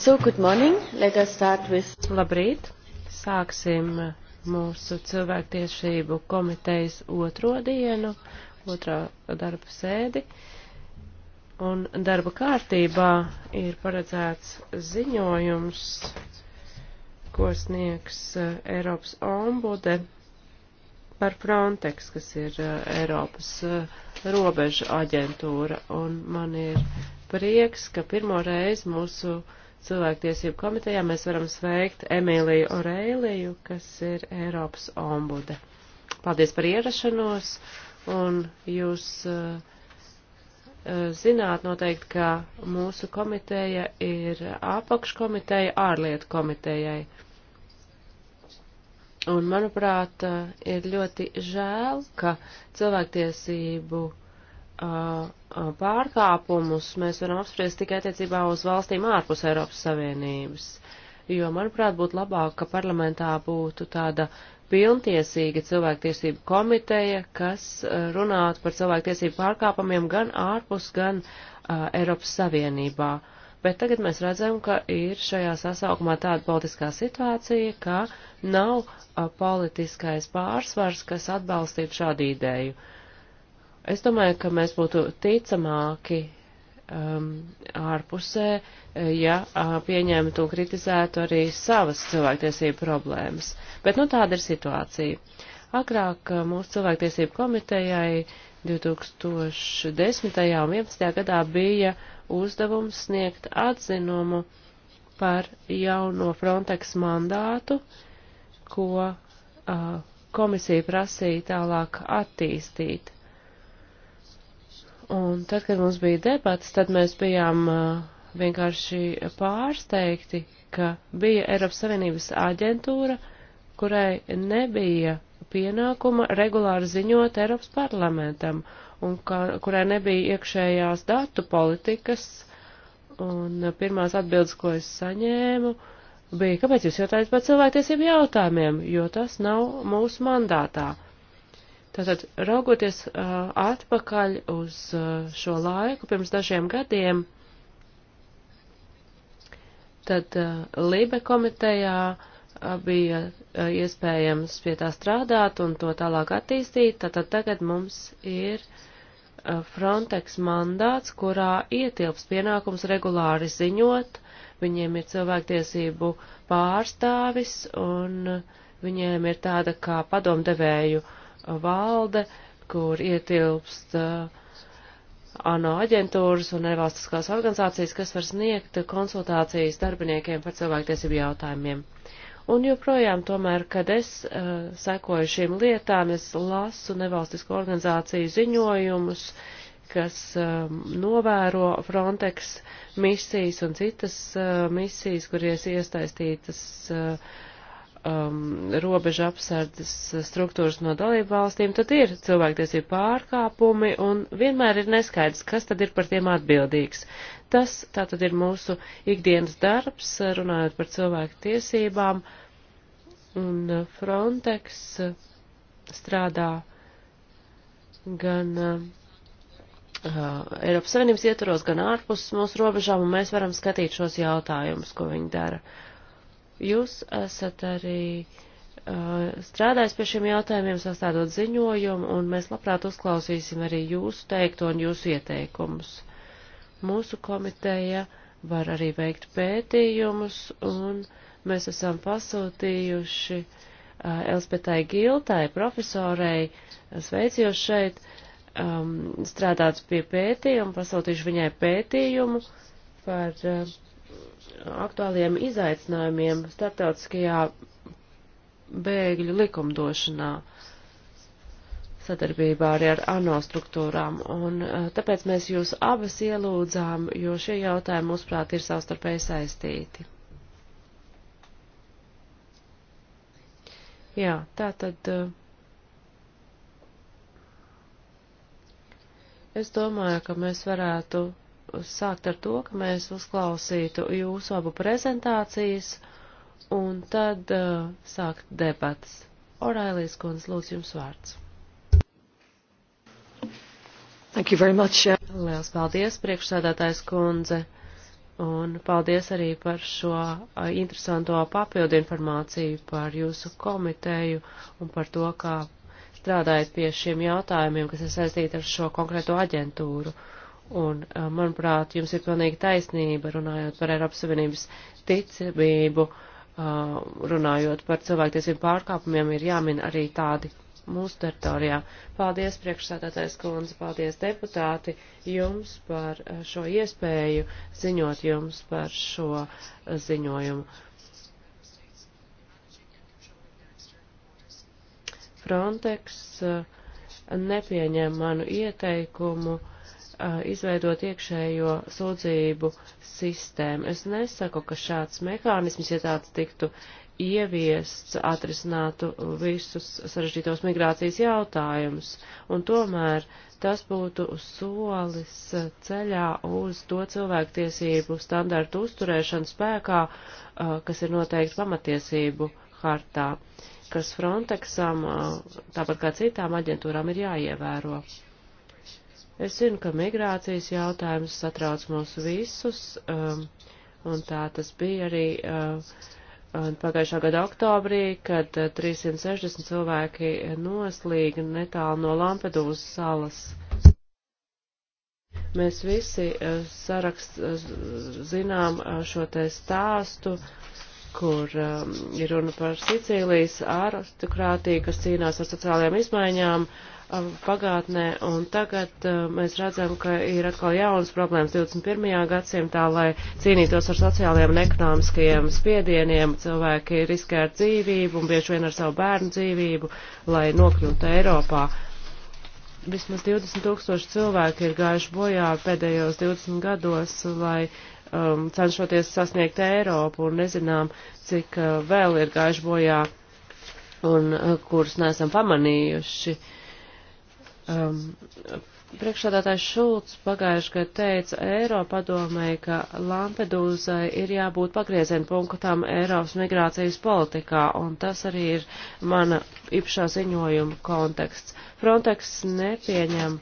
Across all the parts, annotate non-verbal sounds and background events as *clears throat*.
So, good morning. Let us start with... Labrīt. Sāksim mūsu cilvēktiesību komitejas otro dienu, otrā darba sēdi. Un darba kārtībā ir paredzēts ziņojums, ko sniegs eh, Eiropas ombude par Frontex, kas ir eh, Eiropas eh, robeža aģentūra. Un man ir prieks, ka pirmo reizi mūsu uh, cilvēktiesību komitejā mēs varam sveikt Emīliju Oreiliju, kas ir Eiropas ombude. Paldies par ierašanos, un jūs uh, zināt noteikti, ka mūsu komiteja ir apakškomiteja ārlietu komitejai. Un, manuprāt, eh, ir ļoti žēl, ka cilvēktiesību uh, Uh, uh, pārkāpumus mēs varam apspriest tikai attiecībā uz valstīm ārpus Eiropas Savienības, jo, manuprāt, būtu labāk, ka parlamentā būtu tāda pilntiesīga cilvēktiesību komiteja, kas uh, runātu par cilvēktiesību pārkāpumiem gan ārpus, gan uh, Eiropas Savienībā. Bet tagad mēs redzam, ka ir šajā sasaukumā tāda politiskā situācija, ka nav uh, politiskais pārsvars, kas atbalstītu šādu ideju. Uh, Es domāju, ka mēs būtu ticamāki um, ārpusē, ja pieņemtu un kritizētu arī savas cilvēktiesību problēmas. Bet nu tāda ir situācija. Agrāk mūsu cilvēktiesību komitejai 2010. un 2011. gadā bija uzdevums sniegt atzinumu par jauno Frontex mandātu, ko uh, komisija prasīja tālāk attīstīt. Un tad, kad mums bija debats, tad mēs bijām uh, vienkārši pārsteigti, ka bija Eiropas Savienības aģentūra, kurai nebija pienākuma regulāri ziņot Eiropas parlamentam, un ka, kurai nebija iekšējās datu politikas, un uh, pirmās atbildes, ko es saņēmu, bija, kāpēc jūs jautājat par cilvēktiesību jautājumiem, jo tas nav mūsu mandātā. Tātad, raugoties uh, atpakaļ uz uh, šo laiku pirms dažiem gadiem, tad uh, Lībe komitejā uh, bija iespējams pie tā strādāt un to tālāk attīstīt, tātad tagad mums ir Frontex mandāts, kurā ietilps pienākums regulāri ziņot, viņiem ir cilvēktiesību pārstāvis un viņiem ir tāda kā padomdevēju valde, kur ietilpst uh, ANO aģentūras un nevalstiskās organizācijas, kas var sniegt konsultācijas darbiniekiem par cilvēktiesību jautājumiem. Un joprojām tomēr, kad es uh, sekoju šīm lietām, es lasu nevalstisko organizāciju ziņojumus, kas uh, novēro Frontex misijas un citas uh, misijas, kuries iesaistītas uh, um, robeža apsardzes struktūras no dalību valstīm, tad ir cilvēktiesību pārkāpumi un vienmēr ir neskaidrs, kas tad ir par tiem atbildīgs. Tas tā tad ir mūsu ikdienas darbs, runājot par cilvēku tiesībām, un Frontex strādā gan uh, Eiropas Savienības ietvaros, gan ārpus mūsu robežām, un mēs varam skatīt šos jautājumus, ko viņi dara. Uh, Jūs esat arī uh, strādājis pie šiem jautājumiem, sastādot ziņojumu, un mēs labprāt uzklausīsim arī jūsu teikto un jūsu ieteikumus. Mūsu komiteja var arī veikt pētījumus, un mēs esam pasūtījuši uh, Elspetai Giltai, profesorei, sveicījos šeit, um, strādāt pie pētījuma, pasūtījuši viņai pētījumu par uh, aktuāliem izaicinājumiem starptautiskajā bēgļu likumdošanā sadarbībā arī ar ANO struktūrām. Un eh, tāpēc mēs jūs abas ielūdzām, jo šie jautājumi, mūsuprāt, ir savstarpēji saistīti. Jā, tā tad. Eh, es domāju, ka mēs varētu sākt ar to, ka mēs uzklausītu jūsu abu prezentācijas un tad uh, sākt debatas. Orēlijas kundze, lūdzu jums vārds. Thank you very much. Liels paldies, priekšsēdētājs kundze, un paldies arī par šo uh, interesanto papildu informāciju par jūsu komiteju un par to, kā strādājat pie šiem jautājumiem, kas ir saistīti ar šo konkrēto aģentūru. Uh, Un, eh, manuprāt, jums ir pilnīgi taisnība runājot par Eiropas Savienības ticamību, eh, runājot par cilvēktiesību pārkāpumiem, ir jāmin arī tādi mūsu teritorijā. Paldies, priekšsēdētājs kundze, paldies deputāti jums par eh, šo iespēju ziņot jums par šo ziņojumu. Frontex nepieņem manu ieteikumu uh, izveidot iekšējo sūdzību sistēmu. Es nesaku, ka šāds mehānisms, ja tāds tiktu ieviests, atrisinātu visus sarežģītos migrācijas jautājumus, un tomēr tas būtu solis ceļā uz to cilvēktiesību standartu uzturēšanu spēkā, uh, kas ir noteikti pamatiesību hartā, kas Frontexam, uh, tāpat kā citām aģentūrām, ir jāievēro. Es zinu, ka migrācijas jautājums satrauc mūs visus, um, un tā tas bija arī uh, pagājušā gada oktobrī, kad 360 uh, cilvēki noslīga netālu no Lampedūzas salas. Mēs visi uh, sarakst uh, zinām uh, šo te stāstu, kur um, ir runa par Sicīlijas aristokrātiju, kas cīnās ar sociālajām izmaiņām, uh, Um, pagātnē, un tagad uh, mēs redzam, ka ir atkal jaunas problēmas 21. gadsimtā, lai cīnītos ar sociālajiem un ekonomiskajiem spiedieniem. Cilvēki riskē ar dzīvību un bieži vien ar savu bērnu dzīvību, lai nokļūtu Eiropā. Vismaz 20 tūkstoši cilvēki ir gājuši bojā pēdējos 20 gados, lai um, cenšoties sasniegt Eiropu un nezinām, cik uh, vēl ir gājuši bojā un uh, kurus neesam pamanījuši. Uh, Um, Priekšsādātājs Šulcs pagājuši, kad teica Eiropadomē, ka Lampedūzai ir jābūt pagrieziena punktam Eiropas migrācijas politikā, un tas arī ir mana īpašā ziņojuma konteksts. Frontex nepieņem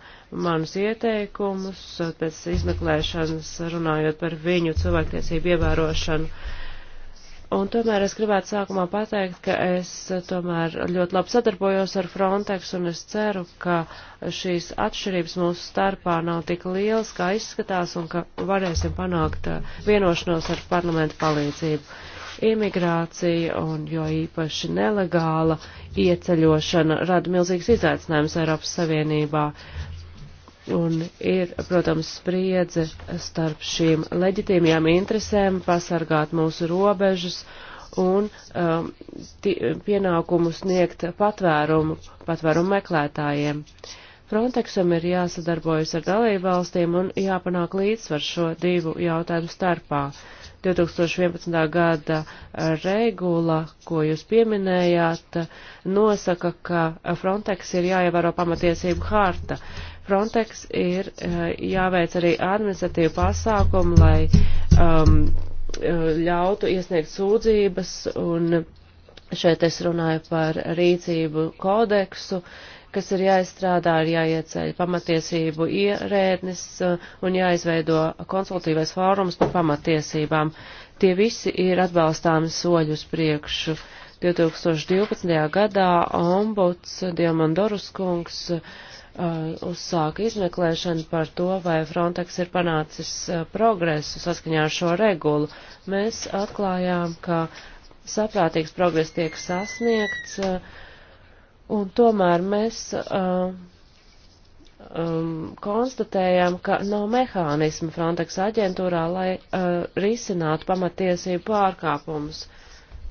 manus ieteikumus pēc izmeklēšanas, runājot par viņu cilvēktiesību ievērošanu. Uh, Un tomēr es gribētu sākumā pateikt, ka es tomēr ļoti labi sadarbojos ar Frontex un es ceru, ka šīs atšķirības mūsu starpā nav tik lielas, kā izskatās un ka varēsim panākt uh, vienošanos ar parlamentu palīdzību. Imigrācija un jo īpaši nelegāla ieceļošana rada milzīgs izaicinājums Eiropas Savienībā. Un ir, protams, spriedze starp šīm leģitīmajām interesēm pasargāt mūsu robežas un um, pienākumu sniegt patvērumu, patvērumu meklētājiem. Frontexam ir jāsadarbojas ar dalībvalstīm un jāpanāk līdzsvar šo divu jautājumu starpā. 2011. gada regula, ko jūs pieminējāt, nosaka, ka Frontex ir jāievēro pamatiesību harta. Frontex ir eh, jāveic arī administratīvu pasākumu, lai um, eh, ļautu iesniegt sūdzības, un šeit es runāju par rīcību kodeksu, kas ir jāizstrādā, ir jāieceļ pamatiesību ierēdnis eh, un jāizveido konsultīvais fórums par pamatiesībām. Tie visi ir atbalstāmi soļus priekšu. 2012. gadā ombuds Diamandorus kungs uh, Uh, uzsāka izmeklēšanu par to, vai Frontex ir panācis uh, progresu saskaņā ar šo regulu. Mēs atklājām, ka saprātīgs progress tiek sasniegts, uh, un tomēr mēs um, konstatējām, ka nav mehānismu Frontex aģentūrā, lai uh, risinātu pamatiesību pārkāpumus. Uh,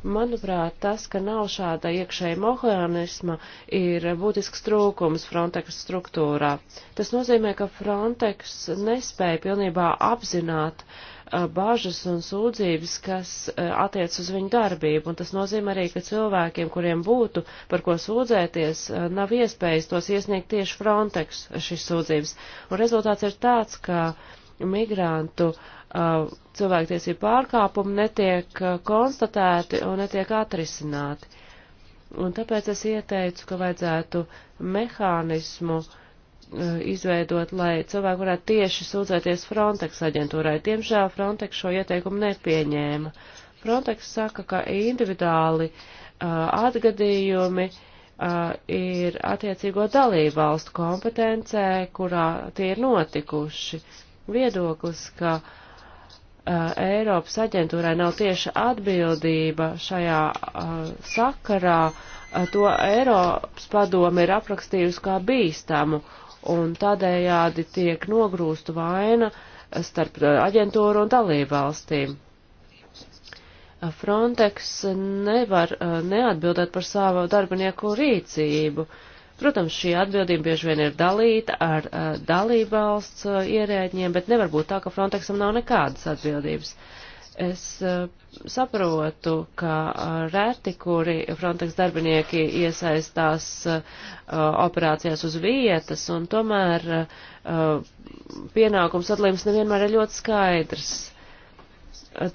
Manuprāt, tas, ka nav šāda iekšēja mehānisma, ir būtisks trūkums Frontex struktūrā. Tas nozīmē, ka Frontex nespēja pilnībā apzināt uh, bažas un sūdzības, kas uh, attiec uz viņu darbību, un tas nozīmē arī, ka cilvēkiem, kuriem būtu par ko sūdzēties, uh, nav iespējas tos iesniegt tieši Frontex uh, šīs sūdzības. Un rezultāts ir tāds, ka migrantu uh, Uh, cilvēktiesību pārkāpumi netiek uh, konstatēti un netiek atrisināti. Un tāpēc es ieteicu, ka vajadzētu mehānismu uh, izveidot, lai cilvēki varētu tieši sūdzēties Frontex aģentūrai. Diemžēl Frontex šo ieteikumu nepieņēma. Frontex saka, ka individuāli atgadījumi ir attiecīgo dalību valstu kompetencē, kurā tie ir notikuši. Viedoklis, ka uh, Uh, Eiropas aģentūrai nav tieša atbildība šajā uh, sakarā, uh, to Eiropas padomi ir aprakstījusi kā bīstamu, un tādējādi tiek nogrūstu vaina starp aģentūru un dalību valstīm. Frontex nevar neatbildēt par savu darbinieku rīcību. Uh, Protams, šī atbildība bieži vien ir dalīta ar uh, dalībvalsts uh, ierēģiem, bet nevar būt tā, ka Frontexam nav nekādas atbildības. Es uh, saprotu, ka uh, rēti, kuri Frontex darbinieki iesaistās uh, operācijās uz vietas, un tomēr uh, pienākums atlīmes nevienmēr ir ļoti skaidrs.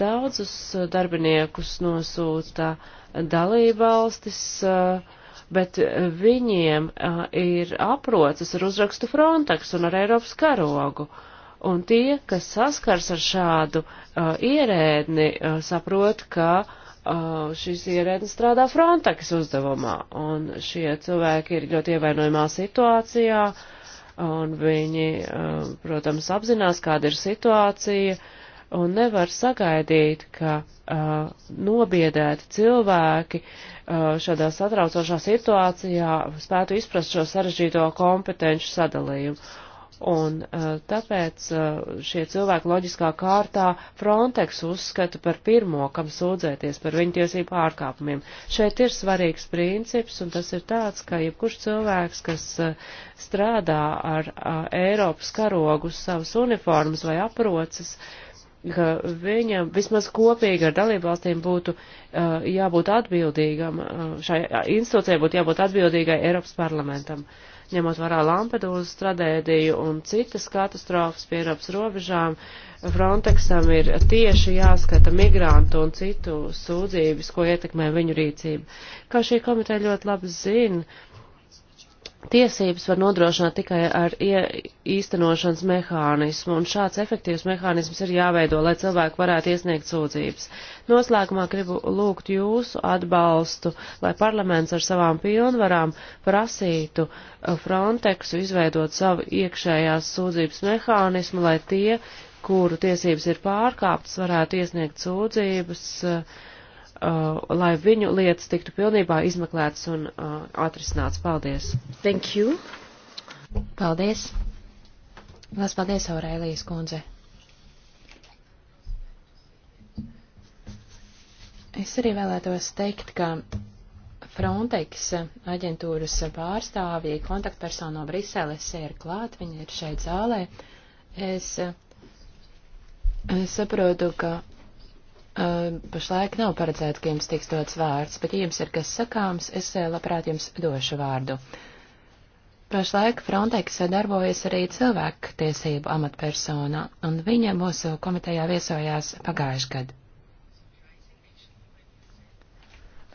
Daudzus darbiniekus nosūta dalībvalstis. Uh, bet eh, viņiem uh, ir aproces ar uzrakstu Frontex un ar Eiropas karogu. Un tie, kas saskars ar šādu uh, ierēdni, uh, saprot, ka uh, šis ierēdnis strādā Frontex uzdevumā. Un šie cilvēki ir ļoti ievainojumā situācijā, un viņi, uh, protams, apzinās, kāda ir situācija. Uh, un nevar sagaidīt, ka uh, nobiedēti cilvēki uh, šādā satraucošā situācijā spētu izprast šo sarežģīto kompetenci sadalījumu. Un uh, tāpēc uh, šie cilvēki loģiskā kārtā Frontex uzskata par pirmo, kam sūdzēties par viņu tiesību pārkāpumiem. Šeit ir svarīgs princips, un tas ir tāds, ka jebkurš cilvēks, kas uh, strādā ar uh, Eiropas karogus, savas uniformas vai aproces, uh, ka viņam vismaz kopīgi ar dalībvalstīm būtu uh, jābūt atbildīgam, uh, šai institūcijai būtu jābūt atbildīgai Eiropas parlamentam. Ņemot vērā Lampedūzas tragēdiju un citas katastrofas pie Eiropas robežām, Frontexam ir tieši jāskata migrantu un citu sūdzības, ko ietekmē viņu rīcība. Kā šī komiteja ļoti labi zina, tiesības var nodrošināt tikai ar īstenošanas mehānismu, un šāds efektīvs mehānisms ir jāveido, lai cilvēki varētu iesniegt sūdzības. Noslēgumā gribu lūgt jūsu atbalstu, lai parlaments ar savām pilnvarām prasītu uh, Frontexu izveidot savu iekšējās sūdzības mehānismu, lai tie, kuru tiesības ir pārkāptas, varētu iesniegt sūdzības. Uh, Uh, lai viņu lietas tiktu pilnībā izmeklētas un uh, atrisināts. Paldies! Thank you! Paldies! Lās paldies, Aurēlijas kundze! Es arī vēlētos teikt, ka Frontex aģentūras pārstāvji, kontaktpersona no Briseles ir klāt, viņa ir šeit zālē. Es saprotu, ka Eh, pašlaik nav paredzēts, ka jums tiks dots vārds, bet, ja jums ir kas sakāms, es eh, labprāt jums došu vārdu. Pašlaik Frontex darbojas arī cilvēku tiesību amatpersona, un viņa mūsu komitejā viesojās pagājuši gadu.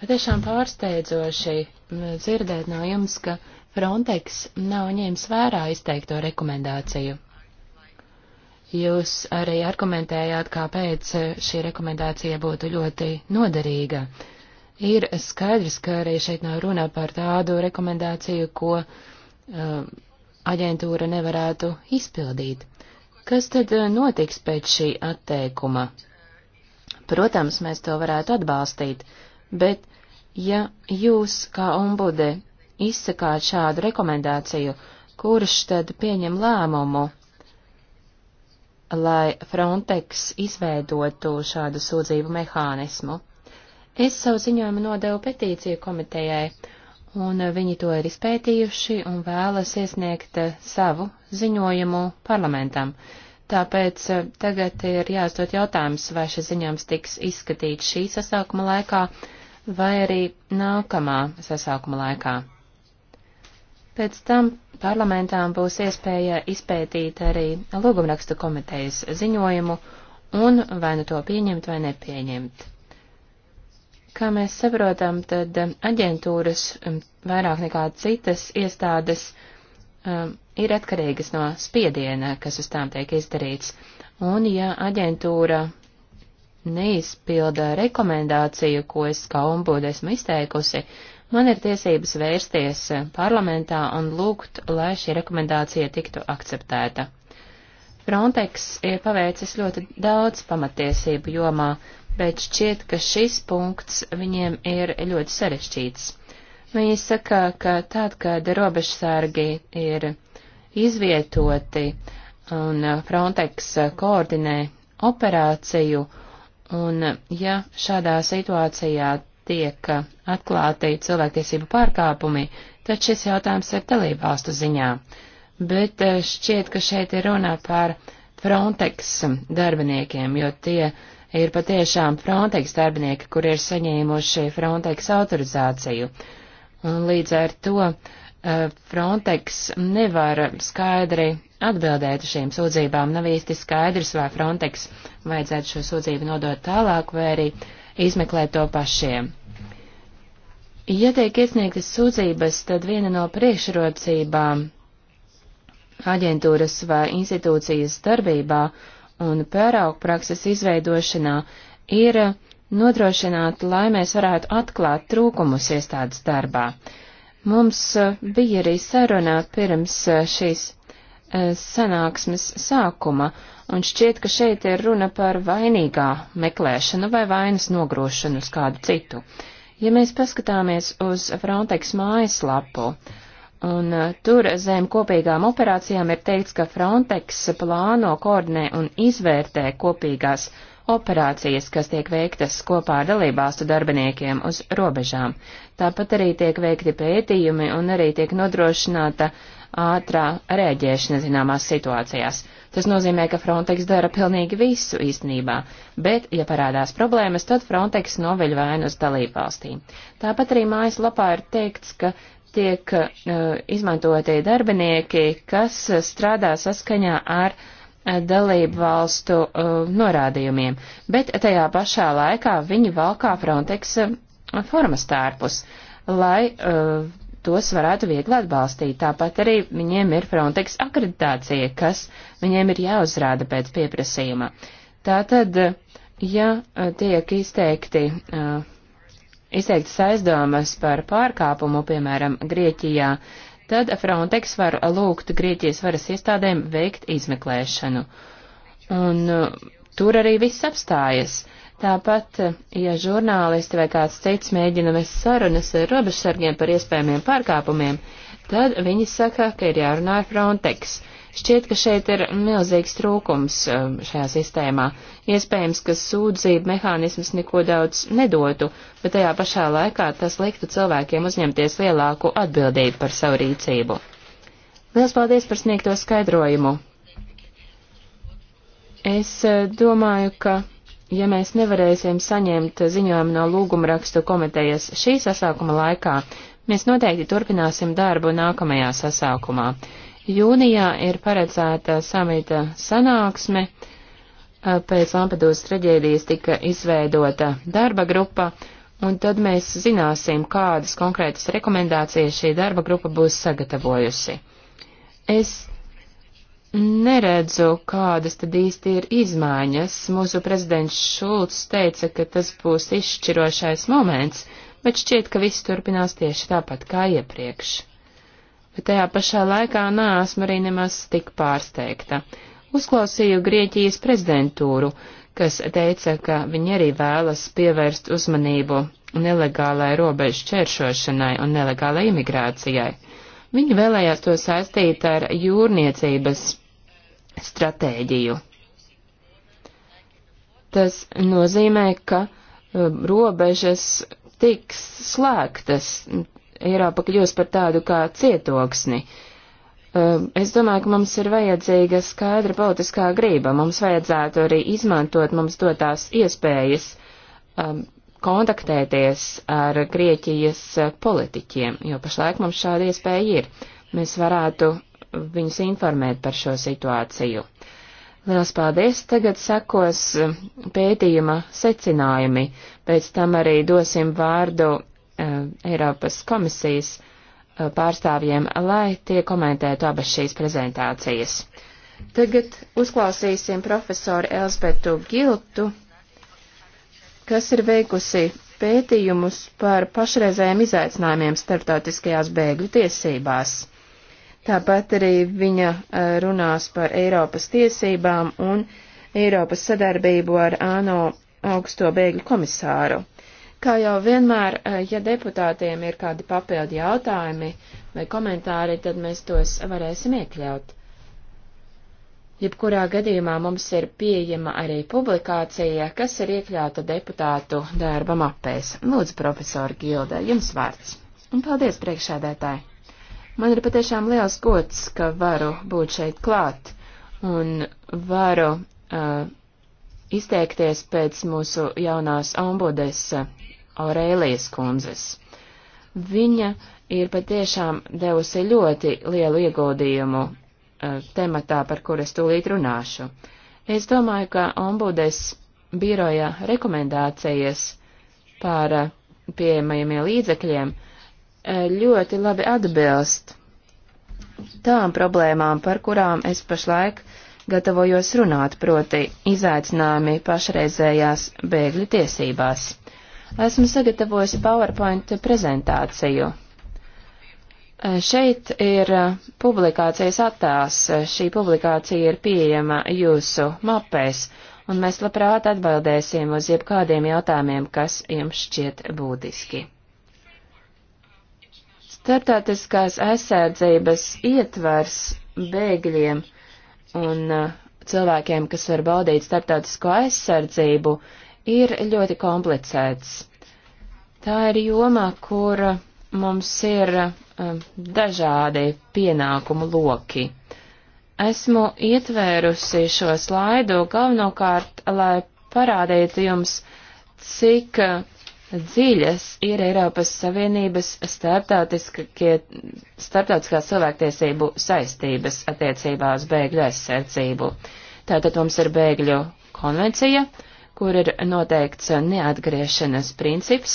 Patiešām pārsteidzoši mm, dzirdēt no jums, ka Frontex nav ņēmis vērā izteikto rekomendāciju. Jūs arī argumentējāt, kāpēc šī rekomendācija būtu ļoti noderīga. Ir skaidrs, ka arī šeit nav runa par tādu rekomendāciju, ko uh, aģentūra nevarētu izpildīt. Kas tad uh, notiks pēc šī atteikuma? Protams, mēs to varētu atbalstīt, bet ja jūs, kā ombude, izsakāt šādu rekomendāciju, kurš tad pieņem lēmumu lai Frontex izveidotu šādu sūdzību mehānismu. Es savu ziņojumu nodevu petīciju komitejai, un viņi to ir izpētījuši un vēlas iesniegt savu ziņojumu parlamentam. Tāpēc eh, tagad ir jāuzdod jautājums, vai šis ziņojums tiks izskatīts šī sasaukuma laikā vai arī nākamā sasaukuma laikā. Pēc tam parlamentām būs iespēja izpētīt arī lūgumrakstu komitejas ziņojumu un vai nu to pieņemt vai nepieņemt. Kā mēs saprotam, tad aģentūras vairāk nekā citas iestādes um, ir atkarīgas no spiediena, kas uz tām tiek izdarīts. Un ja aģentūra neizpilda rekomendāciju, ko es kā ombudu esmu izteikusi, man ir tiesības vērsties parlamentā un lūgt, lai šī rekomendācija tiktu akceptēta. Frontex ir paveicis ļoti daudz pamatiesību jomā, bet šķiet, ka šis punkts viņiem ir ļoti sarežģīts. Viņi saka, ka tad, kad robežsārgi ir izvietoti un Frontex koordinē operāciju, un ja šādā situācijā tiek atklāti cilvēktiesību pārkāpumi, tad šis jautājums ir dalībvalstu ziņā. Bet eh, šķiet, ka šeit ir runa par Frontex darbiniekiem, jo tie ir patiešām Frontex darbinieki, kur ir saņēmuši Frontex autorizāciju. Un līdz ar to eh, Frontex nevar skaidri atbildēt šīm sūdzībām. Nav īsti skaidrs, vai Frontex vajadzētu šo sūdzību nodot tālāk, vai arī uh, izmeklēt to pašiem. Ja tiek iesniegtas sūdzības, tad viena no priekšrocībām aģentūras vai institūcijas darbībā un pērauga prakses izveidošanā ir nodrošināt, lai mēs varētu atklāt trūkumus iestādes darbā. Mums bija arī saruna pirms šīs E, sanāksmes sākuma, un šķiet, ka šeit ir runa par vainīgā meklēšanu vai vainas nogrošanu uz kādu citu. Ja mēs paskatāmies uz Frontex mājaslapu, un e, tur zem kopīgām operācijām ir teikts, ka Frontex plāno, koordinē un izvērtē kopīgās operācijas, kas tiek veiktas kopā ar dalībvalstu darbiniekiem uz robežām. Tāpat arī tiek veikti pētījumi un arī tiek nodrošināta uh, ātrā rēģēšana zināmās situācijās. Tas nozīmē, ka Frontex dara pilnīgi visu īstenībā, bet, ja parādās problēmas, tad Frontex noveļ vainu uz dalībvalstīm. Tāpat arī mājas lapā ir teikts, ka tiek uh, izmantotie darbinieki, kas strādā saskaņā ar uh, dalību valstu uh, norādījumiem, bet tajā pašā laikā viņi valkā Frontex uh, formas tārpus, lai uh, tos varētu viegli atbalstīt. Tāpat arī viņiem ir Frontex akreditācija, kas viņiem ir jāuzrāda pēc pieprasījuma. Tātad, ja eh, tiek izteikti, eh, izteiktas aizdomas par pārkāpumu, piemēram, Grieķijā, tad Frontex var lūgt Grieķijas varas iestādēm veikt izmeklēšanu. Un eh, tur arī viss apstājas. Tāpat, ja žurnālisti vai kāds cits mēģina vest sarunas ar robežsargiem par iespējamiem pārkāpumiem, tad viņi saka, ka ir jārunā ar Frontex. Šķiet, ka šeit ir milzīgs trūkums um, šajā sistēmā. Iespējams, ka sūdzību mehānisms neko daudz nedotu, bet tajā pašā laikā tas liktu cilvēkiem uzņemties lielāku atbildību par savu rīcību. Lielas paldies par sniegto skaidrojumu. Es uh, domāju, ka ja mēs nevarēsim saņemt ziņojumu no lūgumrakstu komitejas šī sasākuma laikā, mēs noteikti turpināsim darbu nākamajā sasākumā. Jūnijā ir paredzēta samita sanāksme, pēc Lampedūzas traģēdijas tika izveidota darba grupa, un tad mēs zināsim, kādas konkrētas rekomendācijas šī darba grupa būs sagatavojusi. Es neredzu, kādas tad īsti ir izmaiņas. Mūsu prezidents Šulcs teica, ka tas būs izšķirošais moments, bet šķiet, ka viss turpinās tieši tāpat kā iepriekš. Bet tajā pašā laikā nāsmu arī nemaz tik pārsteigta. Uzklausīju Grieķijas prezidentūru, kas teica, ka viņi arī vēlas pievērst uzmanību nelegālai robežu čēršošanai un nelegālai imigrācijai. Viņi vēlējās to saistīt ar jūrniecības stratēģiju. Tas nozīmē, ka um, robežas tiks slēgtas, Eiropa kļūs par tādu kā cietoksni. Um, es domāju, ka mums ir vajadzīga skaidra politiskā grība. Mums vajadzētu arī izmantot mums dotās iespējas um, kontaktēties ar Grieķijas politiķiem, jo pašlaik mums šāda iespēja ir. Mēs varētu viņus informēt par šo situāciju. Liels paldies! Tagad sekos eh, pētījuma secinājumi, pēc tam arī dosim vārdu eh, Eiropas komisijas eh, pārstāvjiem, lai tie komentētu abas šīs prezentācijas. Tagad uzklausīsim profesoru Elsbetu Giltu, kas ir veikusi pētījumus par pašreizējiem izaicinājumiem starptautiskajās bēgļu tiesībās. Tāpat arī viņa e, runās par Eiropas tiesībām un Eiropas sadarbību ar ANO augsto bēgļu komisāru. Kā jau vienmēr, e, ja deputātiem ir kādi papildi jautājumi vai komentāri, tad mēs tos varēsim iekļaut. Jebkurā gadījumā mums ir pieejama arī publikācija, kas ir iekļauta deputātu darba mapēs. Lūdzu, profesori Gilda, jums vārds. Un paldies priekšēdētāji! Man ir patiešām liels gods, ka varu būt šeit klāt un varu uh, izteikties pēc mūsu jaunās ombudes uh, Aurēlijas kundzes. Viņa ir patiešām devusi ļoti lielu ieguldījumu uh, tematā, par kur es tūlīt runāšu. Es domāju, ka ombudes biroja rekomendācijas par uh, pieejamajiem līdzekļiem uh, ļoti labi atbilst tām problēmām, par kurām es pašlaik gatavojos runāt, proti izaicinājumi pašreizējās bēgļu tiesībās. Esmu sagatavojusi PowerPoint prezentāciju. Šeit ir publikācijas attēls. Šī publikācija ir pieejama jūsu mapēs, un mēs labprāt atbildēsim uz jebkādiem jautājumiem, kas jums šķiet būtiski. Startautiskās aizsardzības ietvers bēgļiem un uh, cilvēkiem, kas var baudīt startautisko aizsardzību, ir ļoti komplicēts. Tā ir joma, kur uh, mums ir uh, dažādi pienākumu loki. Esmu ietvērusi šo slaidu galvenokārt, lai parādītu jums, cik dziļas ir Eiropas Savienības starptautiskās cilvēktiesību saistības attiecībā uz bēgļu aizsardzību. Tātad mums ir bēgļu konvencija, kur ir noteikts neatgriešanas princips.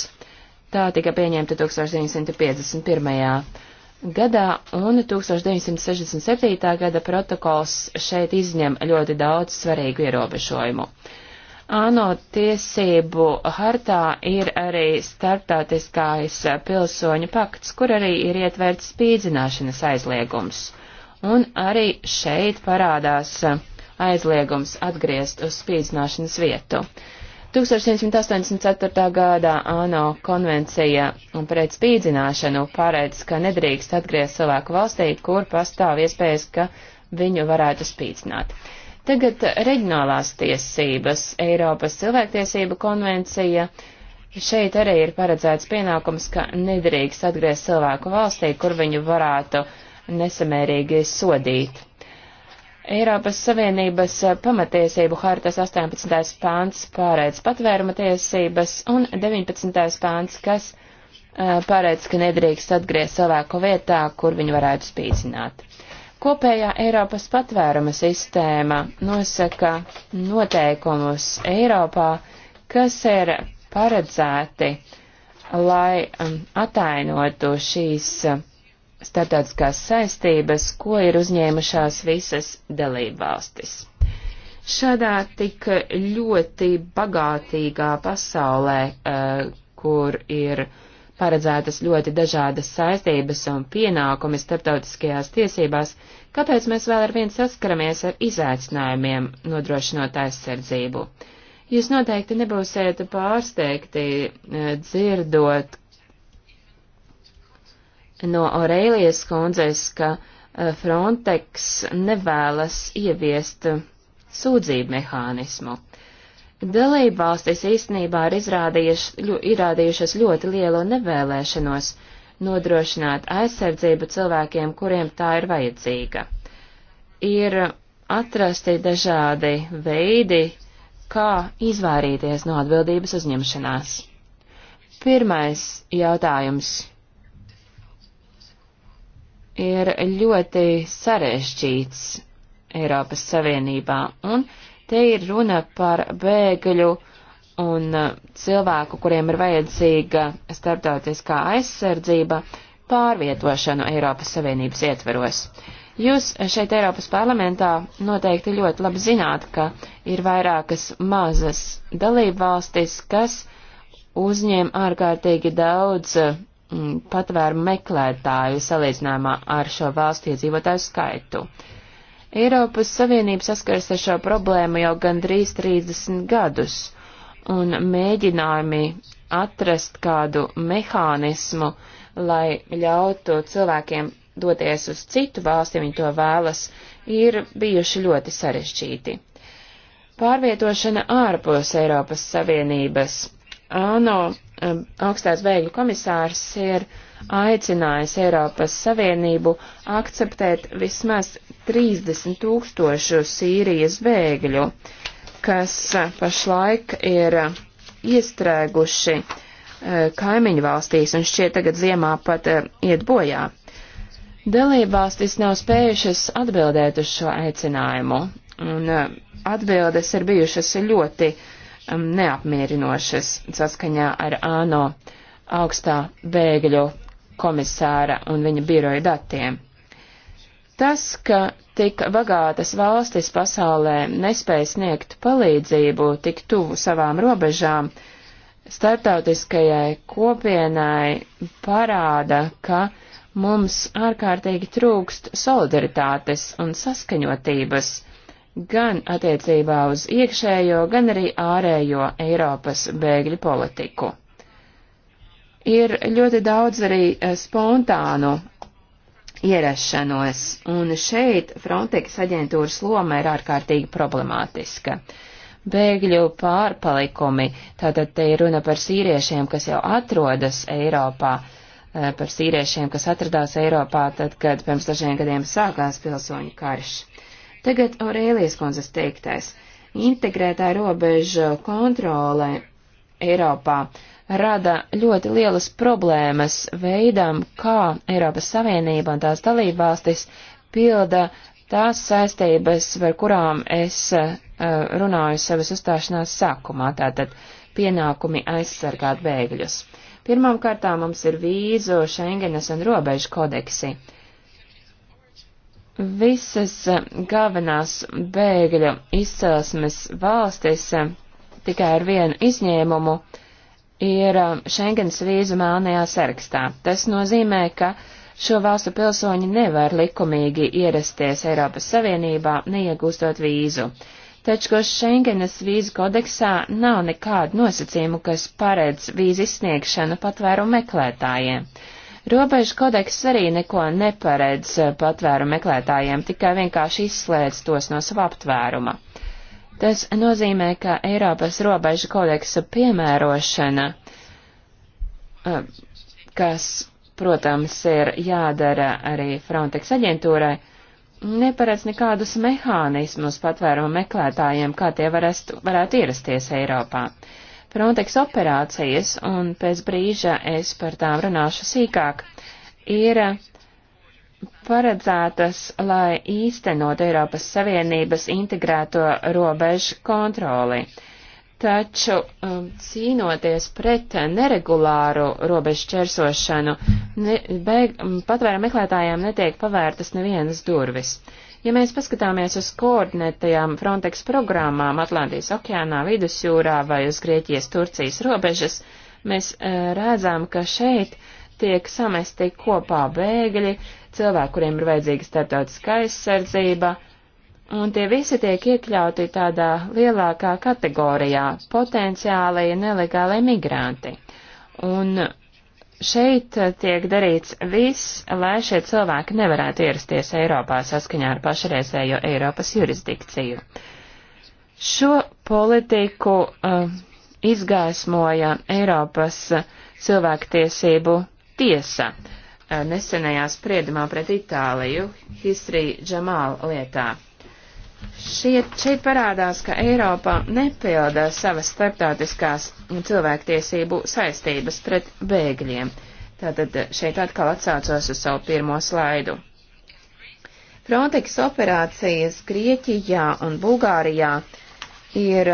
Tā tika pieņemta 1951. gadā, un 1967. gada protokols šeit izņem ļoti daudz svarīgu ierobežojumu. ANO tiesību hartā ir arī starptautiskais pilsoņu pakts, kur arī ir ietverts spīdzināšanas aizliegums. Un arī šeit parādās aizliegums atgriezt uz spīdzināšanas vietu. 1784. gadā ANO konvencija pret spīdzināšanu paredz, ka nedrīkst atgriezt cilvēku valstī, kur pastāv iespējas, ka viņu varētu spīdzināt. Tagad reģionālās tiesības, Eiropas cilvēktiesība konvencija. Šeit arī ir paredzēts pienākums, ka nedrīkst atgriezt cilvēku valstī, kur viņu varētu nesamērīgi sodīt. Eiropas Savienības pamatiesību hartas 18. pāns pārēdz patvēruma tiesības un 19. pāns, kas pārēdz, ka nedrīkst atgriezt cilvēku vietā, kur viņu varētu spīdzināt. Kopējā Eiropas patvēruma sistēma nosaka noteikumus Eiropā, kas ir paredzēti, lai um, atainotu šīs um, starptautiskās saistības, ko ir uzņēmušās visas dalībvalstis. Šādā tik ļoti bagātīgā pasaulē, uh, kur ir uh, paredzētas ļoti dažādas saistības un pienākumi starptautiskajās tiesībās, kāpēc mēs vēl ar vien saskaramies ar izaicinājumiem nodrošinot aizsardzību. Jūs noteikti nebūsiet pārsteigti eh, dzirdot no Aurēlijas kundzes, ka eh, Frontex nevēlas ieviest sūdzību mehānismu. Dalībvalstis īstenībā ir izrādījušas ļoti lielu nevēlēšanos nodrošināt aizsardzību cilvēkiem, kuriem tā ir vajadzīga. Ir atrasti dažādi veidi, kā izvairīties no atbildības uzņemšanās. Pirmais jautājums ir ļoti sarežģīts Eiropas Savienībā, un Te ir runa par bēgļu un uh, cilvēku, kuriem ir vajadzīga starptautiskā aizsardzība, pārvietošanu Eiropas Savienības ietveros. Jūs šeit Eiropas parlamentā noteikti ļoti labi zināt, ka ir vairākas mazas dalību valstis, kas uzņem ārkārtīgi daudz uh, patvērumu meklētāju salīdzinājumā ar šo valstu iedzīvotāju skaitu. Uh, Eiropas Savienība saskaras ar šo problēmu jau gandrīz 30 gadus, un mēģinājumi atrast kādu mehānismu, lai ļautu cilvēkiem doties uz citu valsti, ja viņi to vēlas, ir bijuši ļoti sarežģīti. Pārvietošana ārpus Eiropas Savienības. ANO augstās bēgļu komisārs ir aicinājis Eiropas Savienību akceptēt vismaz 30 tūkstošu Sīrijas bēgļu, kas eh, pašlaik ir eh, iestrēguši eh, kaimiņu valstīs un šķiet tagad ziemā pat iet bojā. Dalībvalstis nav spējušas atbildēt uz šo aicinājumu, un atbildes ir bijušas ļoti mm, neapmierinošas saskaņā ar ANO augstā bēgļu komisāra un viņa biroja datiem. Tas, ka tik bagātas valstis pasaulē nespēja sniegt palīdzību tik tuvu savām robežām, starptautiskajai kopienai parāda, ka mums ārkārtīgi trūkst solidaritātes un saskaņotības gan attiecībā uz iekšējo, gan arī ārējo Eiropas bēgļu politiku. Ir ļoti daudz arī eh, spontānu ierašanos, un šeit Frontex aģentūras loma ir ārkārtīgi problemātiska. Bēgļu pārpalikumi, tātad te ir runa par sīriešiem, kas jau atrodas Eiropā, eh, par sīriešiem, kas atradās Eiropā tad, kad pirms dažiem gadiem sākās pilsoņu karš. Tagad Aurēlijas kundzes teiktais. Integrētā robeža kontrole Eiropā uh, rada ļoti lielas problēmas veidam, kā Eiropas Savienība un tās dalībvalstis pilda tās saistības, par kurām es uh, runāju savas uzstāšanās sākumā, tātad pienākumi aizsargāt bēgļus. Pirmām kārtām mums ir vīzu, Schengenas un robežu kodeksi. Visas eh, galvenās bēgļu izcelsmes valstis eh, tikai ar vienu izņēmumu uh, ir um, Schengens vīzu melnajā sarakstā. Tas nozīmē, ka šo valstu pilsoņi nevar likumīgi ierasties Eiropas Savienībā, neiegūstot vīzu. Taču, ko Schengenas vīzu kodeksā nav nekādu nosacījumu, kas paredz vīzu izsniegšanu patvērumu meklētājiem. Robežu kodeks arī neko neparedz uh, patvēru meklētājiem, tikai vienkārši izslēdz tos no sava aptvēruma. Tas nozīmē, ka Eiropas robežu kodeksa piemērošana, eh, kas, protams, ir jādara arī Frontex aģentūrai, neparedz nekādus mehānismus patvērumu meklētājiem, kā tie varest, varētu ierasties Eiropā. Frontex operācijas, un pēc brīža es par tām runāšu sīkāk, ir paredzētas, lai īstenot Eiropas Savienības integrēto robežu kontroli. Taču um, cīnoties pret neregulāru robežu čersošanu, ne, beig, um, patvēra meklētājām netiek pavērtas nevienas durvis. Ja mēs paskatāmies uz koordinētajām Frontex programmām Atlantijas okeānā, Vidusjūrā vai uz Grieķijas Turcijas robežas, mēs eh, redzam, ka šeit tiek samesti kopā bēgļi, cilvēki, kuriem ir vajadzīga starptautiskā aizsardzība, un tie visi tiek iekļauti tādā lielākā kategorijā - potenciālie nelegālie migranti. Un šeit tiek darīts viss, lai šie cilvēki nevarētu ierasties Eiropā saskaņā ar pašreizējo Eiropas jurisdikciju. Šo politiku uh, izgaismoja Eiropas cilvēktiesību tiesa. Uh, Eh, nesenajā spriedumā pret Itāliju Hisri Džamāla lietā. Šiet, šeit parādās, ka Eiropa nepilda savas starptautiskās cilvēktiesību saistības pret bēgļiem. Tātad eh, šeit atkal atsācos uz savu pirmo slaidu. Frontex operācijas Grieķijā un Bulgārijā ir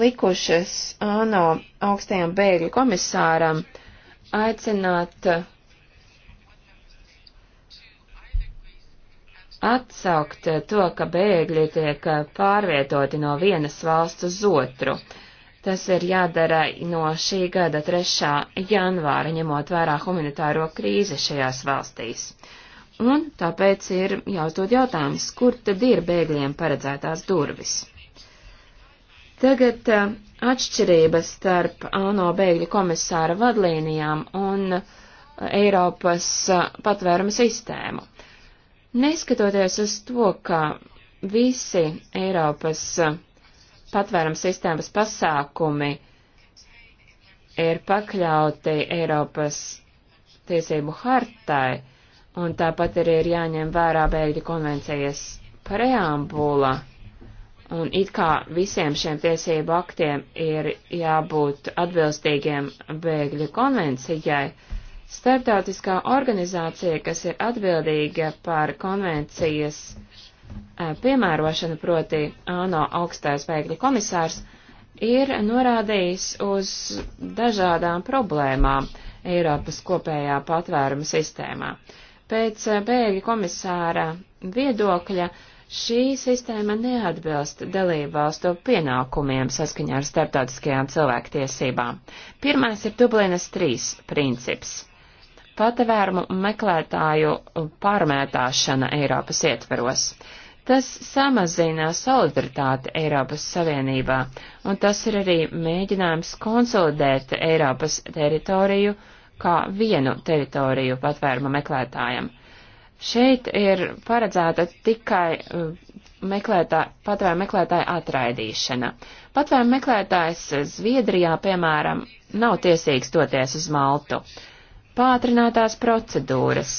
likušas ANO augstajam bēgļu komisāram aicināt uh, atsaukt to, ka bēgļi tiek pārvietoti no vienas valsts uz otru. Tas ir jādara no šī gada 3. janvāra, ņemot vērā humanitāro krīzi šajās valstīs. Un tāpēc ir jāuzdod jautājums, kur tad ir bēgļiem paredzētās durvis. Tagad eh, atšķirības starp ANO bēgļu komisāra vadlīnijām un eh, Eiropas eh, patvēruma sistēmu. Neskatoties uz to, ka visi Eiropas eh, patvērums sistēmas pasākumi ir pakļauti Eiropas tiesību hartai, un tāpat arī ir jāņem vērā bēgļu konvencijas preambula, un it kā visiem šiem tiesību aktiem ir jābūt atbilstīgiem bēgļu konvencijai, uh, Startautiskā organizācija, kas ir atbildīga par konvencijas piemērošanu, proti ANO augstais bēgļu komisārs, ir norādījis uz dažādām problēmām Eiropas kopējā patvēruma sistēmā. Pēc bēgļu komisāra viedokļa šī sistēma neatbilst dalībvalstu pienākumiem saskaņā ar starptautiskajām cilvēktiesībām. Pirmais ir Dublinas 3 princips patvērumu meklētāju pārmētāšana Eiropas ietveros. Tas samazina solidaritāti Eiropas Savienībā, un tas ir arī mēģinājums konsolidēt Eiropas teritoriju kā vienu teritoriju patvēruma meklētājiem. Šeit ir paredzēta tikai uh, meklētā, patvēruma meklētāja atraidīšana. Patvēruma meklētājs Zviedrijā, piemēram, nav tiesīgs doties uz Maltu. Pātrinātās procedūras.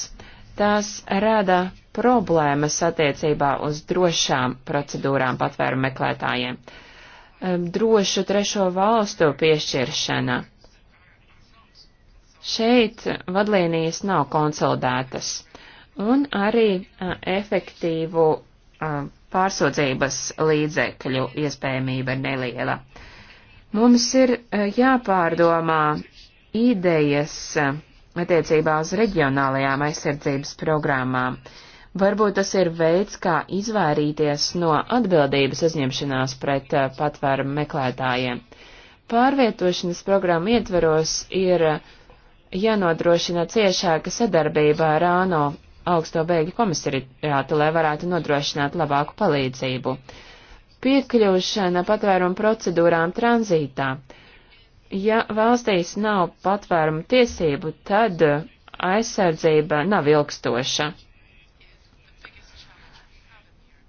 Tās rada problēmas attiecībā uz drošām procedūrām patvēru meklētājiem. Drošu trešo valstu piešķiršana. Šeit vadlīnijas nav konsolidētas. Un arī a, efektīvu a, pārsūdzības līdzekļu iespējamība ir neliela. Mums ir a, jāpārdomā idejas attiecībā uz reģionālajām aizsardzības programmām. Varbūt tas ir veids, kā izvairīties no atbildības uzņemšanās pret uh, eh, patvērumu meklētājiem. Pārvietošanas programmu ietveros ir eh, jānodrošina ciešāka sadarbība ar ANO augsto bēgļu komisariātu, lai varētu nodrošināt labāku palīdzību. Piekļūšana patvērumu procedūrām tranzītā Ja valstīs nav patvērumu tiesību, tad uh, aizsardzība nav ilgstoša.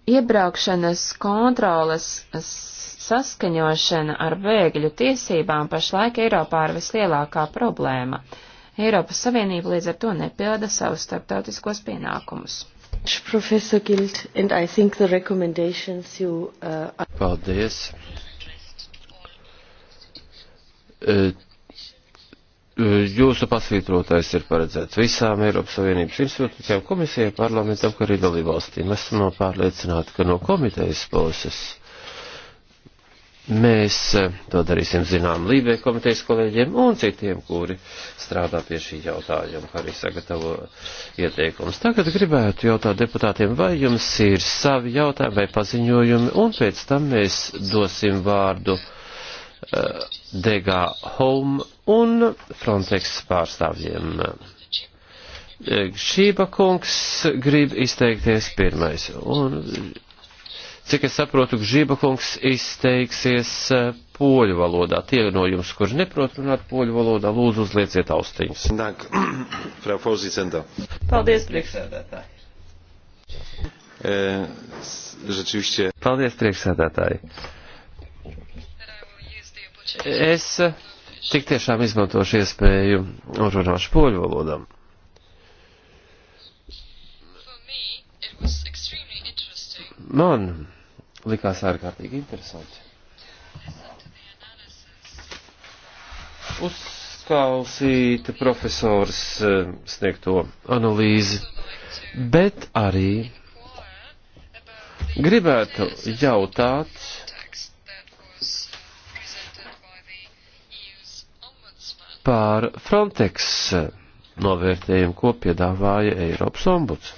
Iebraukšanas kontroles saskaņošana ar bēgļu tiesībām pašlaik Eiropā ir vislielākā problēma. Eiropas Savienība līdz ar to nepilda savus starptautiskos pienākumus. Gilt, you, uh... Paldies! Jūsu pasvītrotais ir paredzēts visām Eiropas Savienības institūcijām, komisijai, parlamentam, kā arī dalībvalstīm. Esmu pārliecināta, ka no komitejas puses mēs to darīsim zinām Lībē komitejas kolēģiem un citiem, kuri strādā pie šī jautājuma, arī sagatavo ieteikumus. Tagad gribētu jautāt deputātiem, vai jums ir savi jautājumi vai paziņojumi, un pēc tam mēs dosim vārdu uh, Degā Holm un Frontex pārstāvjiem. Šība kungs grib izteikties pirmais. Un, cik es saprotu, Žība kungs izteiksies eh, poļu valodā. Tie no jums, kurš neprot runāt poļu valodā, lūdzu uzlieciet austiņas. *clears throat* Paldies, priekšsēdētāji. Eh, Paldies, priekšsēdētāji. Es eh, tik tiešām izmantošu iespēju un runāšu poļu valodām. Man likās ārkārtīgi interesanti. Uzklausīt profesors eh, sniegto analīzi, bet arī gribētu jautāt par Frontex novērtējumu, ko piedāvāja Eiropas ombuds.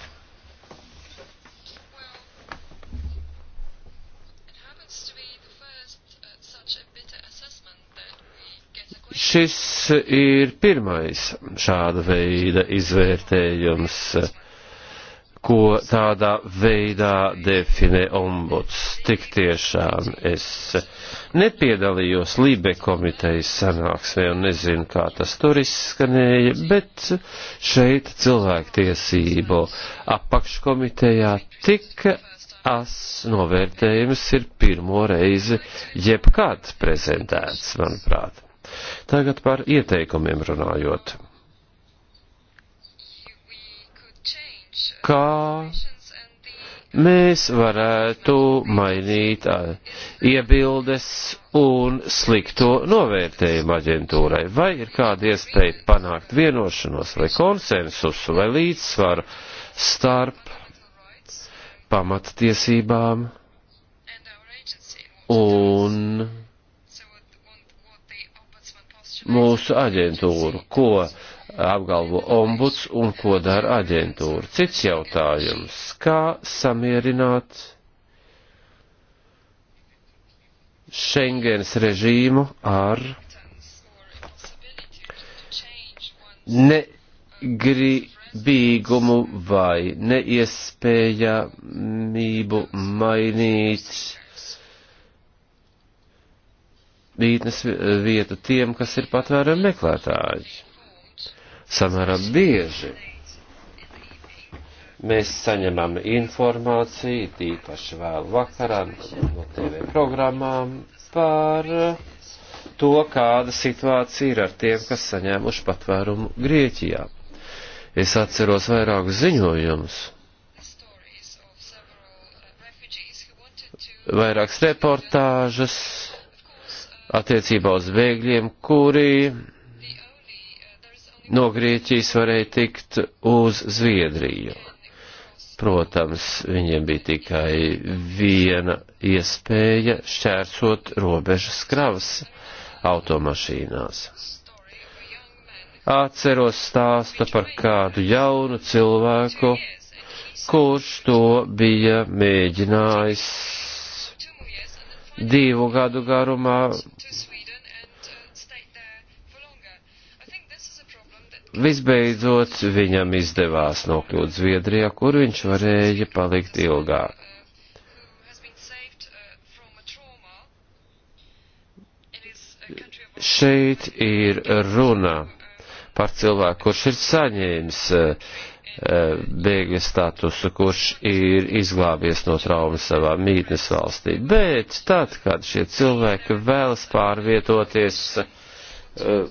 Šis ir pirmais šāda veida izvērtējums, ko tādā veidā definē ombuds. Tik tiešām es nepiedalījos Lībe komitejas sanāksmē un nezinu, kā tas tur izskanēja, bet šeit cilvēktiesību apakškomitejā tika as novērtējums ir pirmo reizi jebkad prezentēts, manuprāt. Tagad par ieteikumiem runājot. Kā mēs varētu mainīt iebildes un slikto novērtējumu aģentūrai. Vai ir kāda iespēja panākt vienošanos vai konsensusu vai līdzsvaru starp pamattiesībām un mūsu aģentūru, ko apgalvo ombuds un ko dara aģentūra. Cits jautājums - kā samierināt Schengens režīmu ar negribīgumu vai neiespējamību mainīt mītnes vietu tiem, kas ir patvērumu meklētāji samērā bieži mēs saņemam informāciju, tīpaši vēl vakarā no TV programmām, par to, kāda situācija ir ar tiem, kas saņēmuši patvērumu Grieķijā. Es atceros vairākus ziņojumus, vairākas reportāžas attiecībā uz bēgļiem, kuri no Grieķijas varēja tikt uz Zviedriju. Protams, viņiem bija tikai viena iespēja šķērsot robežas kravas automašīnās. Atceros stāstu par kādu jaunu cilvēku, kurš to bija mēģinājis divu gadu garumā Visbeidzot, viņam izdevās nokļūt Zviedrijā, kur viņš varēja palikt ilgāk. Šeit ir runa par cilvēku, kurš ir saņēmis eh, eh, bēgļa statusu, kurš ir izglābies no traumas savā mītnes valstī. Bet tad, kad šie cilvēki vēlas pārvietoties, uh,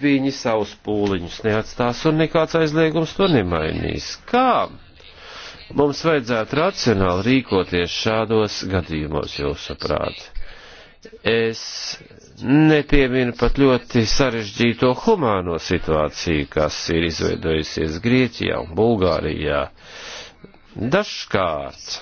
viņi savus pūliņus neatstās un nekāds aizliegums to nemainīs. Kā mums vajadzētu racionāli rīkoties šādos gadījumos, jūsuprāt? Es nepieminu pat ļoti sarežģīto humāno situāciju, kas ir izveidojusies Grieķijā un Bulgārijā. Dažkārt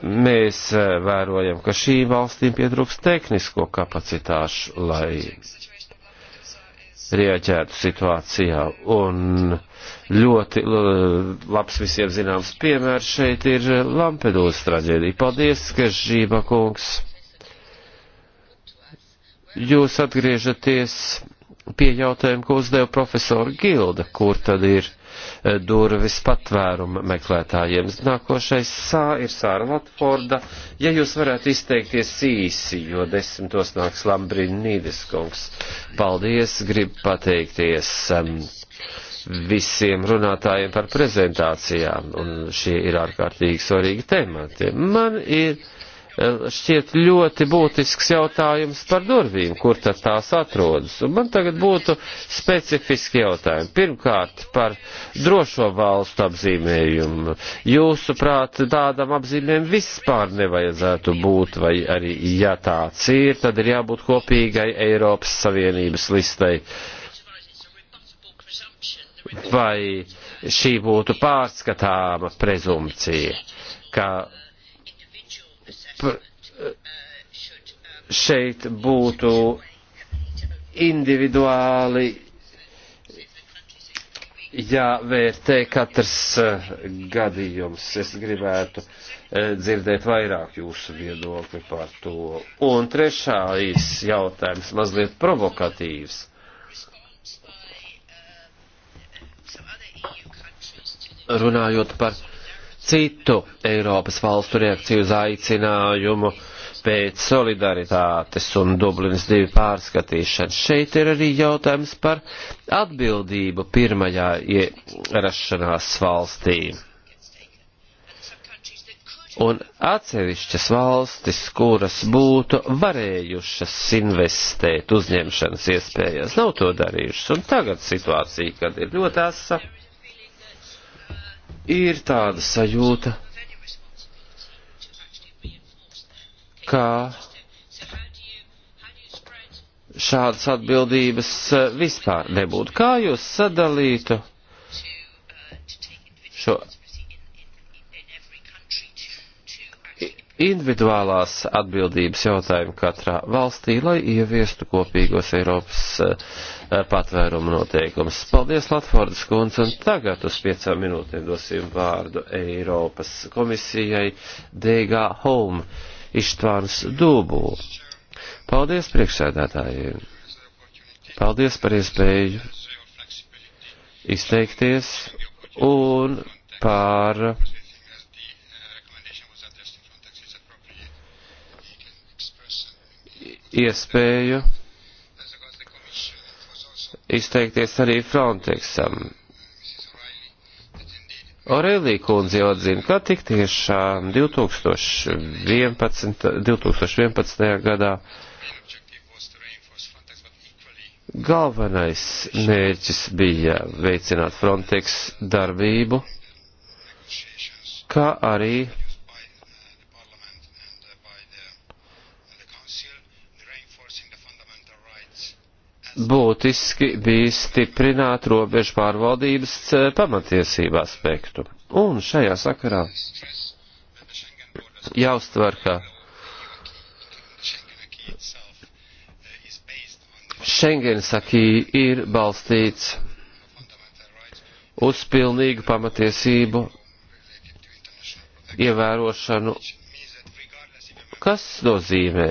Mēs eh, vērojam, ka šīm valstīm pietrūks tehnisko kapacitāšu, lai rieķētu situācijā. Un ļoti labs visiem zināms piemērs šeit ir Lampedūras traģēdija. Paldies, ka žība kungs. Jūs atgriežaties pie jautājuma, ko uzdeva profesora Gilda, kur tad ir Eh, durvis patvērumu meklētājiem. Nākošais sā ir Sāra Latforda. Ja jūs varētu izteikties īsi, jo desmitos nāks Lambrīna Nīdiskungs. Paldies, gribu pateikties. Um, visiem runātājiem par prezentācijām, un šie ir ārkārtīgi svarīgi temati. Man ir Eh, šķiet ļoti būtisks jautājums par durvīm, kur tad tās atrodas. Un man tagad būtu specifiski jautājumi. Pirmkārt, par drošo valstu apzīmējumu. Jūsuprāt, tādam apzīmējumam vispār nevajadzētu būt, vai arī, ja tāds ir, tad ir jābūt kopīgai Eiropas Savienības listai. Vai šī būtu pārskatāma prezumcija, ka šeit būtu individuāli jāvērtē katrs eh, gadījums. Es gribētu eh, dzirdēt vairāk jūsu viedokļu par to. Un trešais jautājums mazliet provokatīvs. Runājot par citu Eiropas valstu reakciju uz aicinājumu pēc solidaritātes un Dublinas divi pārskatīšanas. Šeit ir arī jautājums par atbildību pirmajā ierašanās valstī. Un atsevišķas valstis, kuras būtu varējušas investēt uzņemšanas iespējās, nav to darījušas. Un tagad situācija, kad ir ļoti asa ir tāda sajūta, kā šādas atbildības eh, vispār nebūtu. Kā jūs sadalītu šo individuālās atbildības jautājumu katrā valstī, lai ieviestu kopīgos Eiropas eh, Eh, patvērumu noteikumus. Paldies, Latvordas kundze, un tagad uz piecām minūtēm dosim vārdu Eiropas komisijai DG Home Ištvāns Dūbū. Paldies, priekšsēdētāji! Paldies par iespēju izteikties un par iespēju izteikties arī Frontexam. Orelī kundze jau atzina, ka tik tiešām 2011, 2011. gadā galvenais mērķis bija veicināt Frontex darbību, kā arī būtiski bija stiprināt robežu pārvaldības eh, pamatiesību aspektu. Un šajā sakarā jāuztver, ka Schengens akī ir balstīts uz pilnīgu pamatiesību ievērošanu, kas nozīmē,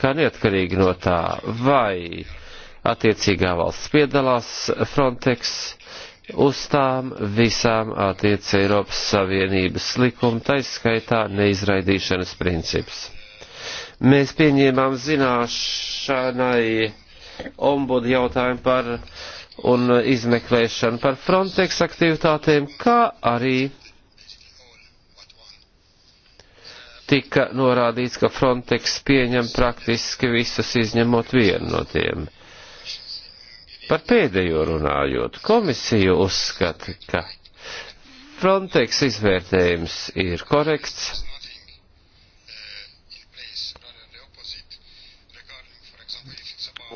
ka neatkarīgi no tā, vai attiecīgā valsts piedalās Frontex, uz tām visām attiec Eiropas Savienības likuma, taiskaitā neizraidīšanas princips. Mēs pieņēmām zināšanai ombudu jautājumu par un izmeklēšanu par Frontex aktivitātēm, kā arī tika norādīts, ka Frontex pieņem praktiski visus izņemot vienu no tiem. Par pēdējo runājot, komisija uzskata, ka Frontex izvērtējums ir korekts.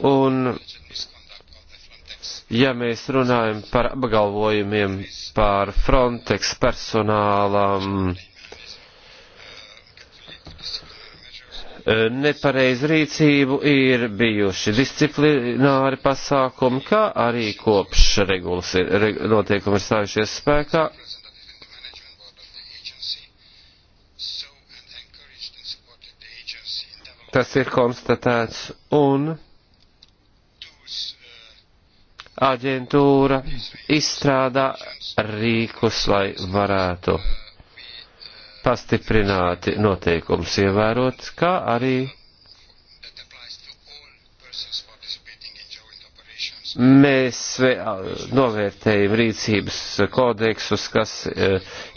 Un, ja mēs runājam par apgalvojumiem par Frontex personālam, Eh, nepareizu rīcību, ir bijuši disciplināri pasākumi, kā arī kopš regulas ir, reg, notiekumi ir stājušies spēkā. Tas ir konstatēts un aģentūra izstrādā rīkus, lai varētu pastiprināti noteikums ievērot, kā arī mēs novērtējam rīcības kodeksus, kas e,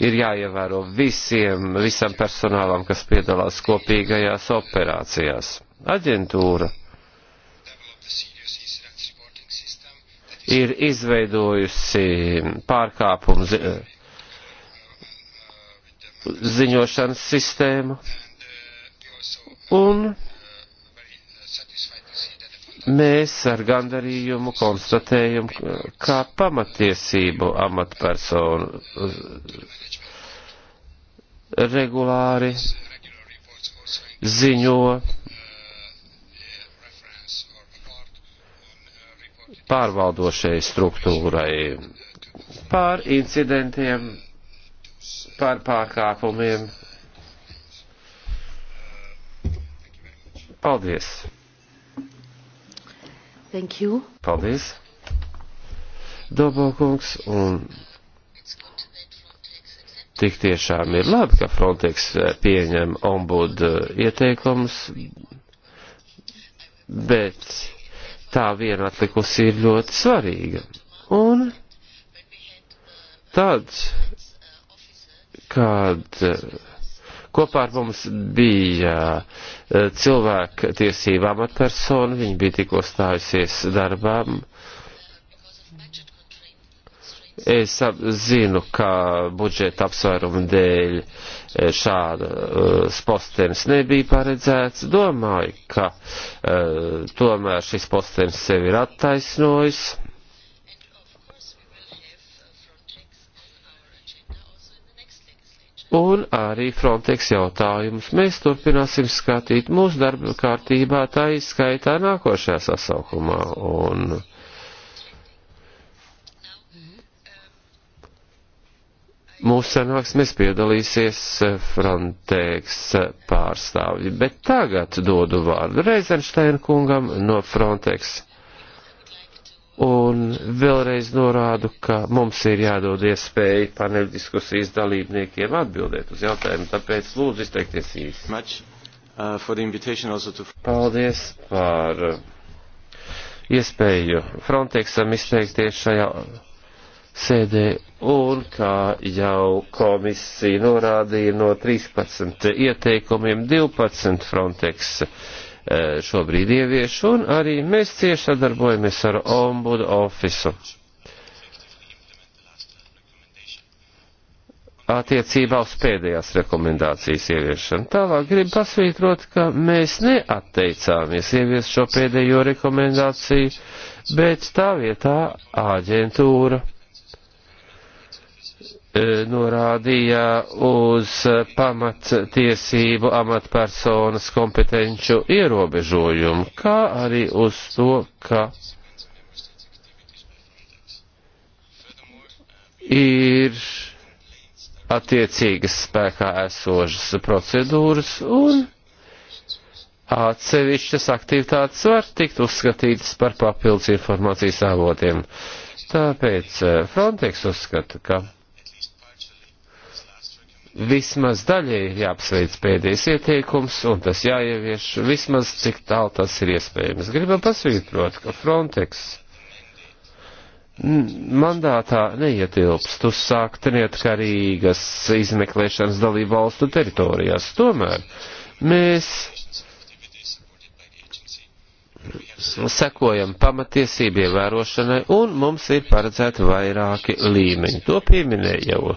ir jāievēro visiem, visam personālam, kas piedalās kopīgajās operācijās. Aģentūra ir izveidojusi pārkāpumu ziņošanas sistēmu. Un mēs ar gandarījumu konstatējam, kā pamatiesību amatpersonu uh, regulāri ziņo pārvaldošai struktūrai pār incidentiem par pārkāpumiem. Paldies! Thank you. Paldies! Dobokungs un tik tiešām ir labi, ka Frontex eh, pieņem ombudu eh, ieteikumus, bet tā viena atlikusi ir ļoti svarīga. Un tad kad eh, kopā ar mums bija eh, cilvēka tiesība amatpersona, viņa bija tikko stājusies darbām. Es zinu, ka budžeta apsvērumu dēļ eh, šādas postenis nebija paredzēts. Domāju, ka tomēr šis postenis sevi ir attaisnojis. Un arī Frontex jautājumus mēs turpināsim skatīt mūsu darba kārtībā, tā izskaitā nākošajā sasaukumā. Un mūsu sanāksmēs piedalīsies Frontex pārstāvji, bet tagad dodu vārdu Reizenšteina kungam no Frontex Un vēlreiz norādu, ka mums ir jādod iespēja paneļu diskusijas dalībniekiem atbildēt uz jautājumu, tāpēc lūdzu izteikties īsi. Uh, to... Paldies par uh, iespēju Frontexam izteikties šajā sēdē un, kā jau komisija norādīja, no 13 ieteikumiem 12 Frontex Eh, šobrīd ievieš, un arī mēs cieši sadarbojamies ar ombudu ofisu. attiecībā uz pēdējās rekomendācijas ieviešanu. Tālāk gribu pasvītrot, ka mēs neatteicāmies ieviest šo pēdējo rekomendāciju, bet tā vietā aģentūra E, norādīja uz pamattiesību amatpersonas kompetenču ierobežojumu, kā arī uz to, ka ir attiecīgas spēkā esošas procedūras un atsevišķas aktivitātes var tikt uzskatītas par papildus informācijas avotiem. Tāpēc e, Frontex uzskata, ka vismaz daļai ir jāapsveic pēdējais ieteikums, un tas jāievieš vismaz cik tālu tas ir iespējams. Gribam pasvītrot, ka Frontex mandātā neietilpst uzsākt neatkarīgas izmeklēšanas dalību valstu teritorijās. Tomēr mēs sekojam pamatiesību ievērošanai, un mums ir paredzēti vairāki līmeņi. To pieminēja jau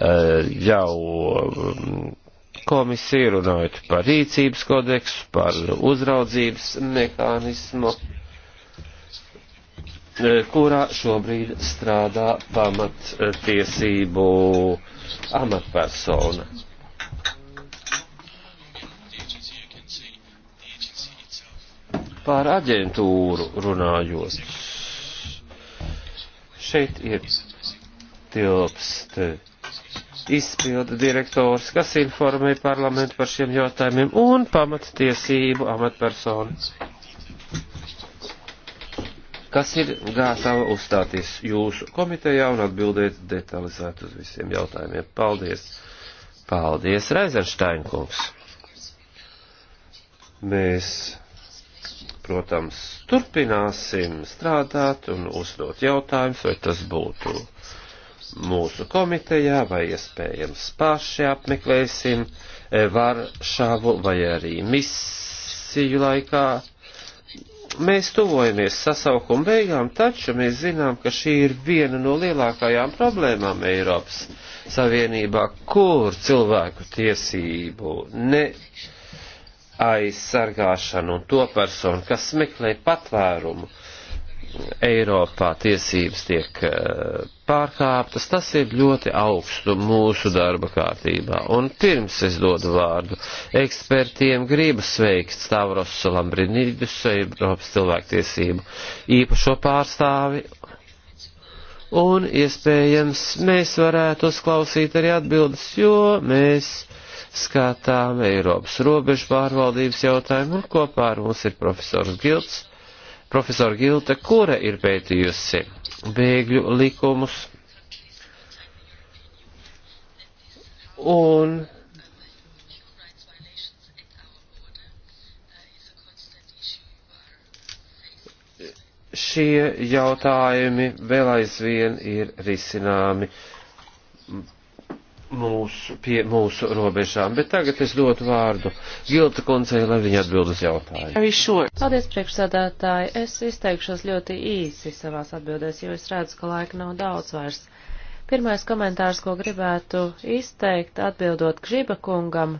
Eh, jau mm, komisija runājot par rīcības kodeksu, par uzraudzības mehānismu, eh, kurā šobrīd strādā pamattiesību amatpersona. Par aģentūru runājot. Šeit ir tilpst izpildu direktors, kas informē parlamentu par šiem jautājumiem un pamattiesību amatpersonu. Kas ir gatava uzstāties jūsu komitejā un atbildēt detalizēt uz visiem jautājumiem? Paldies! Paldies, Reizenšteinkungs! Mēs protams, turpināsim strādāt un uzdot jautājumus, vai tas būtu mūsu komitejā vai iespējams paši apmeklēsim e, Varšavu vai arī misiju laikā. Mēs tuvojamies sasaukuma beigām, taču mēs zinām, ka šī ir viena no lielākajām problēmām Eiropas Savienībā, kur cilvēku tiesību ne aizsargāšanu un to personu, kas meklē patvērumu, uh, Eiropā tiesības tiek eh, pārkāptas, tas ir ļoti augstu mūsu darba kārtībā. Un pirms es dodu vārdu ekspertiem, gribu sveikt Stavros Lambrinidis, Eiropas cilvēktiesību īpašo pārstāvi. Un iespējams mēs varētu uzklausīt arī atbildes, jo mēs skatām Eiropas robežu pārvaldības jautājumu un kopā ar mums ir profesors Gilts profesora Gilta, kura ir pētījusi bēgļu likumus. Un šie jautājumi vēl aizvien ir risināmi mūsu, pie mūsu robežām. Bet tagad es dotu vārdu Gilta koncei, lai viņa atbild uz jautājumu. Paldies, priekšsēdētāji. Es izteikšos ļoti īsi savās atbildēs, jo es redzu, ka laika nav daudz vairs. Pirmais komentārs, ko gribētu izteikt, atbildot Gžiba kungam,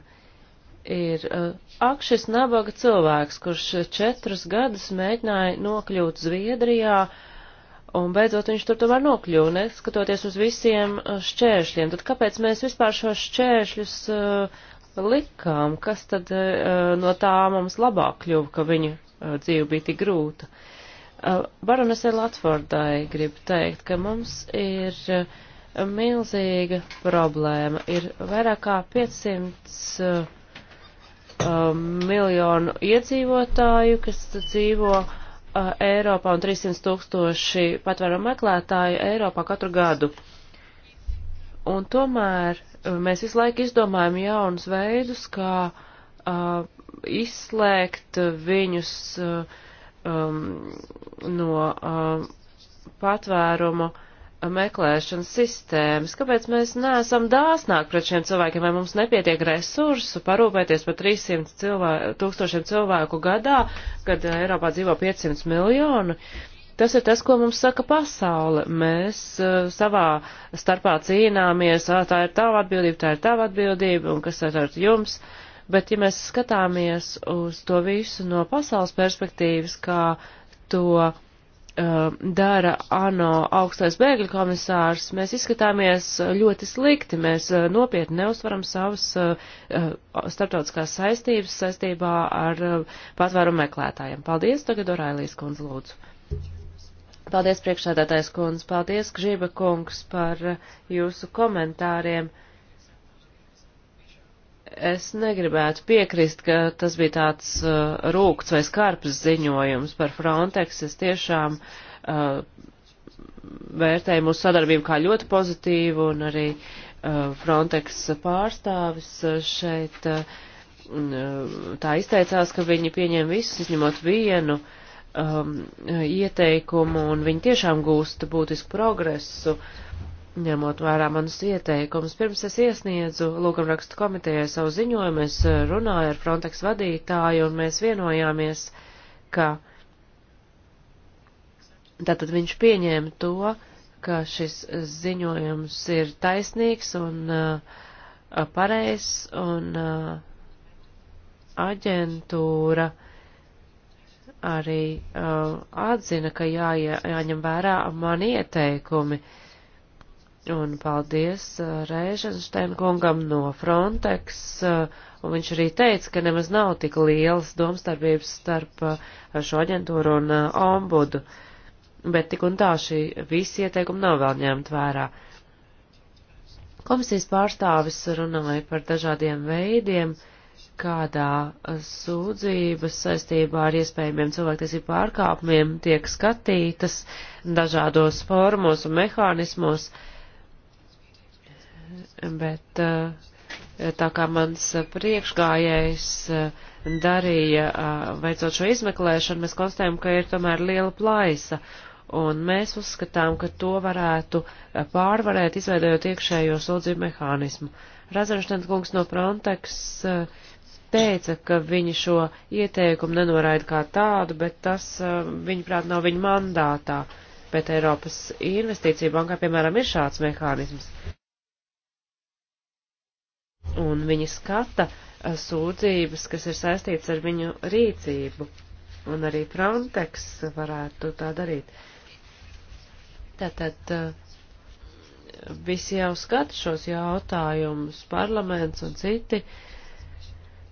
ir uh, ak šis nabaga cilvēks, kurš četrus gadus mēģināja nokļūt Zviedrijā, uh, un beidzot viņš tur tomēr nokļuva, neskatoties uz visiem uh, šķēršļiem. Tad kāpēc mēs vispār šos šķēršļus uh, likām? Kas tad uh, no tā mums labāk kļuva, ka viņa uh, dzīve bija tik grūta? Uh, Baronesai Latvordai gribu teikt, ka mums ir uh, milzīga problēma. Ir vairāk kā 500 miljonu iedzīvotāju, kas dzīvo uh, uh, Eiropā un 300 tūkstoši patvēru meklētāju Eiropā katru gadu. Un tomēr e, mēs visu laiku izdomājam jaunus veidus, kā uh, izslēgt viņus uh, um, no uh, patvērumu uh, meklēšanas sistēmas, kāpēc mēs neesam dāsnāk pret šiem cilvēkiem, vai mums nepietiek resursu parūpēties par 300 cilvēku, tūkstošiem cilvēku gadā, kad eh, Eiropā dzīvo 500 miljonu. Tas ir tas, ko mums saka pasaule. Mēs uh, savā starpā cīnāmies, ā, tā ir tava atbildība, tā ir tava atbildība, un kas ir ar jums. Bet, ja mēs skatāmies uz to visu no pasaules perspektīvas, kā to uh, dara ANO augstais bēgļu komisārs, mēs izskatāmies uh, ļoti slikti, mēs uh, nopietni neuzvaram savas uh, uh, starptautiskās saistības saistībā ar uh, patvērumu meklētājiem. Paldies, tagad Orailijas kundze lūdzu. Paldies, priekšsēdētājs kundze, paldies, Gžiba kungs, par uh, jūsu komentāriem. Uh, Es negribētu piekrist, ka tas bija tāds uh, rūkts vai skarps ziņojums par Frontex. Es tiešām uh, vērtēju mūsu sadarbību kā ļoti pozitīvu un arī uh, Frontex pārstāvis uh, šeit uh, uh, tā izteicās, ka viņi pieņem visus, izņemot vienu um, ieteikumu, un viņi tiešām gūsta būtisku progresu. Uh, ņemot vērā manus ieteikumus. Pirms es iesniedzu lūgumrakstu komitejai savu ziņojumu, es eh, runāju ar Frontex vadītāju un mēs vienojāmies, ka tātad viņš pieņēma to, ka šis ziņojums ir taisnīgs un uh, pareizs un uh, aģentūra arī uh, atzina, ka jā, jāņem vērā mani ieteikumi. Uh, Un paldies uh, Rēžanšteina kungam no Frontex, uh, un viņš arī teica, ka nemaz nav tik lielas domstarpības starp uh, šo aģentūru un ombudu, bet tik un tā šī visi ieteikumi nav vēl ņemt vērā. Komisijas pārstāvis runāja par dažādiem veidiem, kādā sūdzības saistībā ar iespējamiem cilvēktiesību pārkāpumiem tiek skatītas dažādos formos un mehānismos. Uh, bet eh, tā kā mans priekšgājējs eh, darīja, eh, veicot šo izmeklēšanu, mēs konstatējam, ka ir tomēr liela plaisa. Un mēs uzskatām, ka to varētu pārvarēt, izveidojot iekšējo sūdzību mehānismu. Razarštens kungs no Frontex teica, ka viņi šo ieteikumu nenoraida kā tādu, bet tas, viņuprāt, nav viņa mandātā. Bet Eiropas investīcija bankā, piemēram, ir šāds mehānisms un viņi skata eh, sūdzības, kas ir saistītas ar viņu rīcību, un arī Frontex varētu tā darīt. Tātad eh, visi jau skata šos jautājumus, parlaments un citi.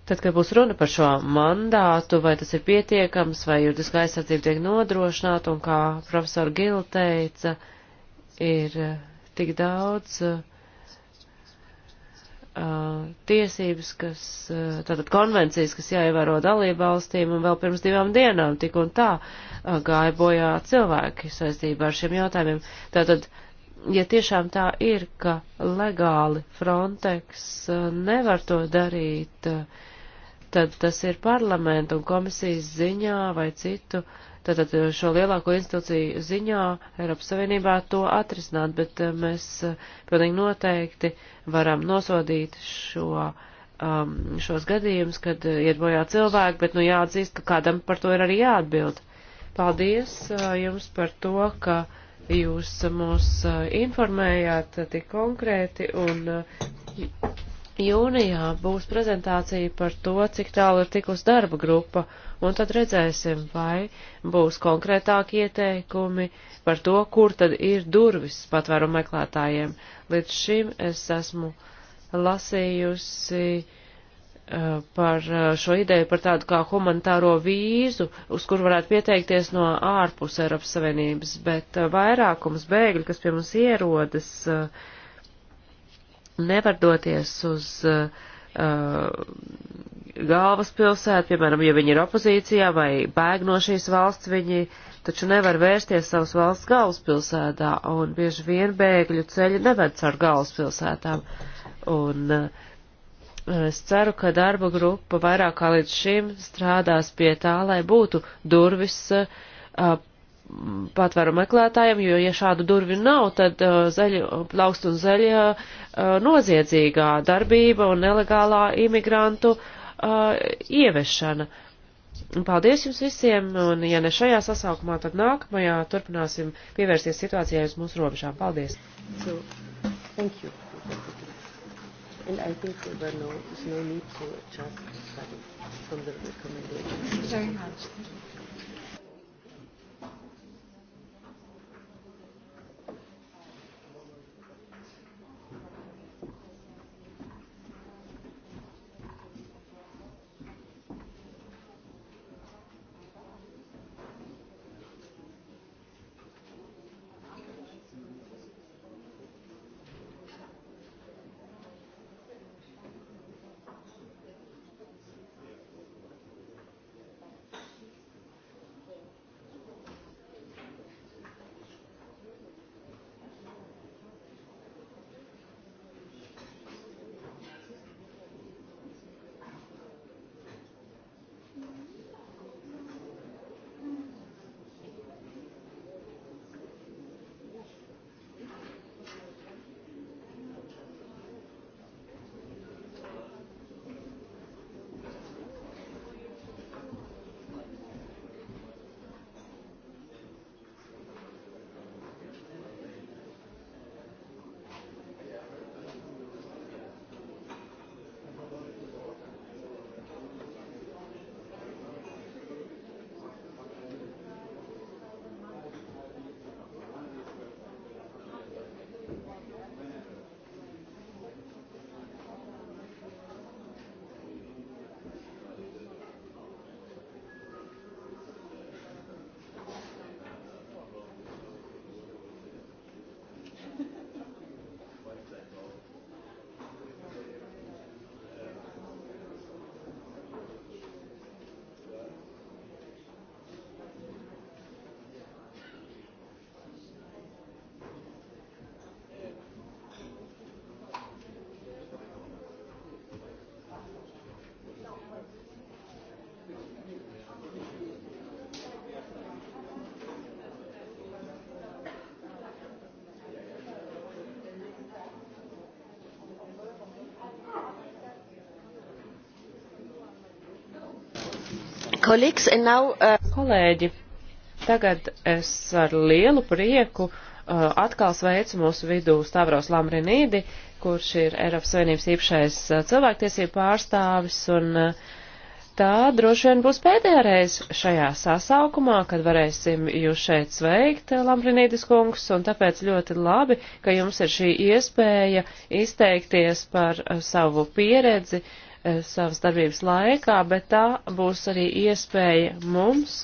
Tad, kad būs runa par šo mandātu, vai tas ir pietiekams, vai juridiskā aizsardzība tiek nodrošināta, un kā profesor Gil teica, ir eh, tik daudz uh, uh, tiesības, kas, uh, tātad konvencijas, kas jāievēro dalību valstīm, un vēl pirms divām dienām tik un tā uh, gāja bojā cilvēki saistībā ar šiem jautājumiem. Tātad, ja tiešām tā ir, ka legāli Frontex uh, nevar to darīt, uh, tad tas ir parlamentu un komisijas ziņā vai citu uh, tātad eh, šo lielāko institūciju ziņā Eiropas Savienībā to atrisināt, bet eh, mēs eh, pilnīgi noteikti varam nosodīt šo, um, šos gadījumus, kad iet bojā cilvēki, bet nu jāatzīst, ka kādam par to ir arī jāatbild. Paldies uh, jums par to, ka jūs mūs uh, informējāt tik konkrēti un uh, Jūnijā būs prezentācija par to, cik tālu ir tikus darba grupa, un tad redzēsim, vai būs konkrētāki ieteikumi par to, kur tad ir durvis patvērumu meklētājiem. Līdz šim es esmu lasījusi eh, par eh, šo ideju par tādu kā humanitāro vīzu, uz kur varētu pieteikties no ārpus Eiropas Savienības, bet eh, vairākums bēgļu, kas pie mums ierodas, uh, nevar doties uz uh, galvaspilsētu, piemēram, ja viņi ir opozīcijā vai bēg no šīs valsts, viņi taču nevar vērsties savas valsts galvaspilsētā, un bieži vien bēgļu ceļi neved caur galvaspilsētām. Un uh, es ceru, ka darba grupa vairāk kā līdz šim strādās pie tā, lai būtu durvis uh, patvēru meklētājiem, jo, ja šādu durvju nav, tad uh, zaļa, plaukst un zaļa uh, noziedzīgā darbība un nelegālā imigrantu uh, ieviešana. Paldies jums visiem, un ja ne šajā sasaukumā, tad nākamajā turpināsim pievērsties situācijai uz mūsu robežām. Paldies! So, thank you. And I think there were no, no need to adjust from the recommendations. Very much. Thank you. Now, uh... Kolēģi, tagad es ar lielu prieku uh, atkal sveicu mūsu vidū Stavros Lamrinīdi, kurš ir Eiropas Savienības īpašais uh, cilvēktiesību pārstāvis, un uh, tā droši vien būs pēdējā reize šajā sasaukumā, kad varēsim jūs šeit sveikt, uh, Lamrinīdis kungs, un tāpēc ļoti labi, ka jums ir šī iespēja izteikties par uh, savu pieredzi uh, Eh, savas darbības laikā, bet tā būs arī iespēja mums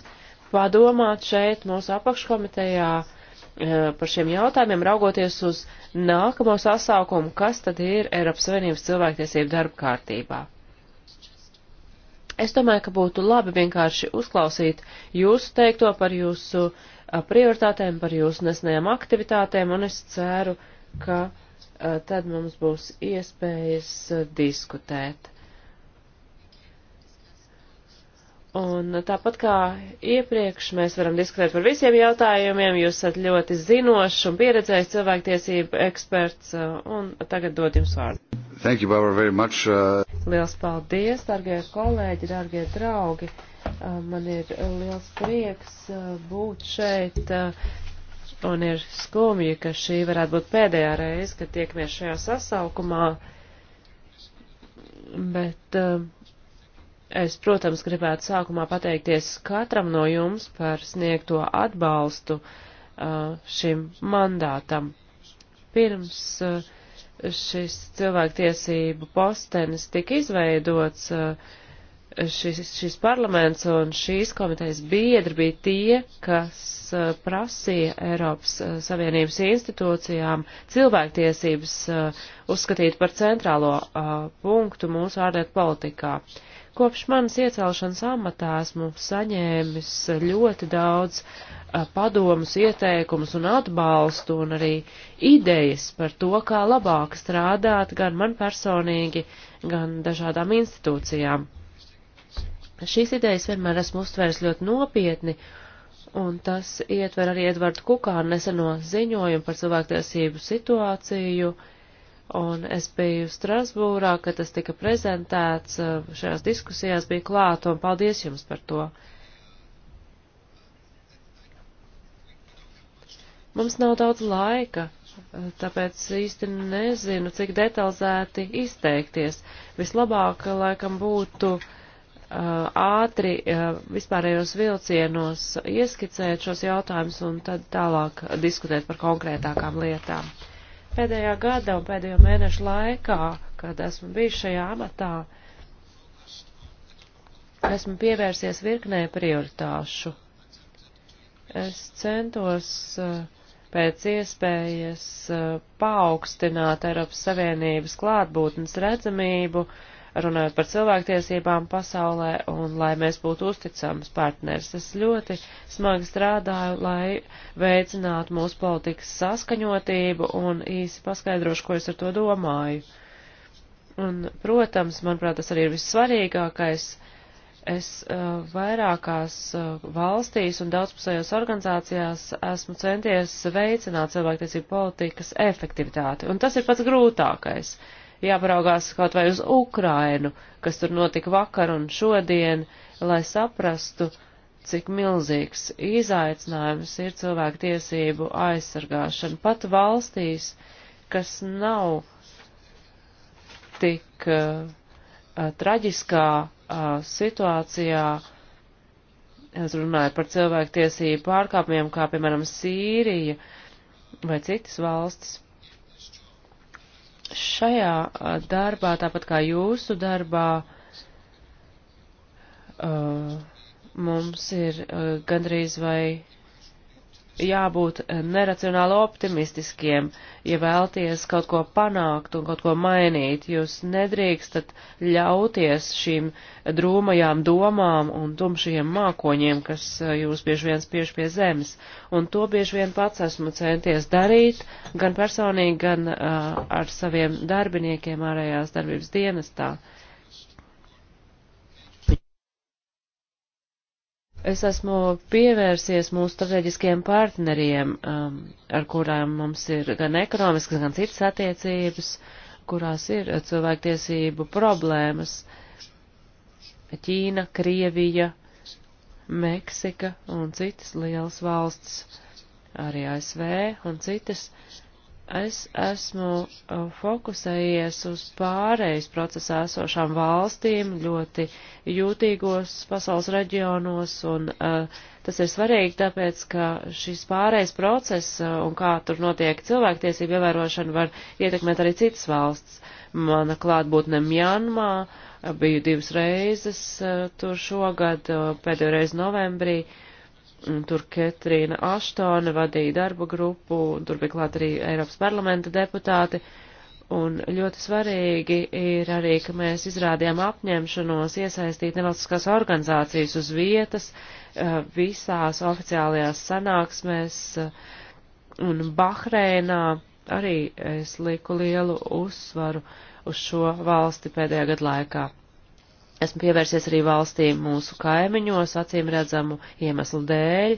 padomāt šeit mūsu apakškomitejā eh, par šiem jautājumiem, raugoties uz nākamo sasaukumu, kas tad ir Eiropas Savienības cilvēktiesību darba kārtībā. Es domāju, ka būtu labi vienkārši uzklausīt jūsu teikto par jūsu eh, prioritātēm, par jūsu nesnējām aktivitātēm, un es ceru, ka tad mums būs iespējas diskutēt. Un tāpat kā iepriekš, mēs varam diskutēt par visiem jautājumiem. Jūs esat ļoti zinošs un pieredzējis cilvēktiesību eksperts, uh, un tagad dod jums vārdu. Thank you, Barbara, very much. Uh... Liels paldies, dargie kolēģi, dargie draugi. Uh, man ir liels prieks uh, būt šeit, uh, un ir skumji, ka šī varētu būt pēdējā reize, kad tiekamies šajā sasaukumā. Bet. Uh, Es, protams, gribētu sākumā pateikties katram no jums par sniegto atbalstu uh, šim mandātam. Pirms uh, šis cilvēktiesību postenis tika izveidots, uh, šis, šis parlaments un šīs komitejas biedri bija tie, kas prasīja Eiropas Savienības institūcijām cilvēktiesības uzskatīt par centrālo punktu mūsu ārlietu politikā. Kopš manas iecelšanas amatā esmu saņēmis ļoti daudz a, padomus, ieteikumus un atbalstu un arī idejas par to, kā labāk strādāt gan man personīgi, gan dažādām institūcijām. Šīs idejas vienmēr esmu uztvēris ļoti nopietni, un tas ietver arī Edvardu Kukānu neseno ziņojumu par cilvēktiesību situāciju, uh, un es biju Strasbūrā, kad tas tika prezentēts, eh, šajās diskusijās bija klāt, un paldies jums par to. Mums nav daudz laika, eh, tāpēc īsti nezinu, cik detalizēti izteikties. Vislabāk, eh, laikam, būtu uh, ātri uh, vispārējos vilcienos ieskicēt šos jautājumus un tad tālāk diskutēt par konkrētākām lietām. Pēdējā gada un pēdējo mēnešu laikā, kad esmu bijis šajā amatā, esmu pievērsies virknē prioritāšu. Es centos eh, pēc iespējas eh, paaugstināt Eiropas Savienības klātbūtnes redzamību uh, runājot par cilvēktiesībām pasaulē un lai mēs būtu uzticams partners. Es ļoti smagi strādāju, lai veicinātu mūsu politikas saskaņotību un īsi paskaidrošu, ko es ar to domāju. Un, protams, manuprāt, tas arī ir vissvarīgākais. Es uh, vairākās uh, valstīs un daudzpusējās organizācijās esmu centies veicināt cilvēktiesību politikas efektivitāti, un tas ir pats grūtākais. Uh, jāparaugās kaut vai uz Ukrainu, kas tur notika vakar un šodien, lai saprastu, cik milzīgs izaicinājums ir cilvēku tiesību aizsargāšana pat valstīs, kas nav tik uh, uh traģiskā uh, situācijā, es runāju par cilvēku tiesību pārkāpumiem, kā piemēram Sīrija vai citas valstis. Šajā darbā, tāpat kā jūsu darbā, mums ir gandrīz vai jābūt eh, neracionāli optimistiskiem, ja vēlties kaut ko panākt un kaut ko mainīt. Jūs nedrīkstat ļauties šīm drūmajām domām un tumšajiem mākoņiem, kas eh, jūs bieži vien spiež pie zemes. Un to bieži vien pats esmu centies darīt, gan personīgi, gan uh, ar saviem darbiniekiem ārējās darbības dienestā. Uh, Es esmu pievērsies mūsu strateģiskiem partneriem, um, ar kurām mums ir gan ekonomiskas, gan citas attiecības, kurās ir uh, cilvēktiesību problēmas. Ķīna, Krievija, Meksika un citas lielas valsts, arī ASV un citas es esmu uh, fokusējies uz pārejas procesā esošām valstīm ļoti jūtīgos pasaules reģionos, un uh, tas ir svarīgi, tāpēc, ka šis pārejas process uh, un kā tur notiek cilvēktiesību ievērošana var ietekmēt arī citas valsts. Mana klātbūtne Mjanmā uh, biju divas reizes uh, tur šogad, uh, pēdējo reizi novembrī. Uh, Tur Ketrīna Aštone vadīja darba grupu, un tur bija klāt arī Eiropas parlamenta deputāti. Un ļoti svarīgi ir arī, ka mēs izrādījām apņemšanos iesaistīt nevalstiskās organizācijas uz vietas eh, visās oficiālajās sanāksmēs eh, un Bahreinā arī es lieku lielu uzsvaru uz šo valsti pēdējā gadu laikā. Esmu pievērsies arī valstīm mūsu kaimiņos, acīm redzamu iemeslu dēļ,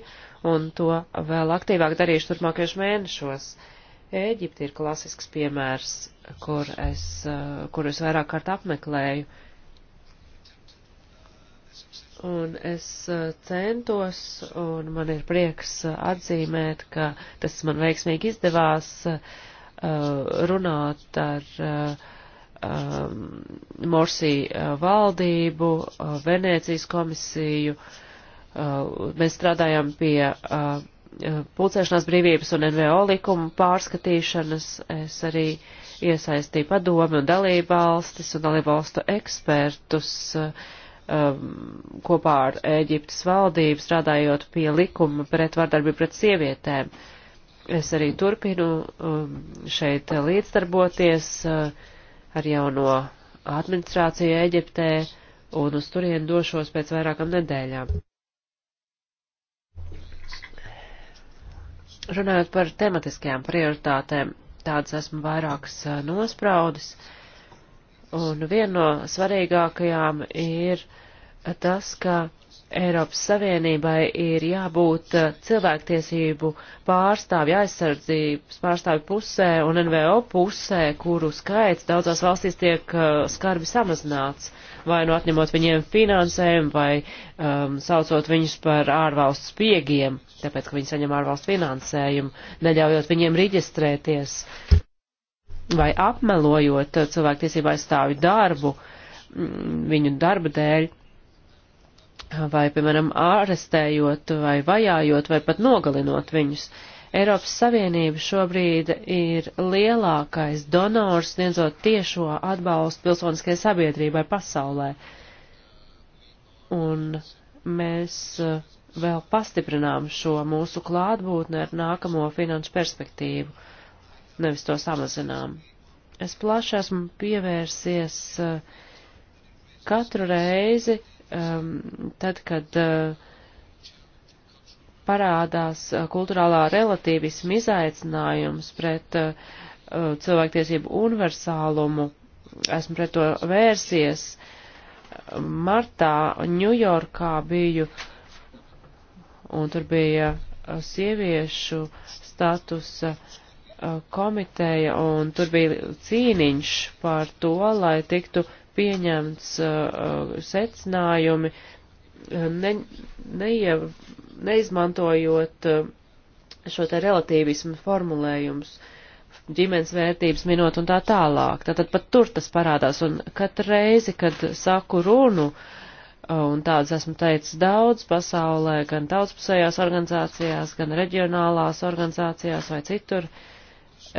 un to vēl aktīvāk darīšu turpmākajos mēnešos. Ēģipte ir klasisks piemērs, kur es, eh, kur es vairāk kārt apmeklēju. Un es eh, centos, un man ir prieks eh, atzīmēt, ka tas man veiksmīgi izdevās runāt ar um, Morsī uh, valdību, uh, Venēcijas komisiju. Uh, mēs strādājam pie uh, uh pulcēšanās brīvības un NVO likuma pārskatīšanas. Es arī iesaistīju padomi un dalību valstis un dalību valstu ekspertus. Uh, um, kopā ar Ēģiptes valdību strādājot pie likuma pret vardarbību pret sievietēm. Es arī turpinu um, šeit līdzdarboties. Uh, ar jauno administrāciju Eģiptē un uz turien došos pēc vairākam nedēļām. Runājot par tematiskajām prioritātēm, tādas esmu vairākas nospraudis, un viena no svarīgākajām ir tas, ka Eiropas Savienībai ir jābūt eh, cilvēktiesību pārstāvju aizsardzības pārstāvju pusē un NVO pusē, kuru skaits daudzās valstīs tiek eh, skarbi samazināts, vai nu atņemot viņiem finansējumu, vai um, saucot viņus par ārvalstu spiegiem, tāpēc, ka viņi saņem ārvalstu finansējumu, neļaujot viņiem reģistrēties, vai apmelojot eh, cilvēktiesību aizstāvju darbu mm, viņu darba dēļ vai, piemēram, ārestējot vai vajājot vai pat nogalinot viņus. Eiropas Savienība šobrīd ir lielākais donors, sniedzot tiešo atbalstu pilsoniskajai sabiedrībai pasaulē. Un mēs eh, vēl pastiprinām šo mūsu klātbūtni ar nākamo finanšu perspektīvu, nevis to samazinām. Es plaši esmu pievērsies eh, katru reizi um, tad, kad uh, parādās uh, kulturālā relativisma izaicinājums pret uh, uh cilvēktiesību universālumu, esmu pret to vērsies. Martā Ņujorkā biju, un tur bija uh, sieviešu statusa uh, komiteja, un tur bija cīniņš par to, lai tiktu pieņemts uh, uh secinājumi, uh, ne, neie, neizmantojot uh, šo te relatīvismu formulējumus, ģimenes vērtības minot un tā tālāk. Tātad pat tur tas parādās, un katru reizi, kad saku runu, uh, un tādas esmu teicis daudz pasaulē, gan daudzpusējās organizācijās, gan reģionālās organizācijās vai citur,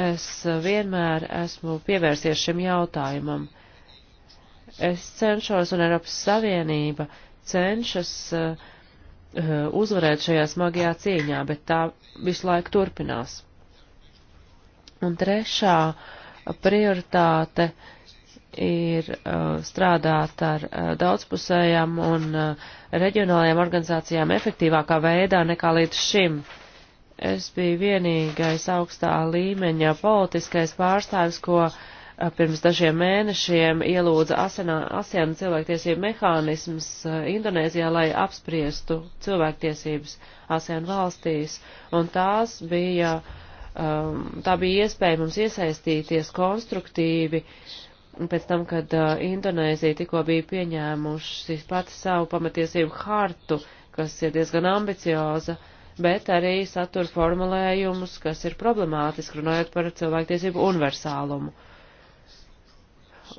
es vienmēr esmu pievērsies šim jautājumam. Uh, Es cenšos un Eiropas Savienība cenšas uh, uzvarēt šajā smagajā cīņā, bet tā visu laiku turpinās. Un trešā prioritāte ir uh, strādāt ar uh, daudzpusējām un uh, reģionālajām organizācijām efektīvākā veidā nekā līdz šim. Es biju vienīgais augstā līmeņa politiskais pārstāvis, ko uh, pirms dažiem mēnešiem ielūdza ASEAN cilvēktiesību mehānisms Indonēzijā, lai apspriestu cilvēktiesības ASEAN valstīs. Un tās bija, um, tā bija iespēja mums iesaistīties konstruktīvi pēc tam, kad Indonēzija tikko bija pieņēmuši pati savu pamatiesību hartu, kas ir diezgan ambicioza bet arī satura formulējumus, kas ir problemātiski, runājot par cilvēktiesību universālumu. Uh,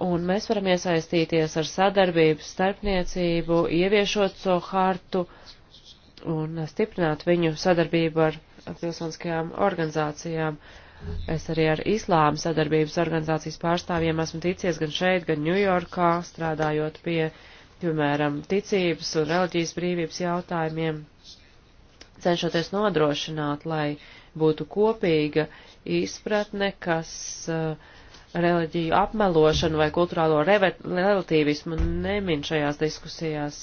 un mēs varam iesaistīties ar sadarbību, starpniecību, ieviešot šo so hartu un stiprināt viņu sadarbību ar pilsoniskajām organizācijām. Es arī ar Islāma sadarbības organizācijas pārstāvjiem esmu ticies gan šeit, gan Ņujorkā, strādājot pie, piemēram, ticības un reliģijas brīvības jautājumiem, cenšoties nodrošināt, lai būtu kopīga izpratne, kas uh, reliģiju apmelošanu vai kultūrālo relativismu nemin šajās diskusijās.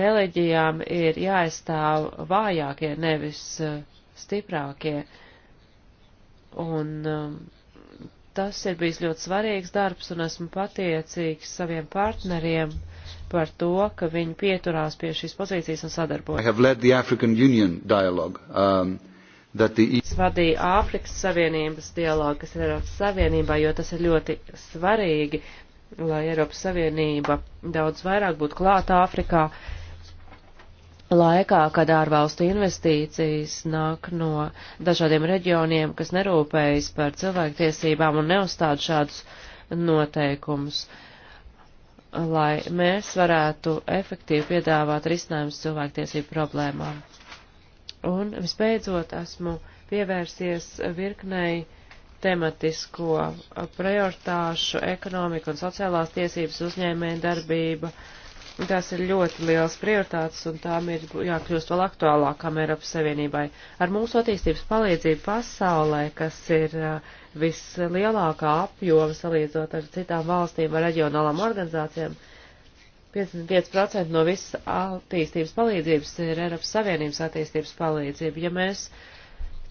Reliģijām ir jāaizstāv vājākie, nevis eh, stiprākie. Un um, tas ir bijis ļoti svarīgs darbs, un esmu pateicīgs saviem partneriem par to, ka viņi pieturās pie šīs pozīcijas un sadarbojas. Um, The... Es vadīju Āfrikas Savienības dialogu, kas ir Eiropas Savienībā, jo tas ir ļoti svarīgi, lai Eiropas Savienība daudz vairāk būtu klāta Āfrikā laikā, kad ārvalstu investīcijas nāk no dažādiem reģioniem, kas nerūpējas par cilvēktiesībām un neuzstāda šādus noteikumus, lai mēs varētu efektīvi piedāvāt risinājumus cilvēktiesību problēmām. Un visbeidzot esmu pievērsies virknei tematisko prioritāšu ekonomika un sociālās tiesības uzņēmēja darbība. Tās ir ļoti liels prioritātes un tām ir jākļūst vēl aktuālākām Eiropas Savienībai. Ar mūsu attīstības palīdzību pasaulē, kas ir uh, vislielākā apjoma salīdzot ar citām valstīm vai reģionālām organizācijām, uh, 55% no visas attīstības palīdzības ir Eiropas Savienības attīstības palīdzība. Ja mēs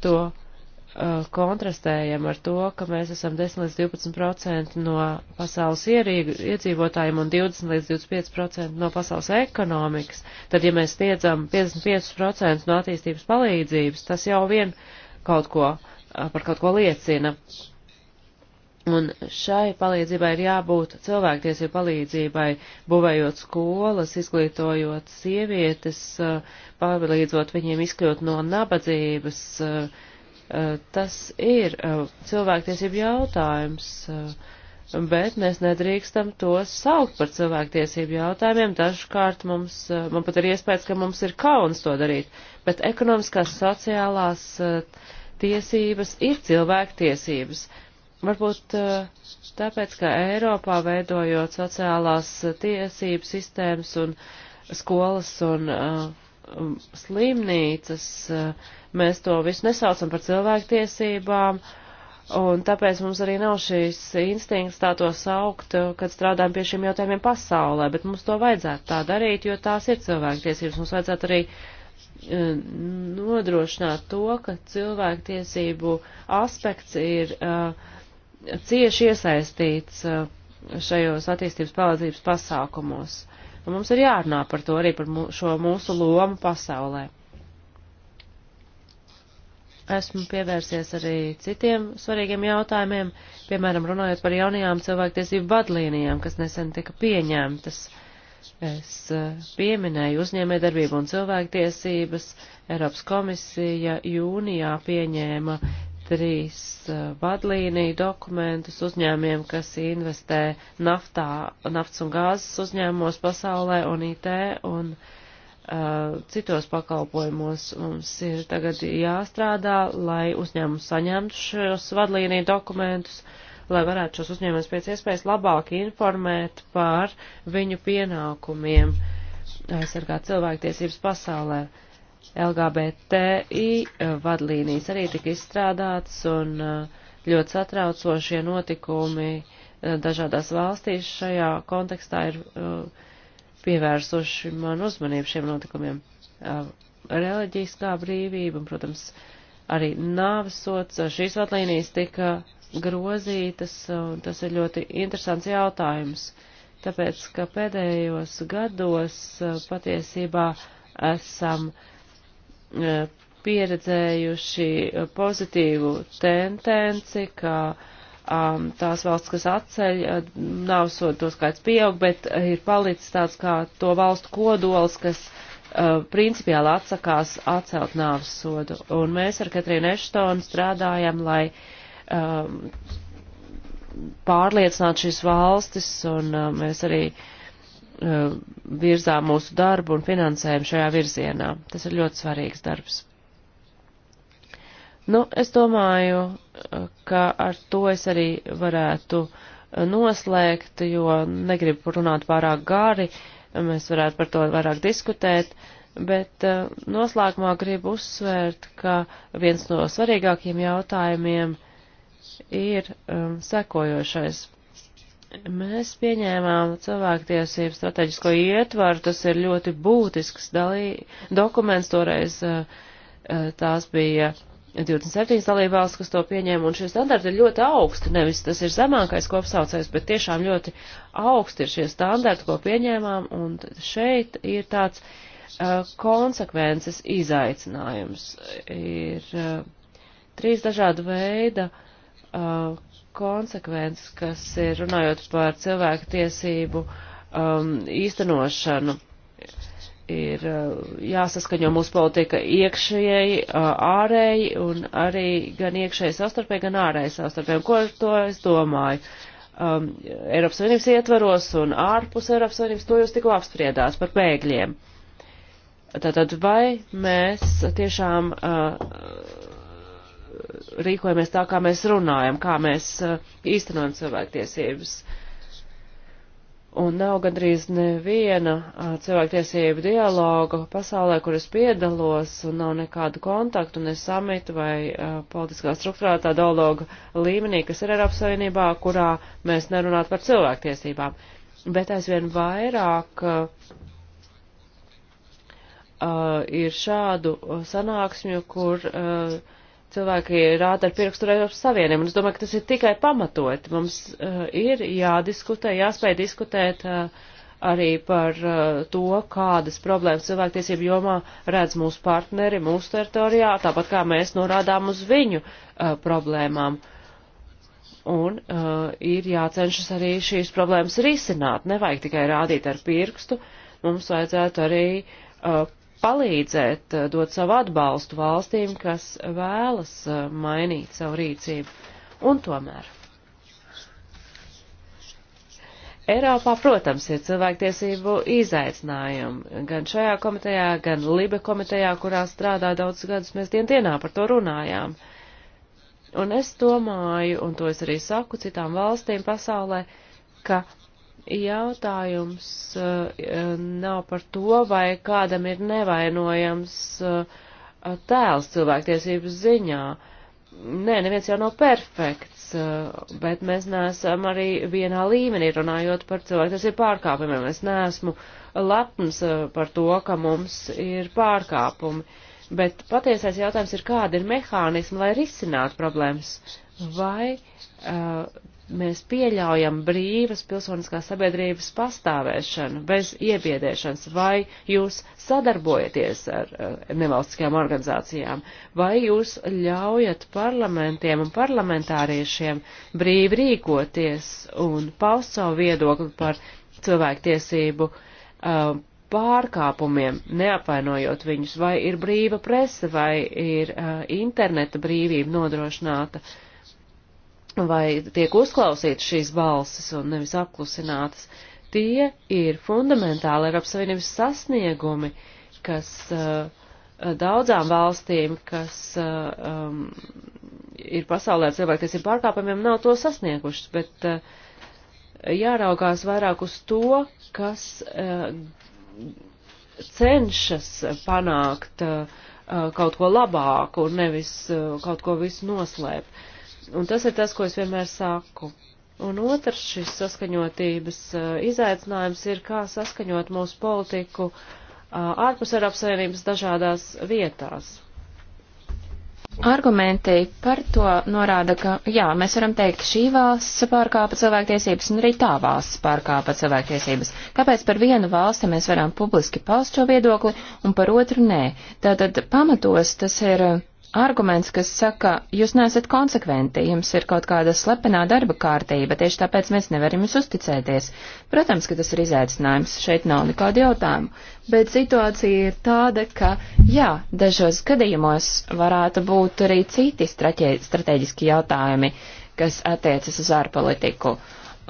to uh, kontrastējam ar to, ka mēs esam 10 līdz 12% no pasaules ierīgu, iedzīvotājiem un 20 līdz 25% no pasaules ekonomikas, tad ja mēs sniedzam 55% no attīstības palīdzības, tas jau vien kaut ko, uh, par kaut ko liecina. Un šai palīdzībai ir jābūt cilvēktiesību palīdzībai, būvējot skolas, izglītojot sievietes, eh, palīdzot viņiem izkļūt no nabadzības. Eh, eh, tas ir cilvēktiesību jautājums, bet mēs nedrīkstam to saukt par cilvēktiesību jautājumiem. Dažkārt mums, man pat ir iespējas, ka mums ir kauns to darīt, bet ekonomiskās, sociālās tiesības ir cilvēktiesības Varbūt eh, tāpēc, ka Eiropā veidojot sociālās eh, tiesību sistēmas un skolas un uh, slimnīcas, uh, mēs to visu nesaucam par cilvēktiesībām, un tāpēc mums arī nav šīs instinkts tā to saukt, kad strādājam pie šiem jautājumiem pasaulē, bet mums to vajadzētu tā darīt, jo tās ir cilvēktiesības. Mums vajadzētu arī nodrošināt to, ka cilvēktiesību aspekts ir uh, cieši iesaistīts eh, šajos attīstības palīdzības pasākumos. Un mums ir jārunā par to arī par mū, šo mūsu lomu pasaulē. Esmu pievērsies arī citiem svarīgiem jautājumiem, piemēram, runājot par jaunajām cilvēktiesību vadlīnijām, kas nesen tika pieņemtas. Es eh, pieminēju uzņēmē darbību un cilvēktiesības. Eiropas komisija jūnijā pieņēma trīs eh, vadlīniju dokumentus uzņēmiem, kas investē naftā, nafts un gāzes uzņēmumos pasaulē un IT un uh, citos pakalpojumos. Mums ir tagad jāstrādā, lai uzņēmums saņemtu šos vadlīniju dokumentus, lai varētu šos uzņēmumus pēc iespējas labāk informēt par viņu pienākumiem aizsargāt cilvēktiesības pasaulē. Uh, LGBTI eh, vadlīnijas arī tika izstrādātas un eh, ļoti satraucošie notikumi eh, dažādās valstīs šajā kontekstā ir pievērsuši man uzmanību šiem notikumiem. Reliģiskā brīvība un, protams, arī nāvesots, šīs vadlīnijas tika grozītas, un tas ir ļoti interesants jautājums, tāpēc, ka pēdējos gados patiesībā esam uh, E, pieredzējuši pozitīvu tendenci, ka um, tās valsts, kas atceļ, nav sodu skaits pieaug, bet ir palicis tāds kā to valstu kodols, kas uh, principiāli atsakās atcelt nāves sodu. Un mēs ar Katrīnu Eštonu strādājam, lai um, pārliecinātu šīs valstis, un uh, mēs arī uh, Uh, virzā mūsu darbu un finansējumu šajā virzienā. Tas ir ļoti svarīgs darbs. Nu, es domāju, uh, ka ar to es arī varētu uh, noslēgt, jo negribu runāt pārāk gāri, mēs varētu par to vairāk diskutēt, bet noslēgumā gribu uzsvērt, ka viens no svarīgākiem jautājumiem ir um, sekojošais Mēs pieņēmām cilvēktiesību strateģisko ietvaru, tas ir ļoti būtisks dalī, dokuments, toreiz uh, uh, tās bija 27 dalībvalsts, kas to pieņēma, un šie standarti ir ļoti augsti, nevis tas ir zemākais kopsaucējs, bet tiešām ļoti augsti ir šie standarti, ko pieņēmām, un šeit ir tāds uh, konsekvences izaicinājums. Ir uh, trīs dažādu veida uh, konsekvences, kas ir runājot par cilvēku tiesību um, īstenošanu. Ir uh, jāsaskaņo mūsu politika iekšējai, uh, ārēji un arī gan iekšēji savstarpēji, gan ārēji savstarpēji. Un ko ar to es domāju? Um, Eiropas Savienības ietvaros un ārpus Eiropas Savienības to jūs tikko apspriedās par bēgļiem. Tātad vai mēs tiešām uh, rīkojamies tā, kā mēs runājam, kā mēs uh, īstenojam cilvēktiesības. Un nav gandrīz neviena uh, cilvēktiesību dialoga pasaulē, kur es piedalos, un nav nekādu kontaktu, ne samitu vai uh, politiskā struktūrā tā dialoga līmenī, kas ir Eiropas Savienībā, kurā mēs nerunātu par cilvēktiesībām. Bet aizvien vairāk uh, uh ir šādu sanāksmju, kur uh, cilvēki rāda ar pirkstu Eiropas Savieniem, un es domāju, ka tas ir tikai pamatot. Mums uh, ir jādiskutē, jāspēj diskutēt uh, arī par uh, to, kādas problēmas cilvēktiesību jomā redz mūsu partneri mūsu teritorijā, tāpat kā mēs norādām uz viņu uh, problēmām. Un uh, ir jācenšas arī šīs problēmas risināt. Nevajag tikai rādīt ar pirkstu, mums vajadzētu arī uh, palīdzēt, eh, dot savu atbalstu valstīm, kas vēlas eh, mainīt savu rīcību. Un tomēr. Eiropā, protams, ir cilvēktiesību izaicinājumi. Gan šajā komitejā, gan Libe komitejā, kurā strādā daudz gadus, mēs dien dienā par to runājām. Un es domāju, un to es arī saku citām valstīm pasaulē, ka Jautājums eh, nav par to, vai kādam ir nevainojams eh, tēls cilvēktiesības ziņā. Nē, neviens jau nav perfekts, eh, bet mēs neesam arī vienā līmenī runājot par cilvēku, tas ir pārkāpumiem. Es neesmu lepns par to, ka mums ir pārkāpumi, bet patiesais jautājums ir, kāda ir mehānisma, lai risinātu problēmas, vai uh, mēs pieļaujam brīvas pilsoniskās sabiedrības pastāvēšanu bez iebiedēšanas, vai jūs sadarbojaties ar nevalstiskajām organizācijām, vai jūs ļaujat parlamentiem un parlamentāriešiem brīvi rīkoties un paust savu viedokli par cilvēktiesību uh, pārkāpumiem, neapvainojot viņus, vai ir brīva presa, vai ir uh, interneta brīvība nodrošināta. Uh, vai tiek uzklausītas šīs balsis un nevis apklusinātas. Tie ir fundamentāli Eiropas Savienības sasniegumi, kas uh, daudzām valstīm, kas uh, um, ir pasaulē cilvēki, kas ir pārkāpumiem, nav to sasniegušas, bet uh, jāraugās vairāk uz to, kas uh, cenšas panākt uh, uh kaut ko labāku un nevis uh, kaut ko visu noslēpt. Uh, Un tas ir tas, ko es vienmēr saku. Un otrs šis saskaņotības uh, izaicinājums ir, kā saskaņot mūsu politiku uh, ārpus Eiropas Savienības dažādās vietās. Argumenti par to norāda, ka jā, mēs varam teikt, šī valsts pārkāpa cilvēktiesības un arī tā valsts pārkāpa cilvēktiesības. Kāpēc par vienu valsti mēs varam publiski paust šo viedokli un par otru nē? Tātad pamatos tas ir. Uh, arguments, kas saka, jūs neesat konsekventi, jums ir kaut kāda slepenā darba kārtība, tieši tāpēc mēs nevaram jums uzticēties. Protams, ka tas ir izaicinājums, šeit nav nekādu jautājumu, bet situācija ir tāda, ka, jā, dažos gadījumos varētu būt arī citi strateģiski jautājumi, kas attiecas uz ārpolitiku.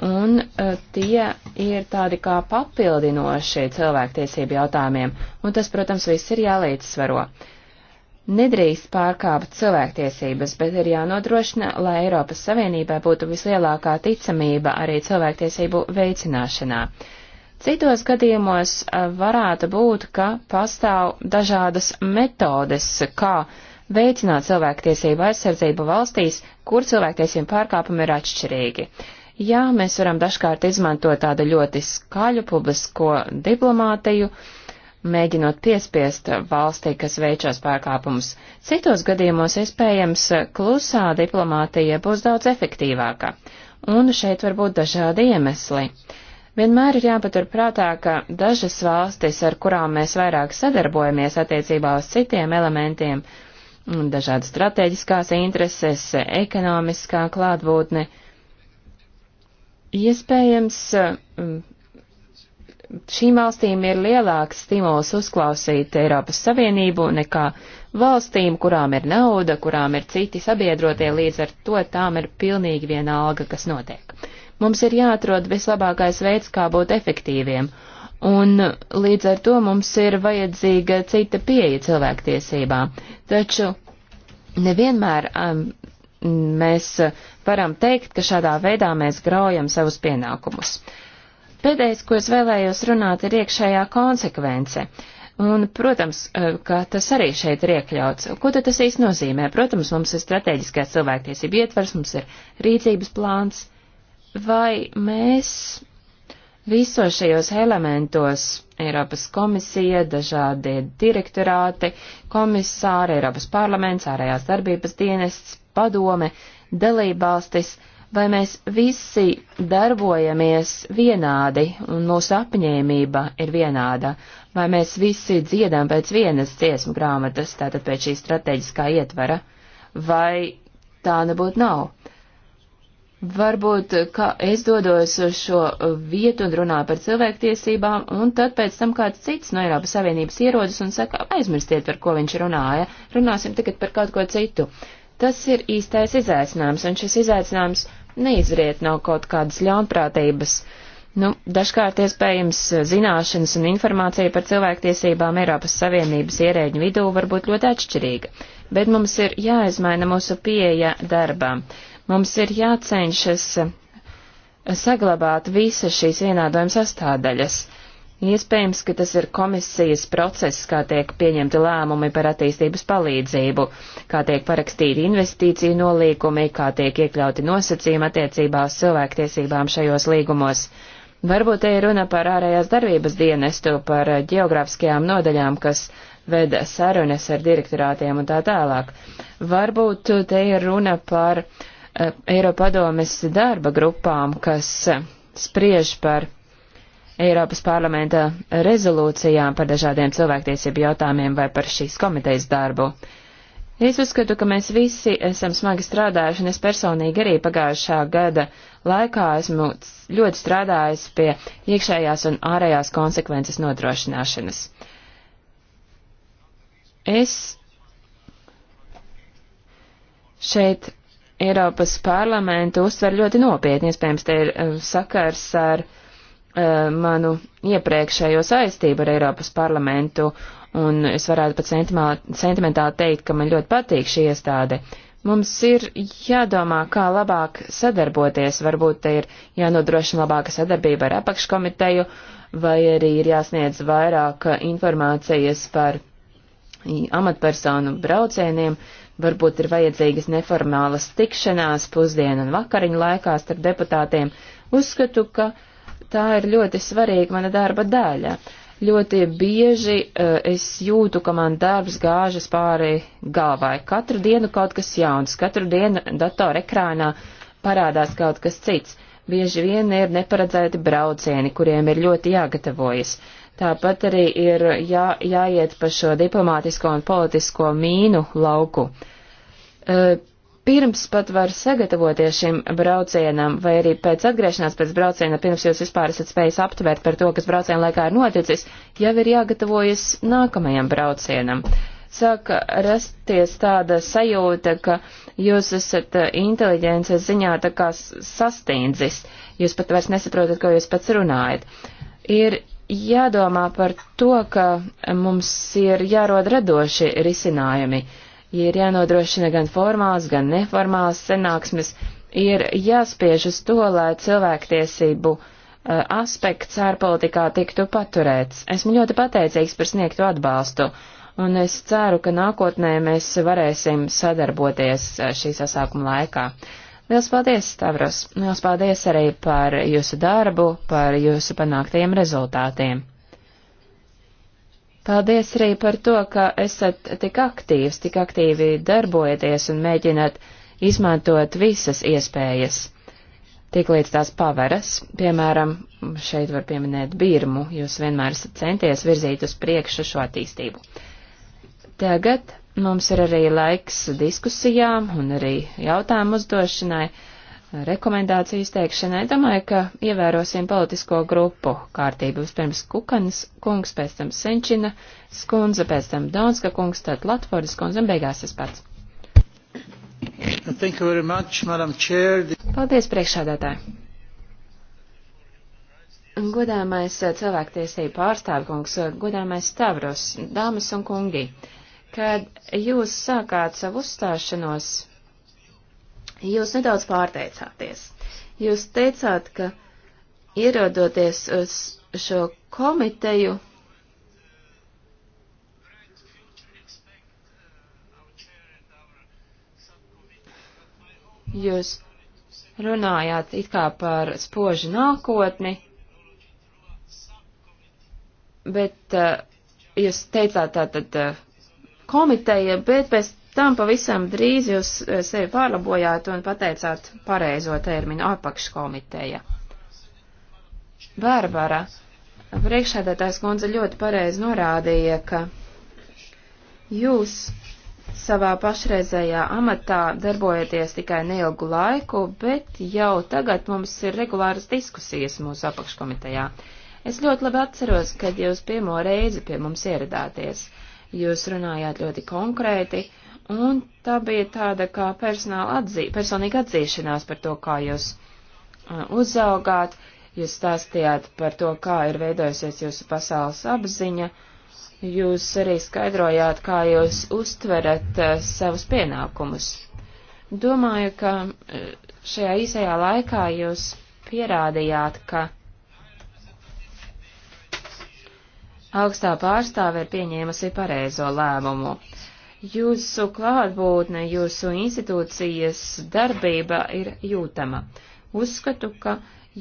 Un uh, tie ir tādi kā papildinošie cilvēktiesību jautājumiem, un tas, protams, viss ir jālīdzsvaro. Uh, nedrīkst pārkāpt cilvēktiesības, bet ir jānodrošina, lai Eiropas Savienībai būtu vislielākā ticamība arī cilvēktiesību veicināšanā. Citos gadījumos varētu būt, ka pastāv dažādas metodes, kā veicināt cilvēktiesību aizsardzību valstīs, kur cilvēktiesību pārkāpumi ir atšķirīgi. Jā, mēs varam dažkārt izmantot tādu ļoti skaļu publisko diplomātiju, uh, mēģinot piespiest valstī, kas veikšos pārkāpumus. Citos gadījumos, iespējams, eh, klusā diplomātija būs daudz efektīvāka, un šeit var būt dažādi iemesli. Vienmēr ir jāpatur prātā, ka dažas valstis, ar kurām mēs vairāk sadarbojamies attiecībā uz citiem elementiem, dažādas strateģiskās intereses, ekonomiskā klātbūtne, iespējams, eh, šīm valstīm ir lielāks stimuls uzklausīt Eiropas Savienību nekā valstīm, kurām ir nauda, kurām ir citi sabiedrotie, līdz ar to tām ir pilnīgi vienalga, kas notiek. Mums ir jāatrod vislabākais veids, kā būt efektīviem, un līdz ar to mums ir vajadzīga cita pieeja cilvēktiesībām. Taču nevienmēr um, mēs varam teikt, ka šādā veidā mēs graujam savus pienākumus. Uh, Pēdējais, ko es vēlējos runāt, ir iekšējā konsekvence. Un, protams, e, ka tas arī šeit ir iekļauts. Ko tad tas īsti nozīmē? Protams, mums ir strateģiskās cilvēktiesība ietvers, mums ir rīcības plāns. Vai mēs visos šajos elementos Eiropas komisija, dažādi direktorāti, komisāri, Eiropas parlaments, ārējās darbības dienests, padome, dalībvalstis, uh, vai mēs visi darbojamies vienādi un mūsu apņēmība ir vienāda, vai mēs visi dziedam pēc vienas dziesmu grāmatas, tātad pēc šī strateģiskā ietvara, vai tā nebūtu nav. Varbūt, ka es dodos uz šo vietu un runāju par cilvēktiesībām, un tad pēc tam kāds cits no Eiropas Savienības ierodas un saka, aizmirstiet, par ko viņš runāja, runāsim tagad par kaut ko citu. Tas ir īstais izaicinājums, un šis izaicinājums neizriet no kaut kādas ļaunprātības. Nu, dažkārt iespējams eh, zināšanas un informācija par cilvēktiesībām Eiropas Savienības ierēģu vidū var būt ļoti atšķirīga, bet mums ir jāizmaina mūsu pieeja darbām. Mums ir jācenšas eh, saglabāt visas šīs vienādojuma sastādaļas. Iespējams, ka tas ir komisijas process, kā tiek pieņemti lēmumi par attīstības palīdzību. Uh, kā tiek parakstīti investīciju nolīgumi, kā tiek iekļauti nosacījumi attiecībā uz cilvēktiesībām šajos līgumos. Varbūt te ir runa par ārējās darbības dienestu, par geogrāfiskajām nodaļām, kas veda sarunas ar direktorātiem un tā tālāk. Varbūt te ir runa par uh, Eiropadomes darba grupām, kas uh, spriež par Eiropas parlamenta rezolūcijām par dažādiem cilvēktiesību jautājumiem vai par šīs komitejas darbu. Uh, Es uzskatu, ka mēs visi esam smagi strādājuši, un es personīgi arī pagājušā gada laikā esmu ļoti strādājis pie iekšējās un ārējās konsekvences nodrošināšanas. Es šeit Eiropas parlamentu uztver ļoti nopietni, iespējams, te ir eh, sakars ar uh, manu iepriekšējo saistību ar Eiropas parlamentu un es varētu pat sentimentāli teikt, ka man ļoti patīk šī iestāde. Mums ir jādomā, kā labāk sadarboties, varbūt te ir jānodrošina labāka sadarbība ar apakškomiteju, vai arī ir jāsniedz vairāk informācijas par amatpersonu braucieniem, varbūt ir vajadzīgas neformālas tikšanās pusdienu un vakariņu laikā starp deputātiem. Uzskatu, ka tā ir ļoti svarīga mana darba daļa. Uh, Ļoti bieži uh, es jūtu, ka man darbs gāžas pāri galvai. Katru dienu kaut kas jauns, katru dienu datora ekrānā parādās kaut kas cits. Bieži vien ir neparedzēti braucieni, kuriem ir ļoti jāgatavojas. Tāpat arī ir jā, jāiet pa šo diplomātisko un politisko mīnu lauku. Uh, pirms pat var sagatavoties šim braucienam, vai arī pēc atgriešanās pēc brauciena, pirms jūs vispār esat spējis aptvērt par to, kas brauciena laikā ir noticis, jau ir jāgatavojas nākamajam braucienam. Sāka rasties tāda sajūta, ka jūs esat eh, inteliģences ziņā tā kā sastīndzis, jūs pat vairs nesaprotat, ko jūs pats runājat. Ir jādomā par to, ka mums ir jārod radoši risinājumi ir jānodrošina gan formāls, gan neformāls sanāksmes, ir jāspiež uz to, lai cilvēktiesību uh, aspekts ārpolitikā tiktu paturēts. Esmu ļoti pateicīgs par sniegto atbalstu, un es ceru, ka nākotnē mēs varēsim sadarboties eh, šī sasākuma laikā. Liels paldies, Stavros! Liels paldies arī par jūsu darbu, par jūsu panāktajiem rezultātiem! Paldies arī par to, ka esat tik aktīvs, tik aktīvi darbojaties un mēģināt izmantot visas iespējas. Tiklīdz tās paveras, piemēram, šeit var pieminēt Birmu, jūs vienmēr esat centies virzīt uz priekšu šo attīstību. Tagad mums ir arī laiks diskusijām un arī jautājumu uzdošanai rekomendāciju izteikšanai. Domāju, ka ievērosim politisko grupu kārtību. Vispirms Kukanas kungs, pēc tam Senčina skundze, pēc tam Donska kungs, tad Latvordas skundze un beigās es pats. Much, Paldies, priekšādātāji! Godāmais cilvēktiesību pārstāvkungs, godāmais Stavros, dāmas un kungi, kad jūs sākāt savu uzstāšanos, Jūs nedaudz pārteicāties. Jūs teicāt, ka ierodoties uz šo komiteju, jūs runājāt it kā par spožu nākotni, bet uh, jūs teicāt tātad uh, komiteja, bet pēc Tam pavisam drīz jūs eh, sevi pārlabojāt un pateicāt pareizo terminu apakškomiteja. Bārbara, priekšēdētājs kundze ļoti pareizi norādīja, ka jūs savā pašreizējā amatā darbojaties tikai neilgu laiku, bet jau tagad mums ir regulāras diskusijas mūsu apakškomitejā. Es ļoti labi atceros, kad jūs pirmo reizi pie mums ieradāties. Jūs runājāt ļoti konkrēti Un tā bija tāda kā personāla atzī, personīga atzīšanās par to, kā jūs uh, uzaugāt, jūs stāstījāt par to, kā ir veidojusies jūsu pasaules apziņa, jūs arī skaidrojāt, kā jūs uztverat uh, savus pienākumus. Domāju, ka uh, šajā īsajā laikā jūs pierādījāt, ka augstā pārstāve ir pieņēmusi pareizo lēmumu Jūsu klātbūtne, jūsu institūcijas darbība ir jūtama. Uzskatu, ka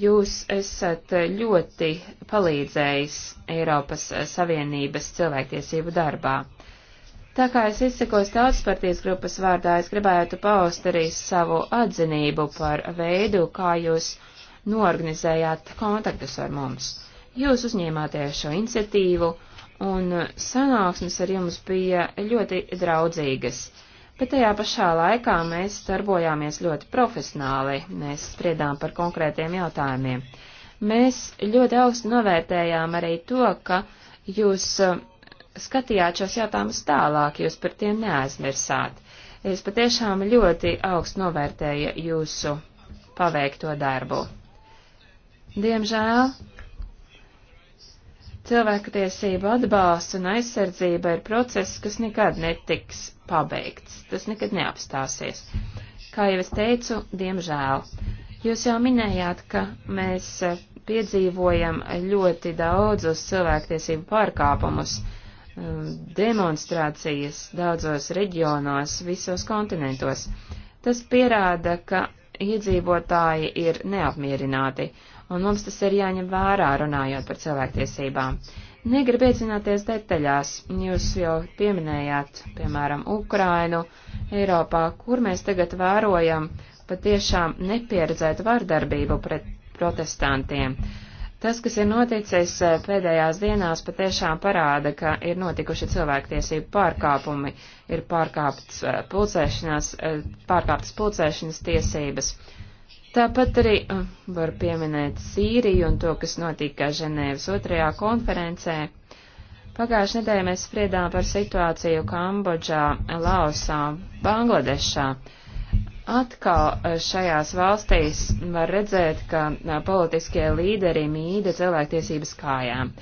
jūs esat ļoti palīdzējis Eiropas Savienības cilvēktiesību darbā. Tā kā es izsakos tautspartijas grupas vārdā, es gribētu paust arī savu atzinību par veidu, kā jūs norganizējāt kontaktus ar mums. Jūs uzņēmāties šo iniciatīvu un sanāksmes ar jums bija ļoti draudzīgas. Bet tajā pašā laikā mēs darbojāmies ļoti profesionāli, mēs spriedām par konkrētiem jautājumiem. Mēs ļoti augstu novērtējām arī to, ka jūs uh, skatījāt šos jautājumus tālāk, jūs par tiem neaizmirsāt. Es patiešām ļoti augstu novērtēju jūsu paveikto darbu. Diemžēl Cilvēktiesība atbalsts un aizsardzība ir process, kas nekad netiks pabeigts. Tas nekad neapstāsies. Kā jau es teicu, diemžēl. Jūs jau minējāt, ka mēs piedzīvojam ļoti daudzus cilvēktiesību pārkāpumus, um, demonstrācijas daudzos reģionos, visos kontinentos. Tas pierāda, ka iedzīvotāji ir neapmierināti un mums tas ir jāņem vērā, runājot par cilvēktiesībām. Negribu iedzināties detaļās, jūs jau pieminējāt, piemēram, Ukrainu, Eiropā, kur mēs tagad vērojam patiešām nepieredzētu vardarbību pret protestantiem. Tas, kas ir noticis eh, pēdējās dienās, patiešām parāda, ka ir notikuši cilvēktiesību pārkāpumi, ir pārkāptas eh, pulcēšanās, eh, pārkāptas pulcēšanas tiesības. Tāpat arī uh, var pieminēt Sīriju un to, kas notika Ženēvas otrajā konferencē. Pagājušajā nedēļā mēs spriedām par situāciju Kambodžā, Laosā, Bangladešā. Atkal uh, šajās valstīs var redzēt, ka uh, politiskie līderi mīda cilvēktiesības kājām.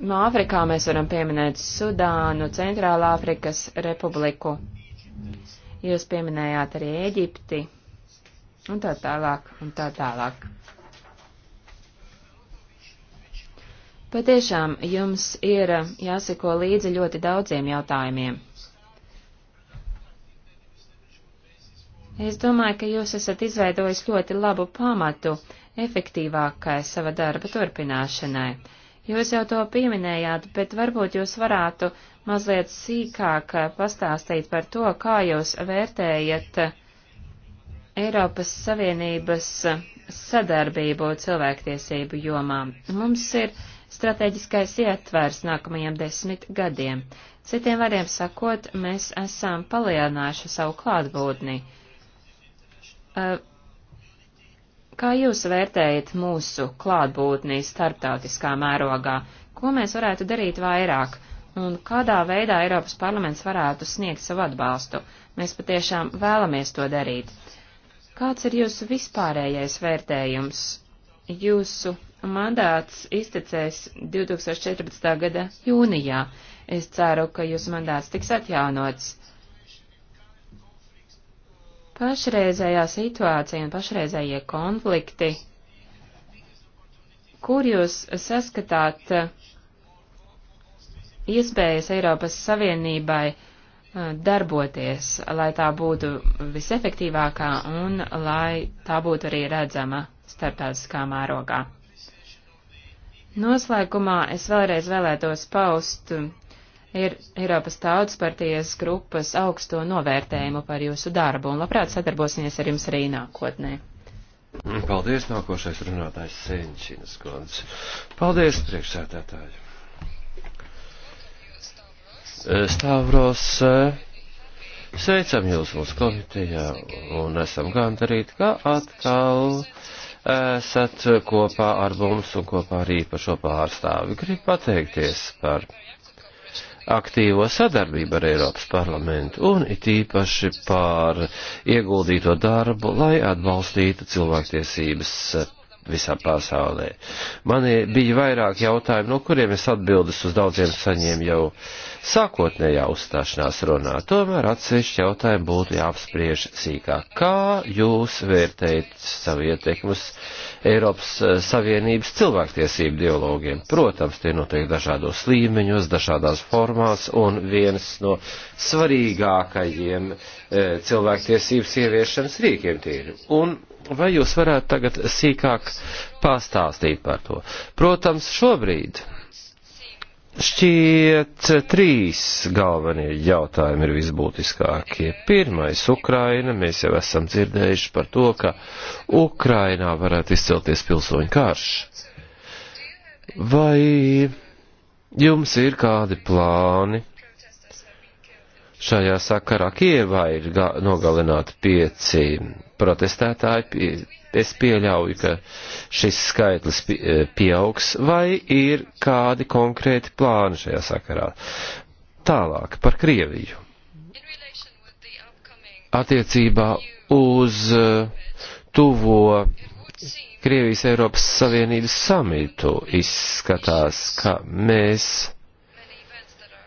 No Āfrikā mēs varam pieminēt Sudānu, Centrālā Afrikas Republiku. Jūs pieminējāt arī Eģipti, un tā tālāk, un tā tālāk. Patiešām jums ir uh, jāseko līdzi ļoti daudziem jautājumiem. Es domāju, ka jūs esat izveidojis ļoti labu pamatu efektīvākai sava darba turpināšanai. Jūs jau to pieminējāt, bet varbūt jūs varētu mazliet sīkāk uh, pastāstīt par to, kā jūs vērtējat uh, Eiropas Savienības sadarbību cilvēktiesību jomā. Mums ir strateģiskais ietvers nākamajiem desmit gadiem. Citiem vārdiem sakot, mēs esam palielinājuši savu klātbūtni. Eh, kā jūs vērtējat mūsu klātbūtni starptautiskā mērogā? Ko mēs varētu darīt vairāk? un kādā veidā Eiropas parlaments varētu sniegt savu atbalstu. Mēs patiešām vēlamies to darīt. Kāds ir jūsu vispārējais vērtējums? Jūsu mandāts iztecēs 2014. gada jūnijā. Es ceru, ka jūsu mandāts tiks atjaunots. Pašreizējā situācija un pašreizējie konflikti, kur jūs saskatāt uh, iespējas Eiropas Savienībai darboties, lai tā būtu visefektīvākā un lai tā būtu arī redzama starptautiskā mērogā. Noslēgumā es vēlreiz vēlētos paust ir Eiropas Tautas partijas grupas augsto novērtējumu par jūsu darbu un labprāt sadarbosimies ar jums arī nākotnē. Paldies, nākošais runātājs Senčinas kundze. Paldies, priekšsētētāji. Stavros, eh, sveicam jūs mūsu komitejā un esam gandarīti, ka atkal esat kopā ar mums un kopā ar īpašo pārstāvi. Gribu pateikties par aktīvo sadarbību ar Eiropas parlamentu un it īpaši par ieguldīto darbu, lai atbalstītu cilvēktiesības visā pasaulē. Man bija vairāk jautājumu, no kuriem es atbildes uz daudziem saņēmu jau sākotnējā uzstāšanās runā. Tomēr atsevišķi jautājumi būtu jāapspriež sīkāk. Kā jūs vērtējat savu ietekmus Eiropas eh, Savienības cilvēktiesību dialogiem? Protams, tie notiek dažādos līmeņos, dažādās formās, un viens no svarīgākajiem e, eh, cilvēktiesības ieviešanas rīkiem tie ir. Un Vai jūs varētu tagad sīkāk pastāstīt par to? Protams, šobrīd šķiet trīs galvenie jautājumi ir visbūtiskākie. Pirmais - Ukraina. Mēs jau esam dzirdējuši par to, ka Ukrainā varētu izcelties pilsoņu karš. Vai jums ir kādi plāni? Šajā sakarā Kievā ir nogalināti pieci protestētāji, pie, es pieļauju, ka šis skaitlis eh, pieaugs, vai ir kādi konkrēti plāni šajā sakarā. Tālāk par Krieviju. Attiecībā uz eh, tuvo Krievijas Eiropas Savienības samitu izskatās, ka mēs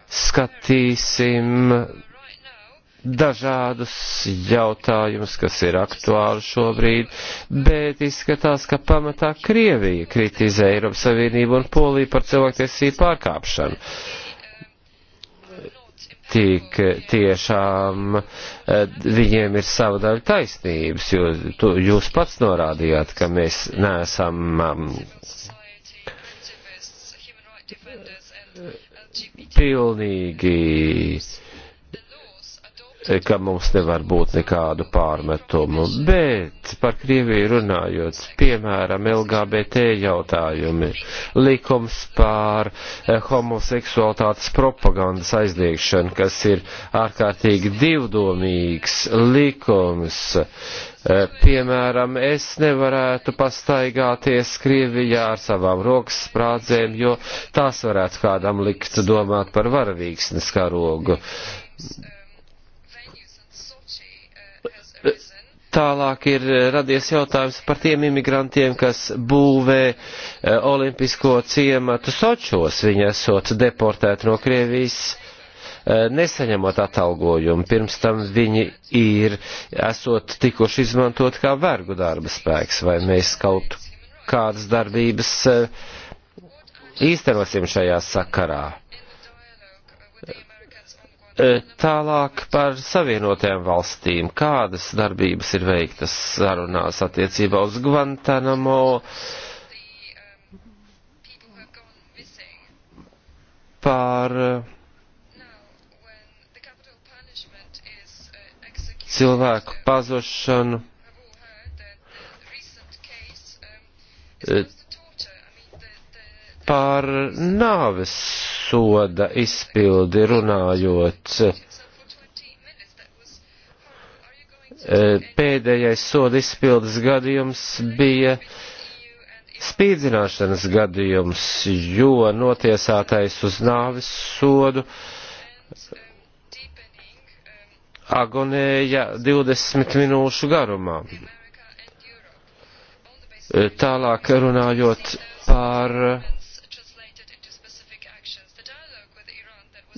skatīsim dažādus jautājumus, kas ir aktuāli šobrīd, bet izskatās, ka pamatā Krievija kritizē Eiropas Savienību un Poliju par cilvēktiesību pārkāpšanu. Tik tiešām eh, viņiem ir sava daļa taisnības, jo tu, jūs pats norādījāt, ka mēs neesam um, pilnīgi uh, ka mums nevar būt nekādu pārmetumu. Bet par Krieviju runājot, piemēram, LGBT jautājumi, likums pār eh, homoseksualitātes propagandas aizliegšanu, kas ir ārkārtīgi divdomīgs likums. Eh, piemēram, es nevarētu pastaigāties Krievijā ar savām rokas sprādzēm, jo tās varētu kādam likt domāt par varavīksnes karogu. Tālāk ir eh, radies jautājums par tiem imigrantiem, kas būvē eh, olimpisko ciematu Sočos, viņi esot deportēti no Krievijas, eh, nesaņemot atalgojumu. Pirms tam viņi ir esot tikuši izmantot kā vergu darba spēks, vai mēs kaut kādas darbības īstenosim šajā sakarā. E, tālāk par savienotajām valstīm. Kādas darbības ir veiktas sarunās attiecībā uz Guantanamo? Par e, cilvēku pazušanu. E, par nāves soda izpildi runājot. E, pēdējais soda izpildes gadījums bija spīdzināšanas gadījums, jo notiesātais uz nāvis sodu agonēja 20 minūšu garumā. E, tālāk runājot par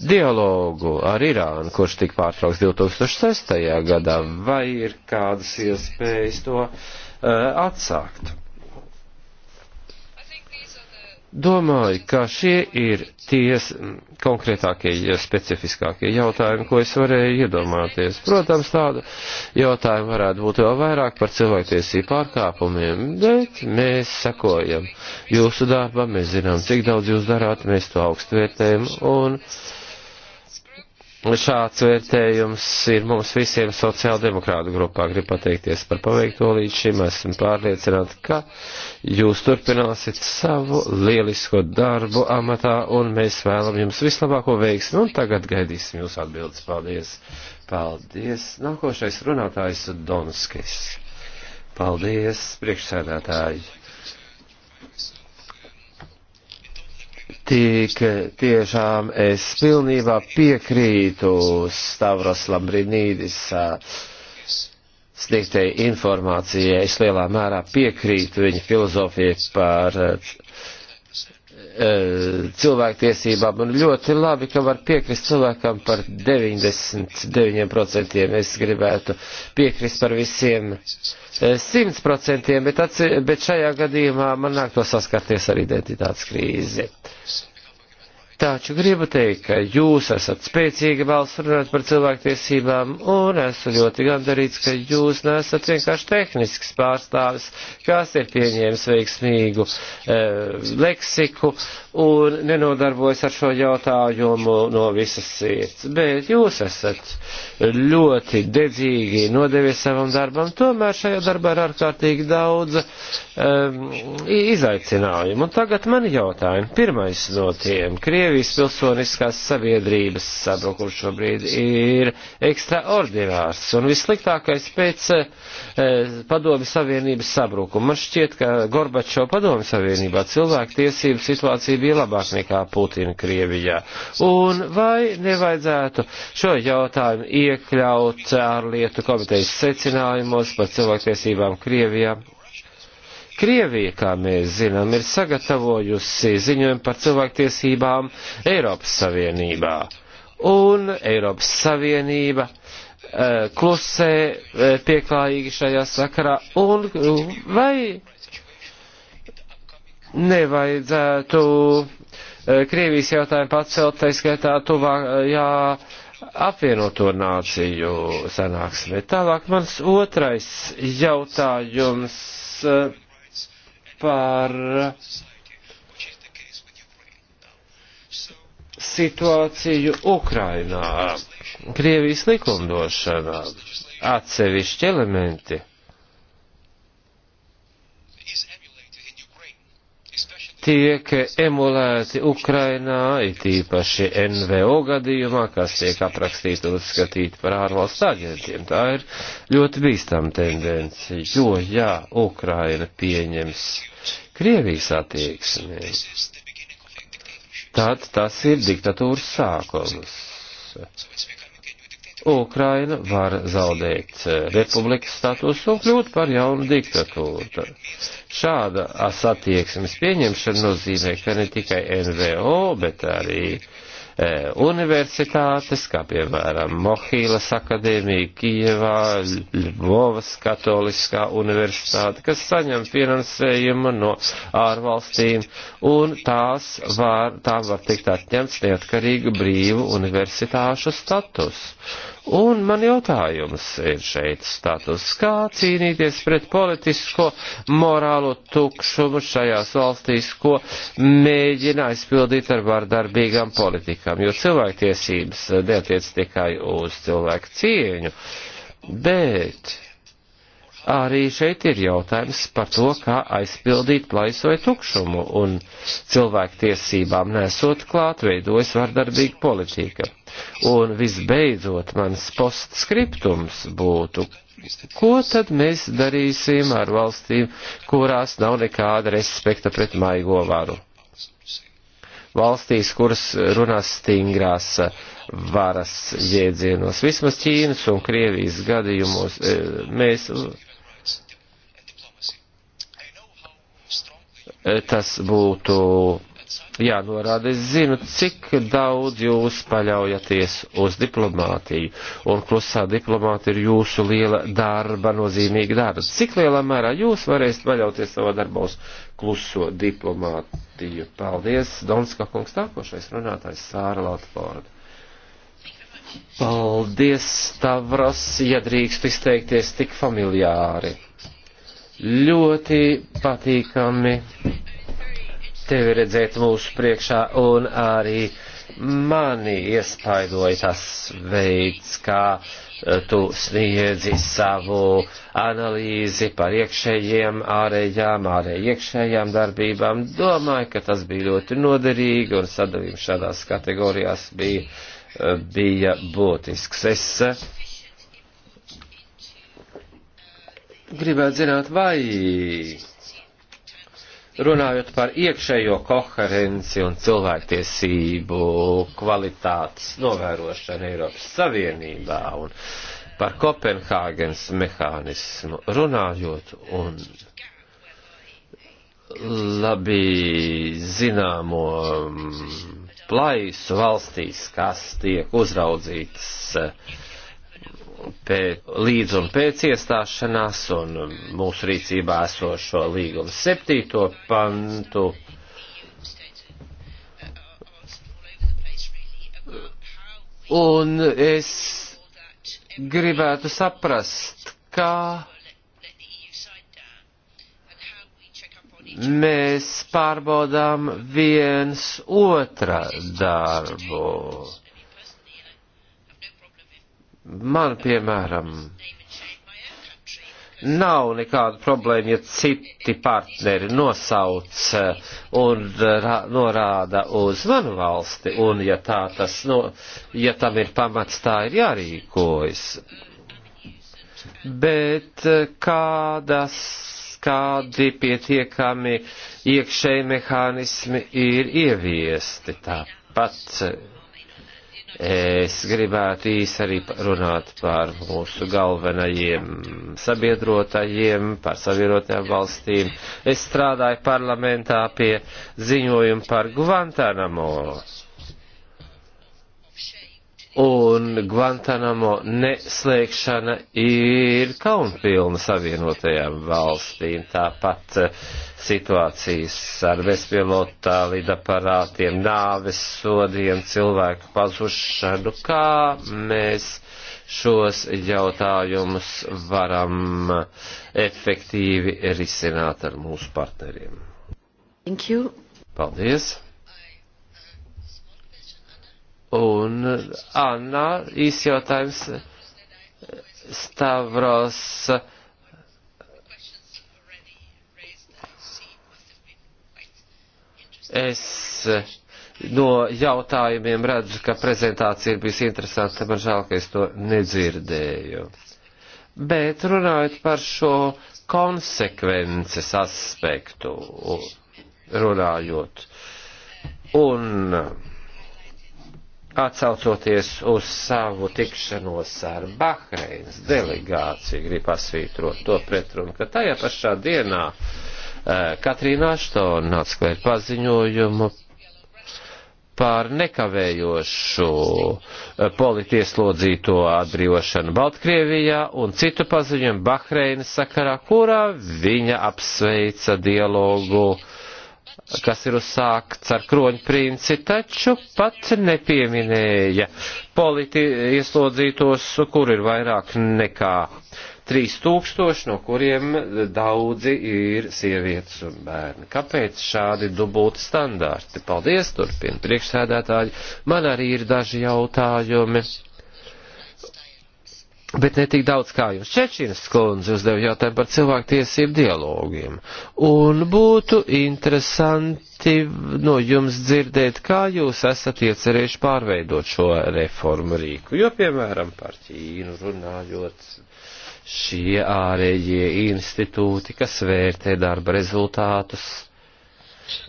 dialogu ar Irānu, kurš tika pārtraukts 2006. gadā, vai ir kādas iespējas to uh, atsākt? Domāju, ka šie ir ties konkrētākie, specifiskākie jautājumi, ko es varēju iedomāties. Protams, tādu jautājumu varētu būt vēl vairāk par cilvēktiesību pārkāpumiem, bet mēs sakojam jūsu darbam, mēs zinām, cik daudz jūs darāt, mēs to augstu vērtējam un. Uh, Šāds vērtējums ir mums visiem sociāldemokrātu grupā. Gribu pateikties par paveikto līdz šim. Esmu pārliecināti, ka jūs turpināsiet savu lielisko darbu amatā un mēs vēlam jums vislabāko veiksmi. Un tagad gaidīsim jūs atbildes. Paldies! Paldies! Nākošais runātājs Donskis. Paldies, priekšsēdētāji! tik tiešām es pilnībā piekrītu Stavros Lambrinīdis sniegtai informācijai. Es lielā mērā piekrītu viņa filozofijai par Eh, cilvēktiesībām, un ļoti labi, ka var piekrist cilvēkam par 99%. Es gribētu piekrist par visiem 100%, eh, bet, atse, bet šajā gadījumā man nāk to saskarties ar identitātes krīzi. Taču gribu teikt, ka jūs esat spēcīga valsts runāt par cilvēktiesībām, un esmu ļoti gandarīts, ka jūs nesat vienkārši tehnisks pārstāvis, kas ir pieņēmis veiksmīgu e, leksiku, un nenodarbojas ar šo jautājumu no visas sirds. Bet jūs esat ļoti dedzīgi nodevies savam darbam, tomēr šajā darbā ir ārkārtīgi daudz um, izaicinājumu. Un tagad mani jautājumi. Pirmais no tiem - Krievijas pilsoniskās sabiedrības sabrukums šobrīd ir ekstraordinārs un vissliktākais pēc uh, padomi Savienības sabrukuma. Man šķiet, ka Gorbačo padomi Savienībā cilvēku tiesību situācija bija labāk nekā Putina Krievijā. Un vai nevajadzētu šo jautājumu iekļaut ārlietu komitejas secinājumos par cilvēktiesībām Krievijā? Krievija, kā mēs zinām, ir sagatavojusi ziņojumu par cilvēktiesībām Eiropas Savienībā. Un Eiropas Savienība eh, klusē eh, pieklājīgi šajā sakarā, un vai nevajadzētu e, Krievijas jautājumu pacelt, tā skaitā tuvākajā apvienoto nāciju sanāksmē. Tālāk mans otrais jautājums e, par situāciju Ukrainā, Krievijas likumdošanā, atsevišķi elementi tiek emulēti Ukrainā, it īpaši NVO gadījumā, kas tiek aprakstīta un uzskatīta par ārvalstu aģentiem. Tā ir ļoti bīstama tendence, jo, ja Ukraina pieņems Krievijas attieksmi, tad tas ir diktatūras sākums Ukraina var zaudēt eh, republikas status un kļūt par jaunu diktatūru. Šāda satieksmes pieņemšana nozīmē, ka ne tikai NVO, bet arī uh, E, universitātes, kā piemēram Mohīlas akadēmija Kijevā, Ļvovas katoliskā universitāte, kas saņem finansējumu no ārvalstīm, un tās var, tām var tikt atņemts neatkarīgu brīvu universitāšu status. Un man jautājums ir šeit status, kā cīnīties pret politisko morālo tukšumu šajās valstīs, ko mēģina aizpildīt ar vārdarbīgām politikām, jo cilvēktiesības netiec tikai uz cilvēku cieņu, bet arī šeit ir jautājums par to, kā aizpildīt plaisu vai tukšumu, un cilvēktiesībām nesot klāt veidojas vardarbīga politika. Un visbeidzot, mans postskriptums būtu, ko tad mēs darīsim ar valstīm, kurās nav nekāda respekta pret maigo varu? Valstīs, kuras runās stingrās uh, varas jēdzienos, vismaz Ķīnas un Krievijas gadījumos, uh, mēs Eh, tas būtu jānorāda. Es zinu, cik daudz jūs paļaujaties uz diplomātiju, un klusā diplomāta ir jūsu liela darba, nozīmīga darba. Cik lielā mērā jūs varēsiet paļauties savā darbā uz kluso diplomātiju? Paldies, Donska kungs, nākošais runātājs Sāra Latvorda. Paldies, Tavras, ja drīkst izteikties tik familiāri ļoti patīkami tevi redzēt mūsu priekšā un arī mani iespaidoja tas veids, kā e, tu sniedzi savu analīzi par iekšējiem, ārējām, ārēji iekšējām darbībām. Domāju, ka tas bija ļoti noderīgi un sadalījums šādās kategorijās bija, e, bija būtisks. Es e, gribētu zināt, vai runājot par iekšējo koherenci un cilvēktiesību kvalitātes novērošanu Eiropas Savienībā un par Kopenhāgens mehānismu runājot un labi zināmo mm, plaisu valstīs, kas tiek uzraudzītas pēc, līdz un pēc iestāšanās un mūsu rīcībā esošo līgumu septīto pantu. Un es gribētu saprast, kā mēs pārbaudām viens otra darbu Man, piemēram, nav nekāda problēma, ja citi partneri nosauc eh, un eh, norāda uz manu valsti, un ja tā tas, no, ja tam ir pamats, tā ir jārīkojas. Bet eh, kādas, kādi pietiekami iekšēji mehānismi ir ieviesti tāpat? Es gribētu īsi arī runāt par mūsu galvenajiem sabiedrotajiem, par sabiedrotajām valstīm. Es strādāju parlamentā pie ziņojuma par Guantanamo un Guantanamo neslēgšana ir kaunpilna savienotajām valstīm. Tāpat eh, situācijas ar bezpilotā lidaparātiem, nāves sodiem, cilvēku pazušanu, kā mēs šos jautājumus varam eh, efektīvi risināt ar mūsu partneriem. Thank you. Paldies. Un Anna, īs jautājums Stavros. Es no jautājumiem redzu, ka prezentācija ir bijusi interesanta, man žēl, ka es to nedzirdēju. Bet runājot par šo konsekvences aspektu, runājot. Un Atcaucoties uz savu tikšanos ar Bahreinas delegāciju, grib pasvītrot to pretrunu, ka tajā pašā dienā eh, Katrīna Aštona atklāja paziņojumu par nekavējošu eh, politieslodzīto atbrīvošanu Baltkrievijā un citu paziņojumu Bahreinas sakarā, kurā viņa apsveica dialogu uh, kas ir uzsākts ar kroņprinci, taču pat nepieminēja politi ieslodzītos, kur ir vairāk nekā 3000, no kuriem daudzi ir sievietes un bērni. Kāpēc šādi dubulti standārti? Paldies, turpina priekšsēdētāji. Man arī ir daži jautājumi bet ne tik daudz kā jūs. Čečīnas skundze uzdev jautājumu par cilvēktiesību dialogiem. Un būtu interesanti no jums dzirdēt, kā jūs esat iecerējuši pārveidot šo reformu rīku. Jo, piemēram, par Ķīnu runājot, šie ārējie institūti, kas vērtē darba rezultātus,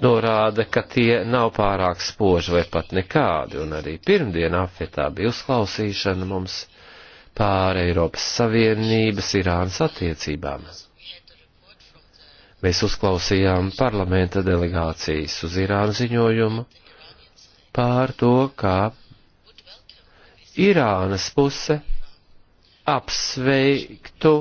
norāda, ka tie nav pārāk spoži vai pat nekādi. Un arī pirmdien afetā bija uzklausīšana mums pār Eiropas Savienības Irānas attiecībām. Mēs uzklausījām parlamenta delegācijas uz Irānu ziņojumu pār to, kā Irānas puse apsveiktu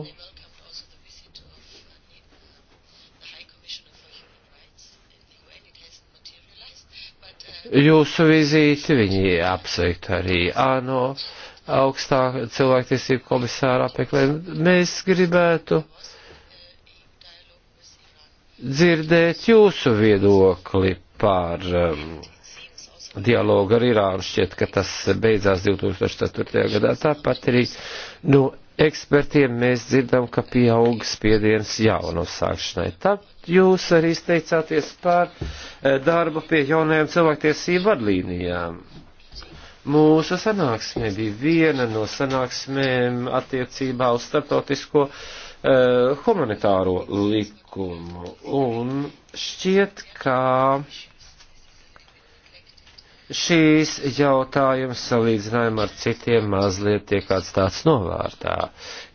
jūsu vizīti, viņi apsveikt arī ANO augstā cilvēktiesību komisāra apmeklējuma. Mēs gribētu dzirdēt jūsu viedokli par um, dialogu ar Irānu. Šķiet, ka tas beidzās 2004. gadā. Tāpat arī no nu, ekspertiem mēs dzirdam, ka pieaug spiediens jaunu sākšanai. Tad jūs arī izteicāties par eh, darbu pie jaunajām cilvēktiesību vadlīnijām. Mūsu sanāksme bija viena no sanāksmēm attiecībā uz starptautisko uh, humanitāro likumu. Un šķiet, ka šīs jautājums salīdzinājumā ar citiem mazliet tiek atstāts novārtā.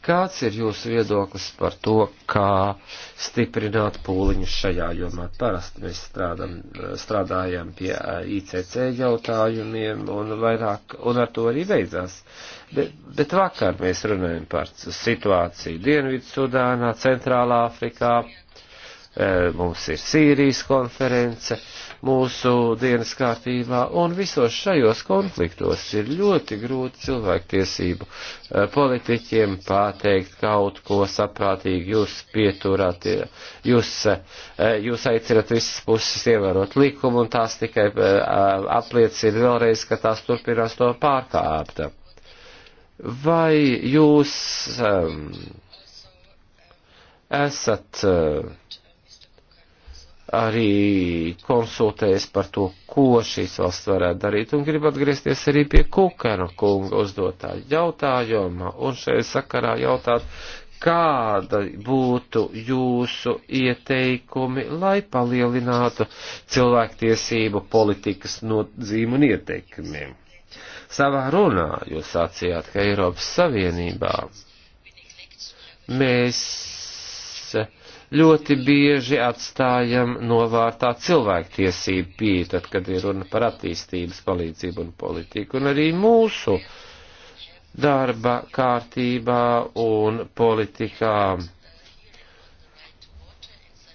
Kāds ir jūsu viedoklis par to, kā stiprināt pūliņus šajā jomā? Parasti mēs strādam, strādājam pie eh, ICC jautājumiem un vairāk, un ar to arī beidzās. Bet, bet vakar mēs runājam par situāciju Dienvidu Sudānā, Centrālā Afrikā, eh, mums ir Sīrijas konference mūsu dienas kārtībā, un visos šajos konfliktos ir ļoti grūti cilvēktiesību eh, politiķiem pateikt kaut ko saprātīgi, jūs pieturāt, eh, jūs, eh, jūs aicinat visas puses ievērot likumu, un tās tikai apliecina vēlreiz, ka tās turpinās to pārkāpt. Vai jūs um, esat uh, arī konsultējas par to, ko šīs valsts varētu darīt, un grib atgriezties arī pie Kukana kunga uzdotā jautājuma, un šajā sakarā jautāt, kāda būtu jūsu ieteikumi, lai palielinātu cilvēktiesību politikas nozīmu un ieteikumiem. Savā runā jūs sacījāt, ka Eiropas Savienībā mēs ļoti bieži atstājam novārtā cilvēktiesību pieeju, tad, kad ir runa par attīstības palīdzību un politiku, un arī mūsu darba kārtībā un politikā.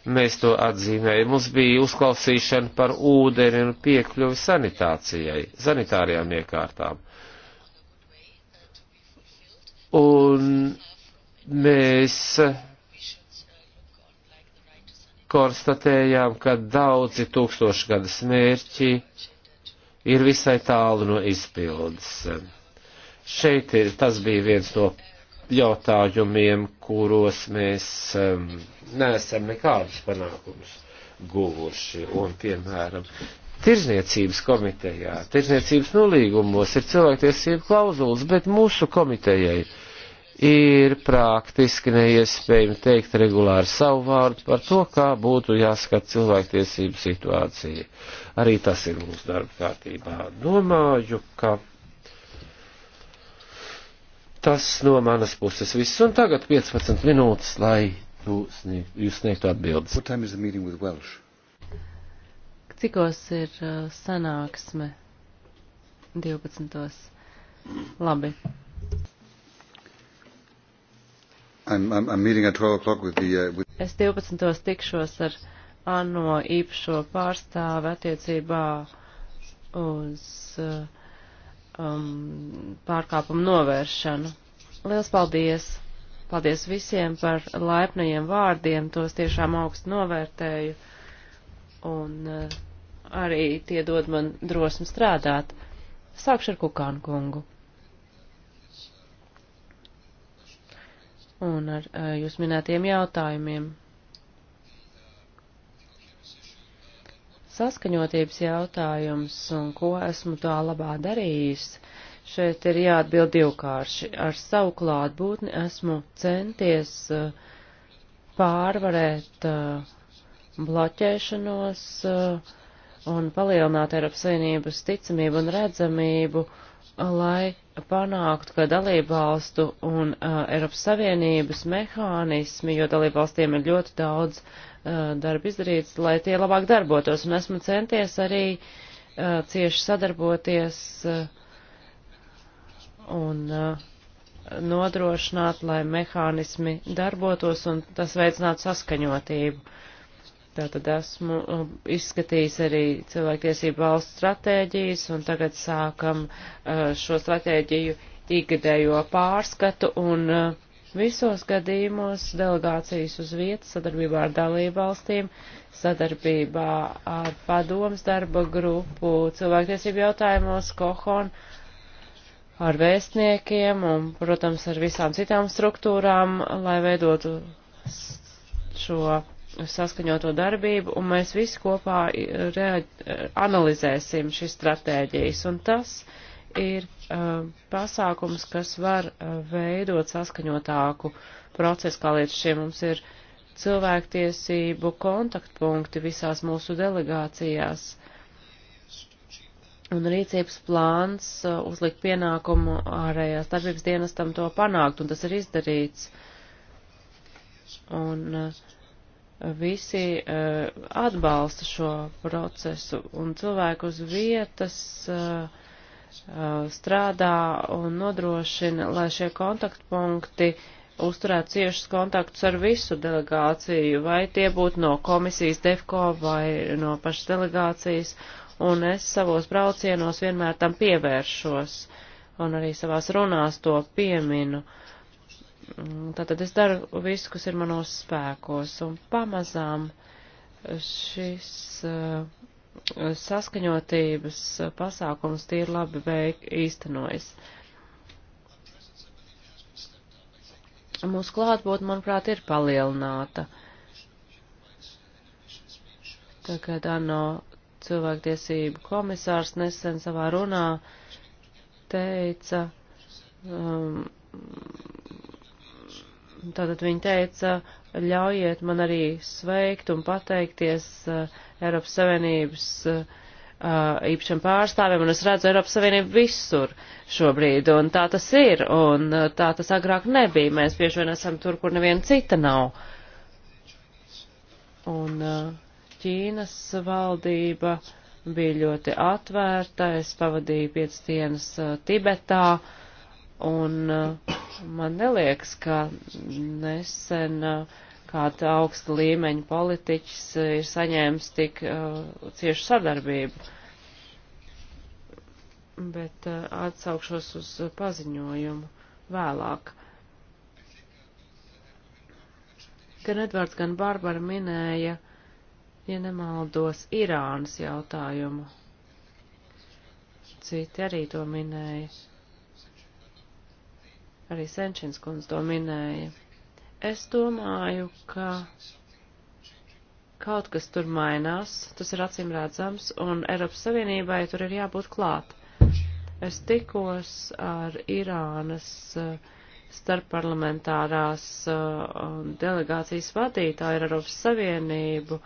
Mēs to atzīmējam. Mums bija uzklausīšana par ūdeni un piekļuvi sanitācijai, sanitārijām iekārtām. Un mēs konstatējām, ka daudzi tūkstošgadas mērķi ir visai tālu no izpildes. Šeit ir, tas bija viens no jautājumiem, kuros mēs um, neesam nekādus panākumus guvuši. Un, piemēram, Tirzniecības komitejā, tirzniecības nolīgumos ir cilvēktiesību klauzulas, bet mūsu komitejai uh, ir praktiski neiespējami teikt regulāri savu vārdu par to, kā būtu jāskat cilvēktiesību situācija. Arī tas ir mūsu darba kārtībā. Domāju, ka tas no manas puses viss, un tagad 15 minūtes, lai jūs sniegtu atbildes. Cikos ir uh, sanāksme? 12. Labi. I'm, I'm, I'm meeting at 12 o'clock with the... Uh, with... Es 12. tikšos ar ANO īpašo pārstāvi attiecībā uz uh, um, pārkāpumu novēršanu. Liels paldies! Paldies visiem par laipnajiem vārdiem, tos tiešām augstu novērtēju, un uh, arī tie dod man drosmi strādāt. Sākšu ar Kukānu kungu. un ar jūs minētiem jautājumiem. Saskaņotības jautājums un ko esmu tā labā darījis, šeit ir jāatbild divkārši. Ar savu klātbūtni esmu centies pārvarēt bloķēšanos un palielināt Eiropas Savienības ticamību un redzamību uh, lai panāktu, ka dalībvalstu un uh, Eiropas Savienības mehānismi, jo dalībvalstiem ir ļoti daudz uh, darba izdarīts, lai tie labāk darbotos. Un esmu centies arī uh, cieši sadarboties uh, un uh, nodrošināt, lai mehānismi darbotos un tas veicinātu saskaņotību. Uh, Tātad esmu um, izskatījis arī cilvēktiesību valsts stratēģijas, un tagad sākam uh, šo stratēģiju ikgadējo pārskatu, un uh, visos gadījumos delegācijas uz vietas sadarbībā ar dalību valstīm, sadarbībā ar padomas darba grupu cilvēktiesību jautājumos, kohon, ar vēstniekiem un, protams, ar visām citām struktūrām, lai veidotu šo saskaņoto darbību, un mēs visi kopā e, analizēsim šīs stratēģijas. Un tas ir uh, pasākums, kas var uh, veidot saskaņotāku procesu, kā līdz šim mums ir cilvēktiesību kontaktpunkti visās mūsu delegācijās. Un rīcības plāns uh, uzlikt pienākumu ārējās darbības dienestam to panākt, un tas ir izdarīts. Un uh, visi uh, atbalsta šo procesu un cilvēku uz vietas uh, uh, strādā un nodrošina, lai šie kontaktpunkti uzturētu ciešus kontaktus ar visu delegāciju, vai tie būtu no komisijas DEFCO vai no pašas delegācijas, un es savos braucienos vienmēr tam pievēršos, un arī savās runās to pieminu. Uh, Mm, tātad es daru visu, kas ir manos spēkos, un pamazām šis eh, saskaņotības pasākums tīri labi veik īstenojas. Mūsu klātbūt, manuprāt, ir palielināta. Tagad ANO cilvēktiesību komisārs nesen savā runā teica, um, Tātad viņa teica, ļaujiet man arī sveikt un pateikties uh, Eiropas Savienības uh, eh, eh, īpašam pārstāvim, un es redzu Eiropas Savienību visur šobrīd, un tā tas ir, un uh, tā tas agrāk nebija. Mēs bieži vien esam tur, kur neviena cita nav. Un Ķīnas valdība bija ļoti atvērta, es pavadīju piec dienas Tibetā Un uh, man neliekas, ka nesen uh, kāda augsta līmeņa politiķis uh, ir saņēmis tik uh, ciešu sadarbību. Bet uh, atsaukšos uz paziņojumu vēlāk. Gan Edvards, gan Barbara minēja, ja nemaldos, Irānas jautājumu. Citi arī to minēja Arī Senčins kundze to minēja. Es domāju, ka kaut kas tur mainās, tas ir acīm redzams, un Eiropas Savienībai tur ir jābūt klāt. Es tikos ar Irānas eh, starpparlamentārās eh, delegācijas vadītāju Eiropas Savienību,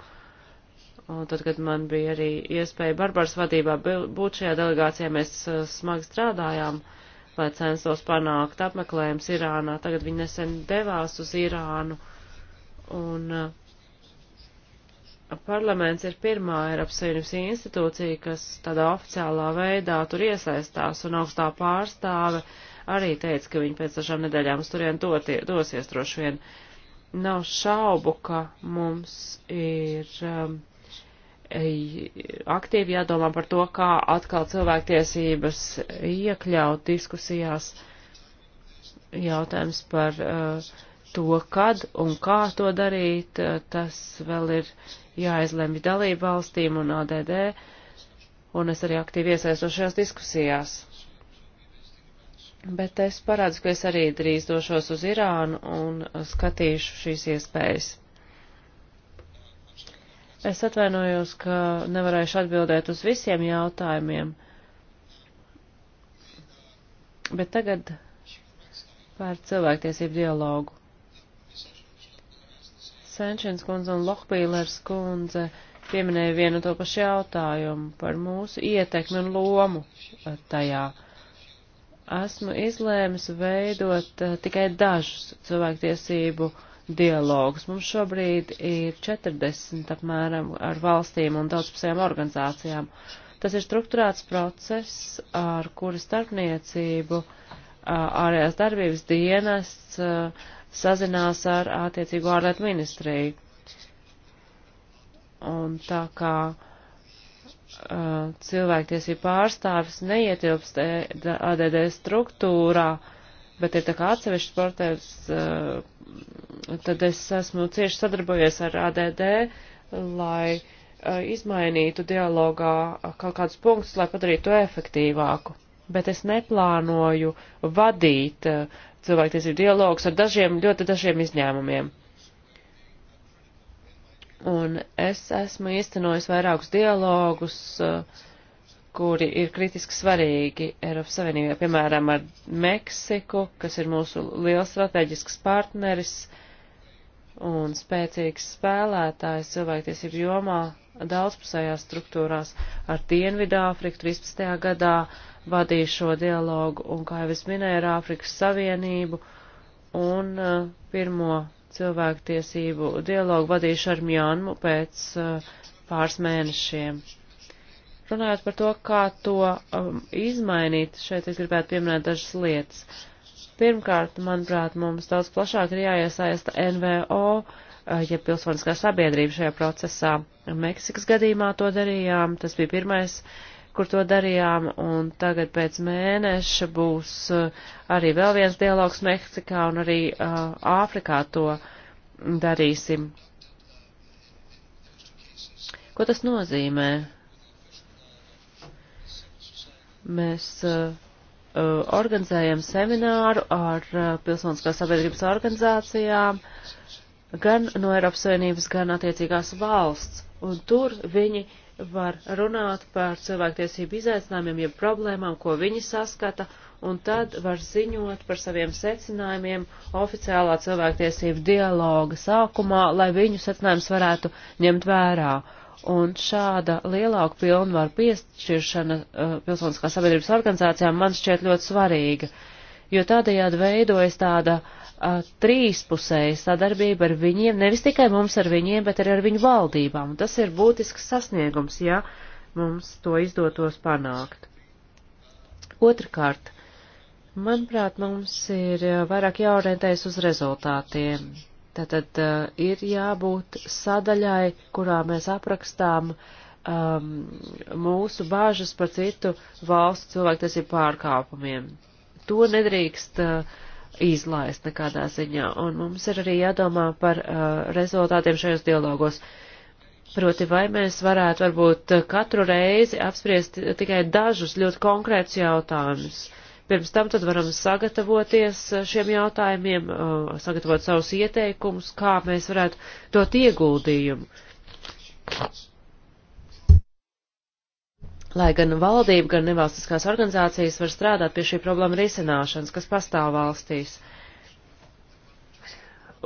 un tad, kad man bija arī iespēja Barbaras vadībā būt šajā delegācijā, mēs eh, smagi strādājām. Uh, lai censtos panākt apmeklējums Irānā. Tagad viņi nesen devās uz Irānu, un uh, parlaments ir pirmā Eiropas Savienības institūcija, kas tādā oficiālā veidā tur iesaistās, un augstā pārstāve arī teica, ka viņi pēc dažām nedēļām uz turien dotie, dosies droši vien. Nav šaubu, ka mums ir. Um, aktīvi jādomā par to, kā atkal cilvēktiesības iekļaut diskusijās jautājums par uh, to, kad un kā to darīt, uh, tas vēl ir jāizlemj dalību valstīm un ADD, un es arī aktīvi iesaistos šajās diskusijās. Bet es parādzu, ka es arī drīz došos uz Irānu un skatīšu šīs iespējas. Es atvainojos, ka nevarēšu atbildēt uz visiem jautājumiem. Bet tagad par cilvēktiesību dialogu. Senčins kundze un Lohpīlers kundze pieminēja vienu to pašu jautājumu par mūsu ietekmi un lomu tajā. Esmu izlēmis veidot eh, tikai dažus cilvēktiesību uh, dialogus. Mums šobrīd ir 40 apmēram ar valstīm un daudzpusējām organizācijām. Tas ir struktūrēts process, ar kura starpniecību ārējās darbības dienests sazinās ar attiecīgo ārlietu ministriju. Un tā kā cilvēktiesību pārstāvis neietilpst ADD e struktūrā, uh, bet ir tā kā atsevišķi sportēvs, eh, tad es esmu cieši sadarbojies ar ADD, lai eh, izmainītu dialogā kaut kādus punktus, lai padarītu to efektīvāku. Bet es neplānoju vadīt eh, cilvēktiesību dialogus ar dažiem, ļoti dažiem izņēmumiem. Un es esmu īstenojis vairākus dialogus uh, kuri ir kritiski svarīgi Eiropas Savienībā, piemēram, ar Meksiku, kas ir mūsu liels strateģisks partneris un spēcīgs spēlētājs cilvēktiesību jomā daudzpusējās struktūrās ar Dienvidāfriku 13. gadā vadīju šo dialogu un, kā jau es minēju, ar Āfrikas Savienību un uh, pirmo cilvēktiesību dialogu vadīšu ar Mjānmu pēc uh, pāris mēnešiem. Runājot par to, kā to um, izmainīt, šeit es gribētu pieminēt dažas lietas. Pirmkārt, manuprāt, mums daudz plašāk ir jāiesaista NVO, uh, ja pilsoniskā sabiedrība šajā procesā. Meksikas gadījumā to darījām, tas bija pirmais, kur to darījām, un tagad pēc mēneša būs uh, arī vēl viens dialogs Meksikā un arī uh, Āfrikā to darīsim. Ko tas nozīmē? Mēs uh, uh, organizējam semināru ar uh, pilsoniskās sabiedrības organizācijām, gan no Eiropas Savienības, gan attiecīgās valsts. Un tur viņi var runāt par cilvēktiesību izaicinājumiem, jeb problēmām, ko viņi saskata, un tad var ziņot par saviem secinājumiem oficiālā cilvēktiesību dialoga sākumā, lai viņu secinājums varētu ņemt vērā. Un šāda lielāka pilnvaru piešķiršana uh, pilsoniskās sabiedrības organizācijām man šķiet ļoti svarīga, jo tādējādi veidojas tāda uh, trīspusēja sadarbība ar viņiem, nevis tikai mums ar viņiem, bet arī ar viņu valdībām. Un tas ir būtisks sasniegums, ja mums to izdotos panākt. Otrakārt, manuprāt, mums ir uh, vairāk jāorientējas uz rezultātiem Tātad uh, ir jābūt sadaļai, kurā mēs aprakstām um, mūsu bāžas par citu valstu cilvēktiesību pārkāpumiem. To nedrīkst uh, izlaist nekādā ziņā, un mums ir arī jādomā par uh, rezultātiem šajos dialogos. Proti, vai mēs varētu varbūt katru reizi apspriest tikai dažus ļoti konkrētus jautājumus. Uh, Pirms tam tad varam sagatavoties uh, šiem jautājumiem, uh, sagatavot savus ieteikumus, kā mēs varētu dot ieguldījumu. Lai gan valdība, gan nevalstiskās organizācijas var strādāt pie šī problēma risināšanas, kas pastāv valstīs.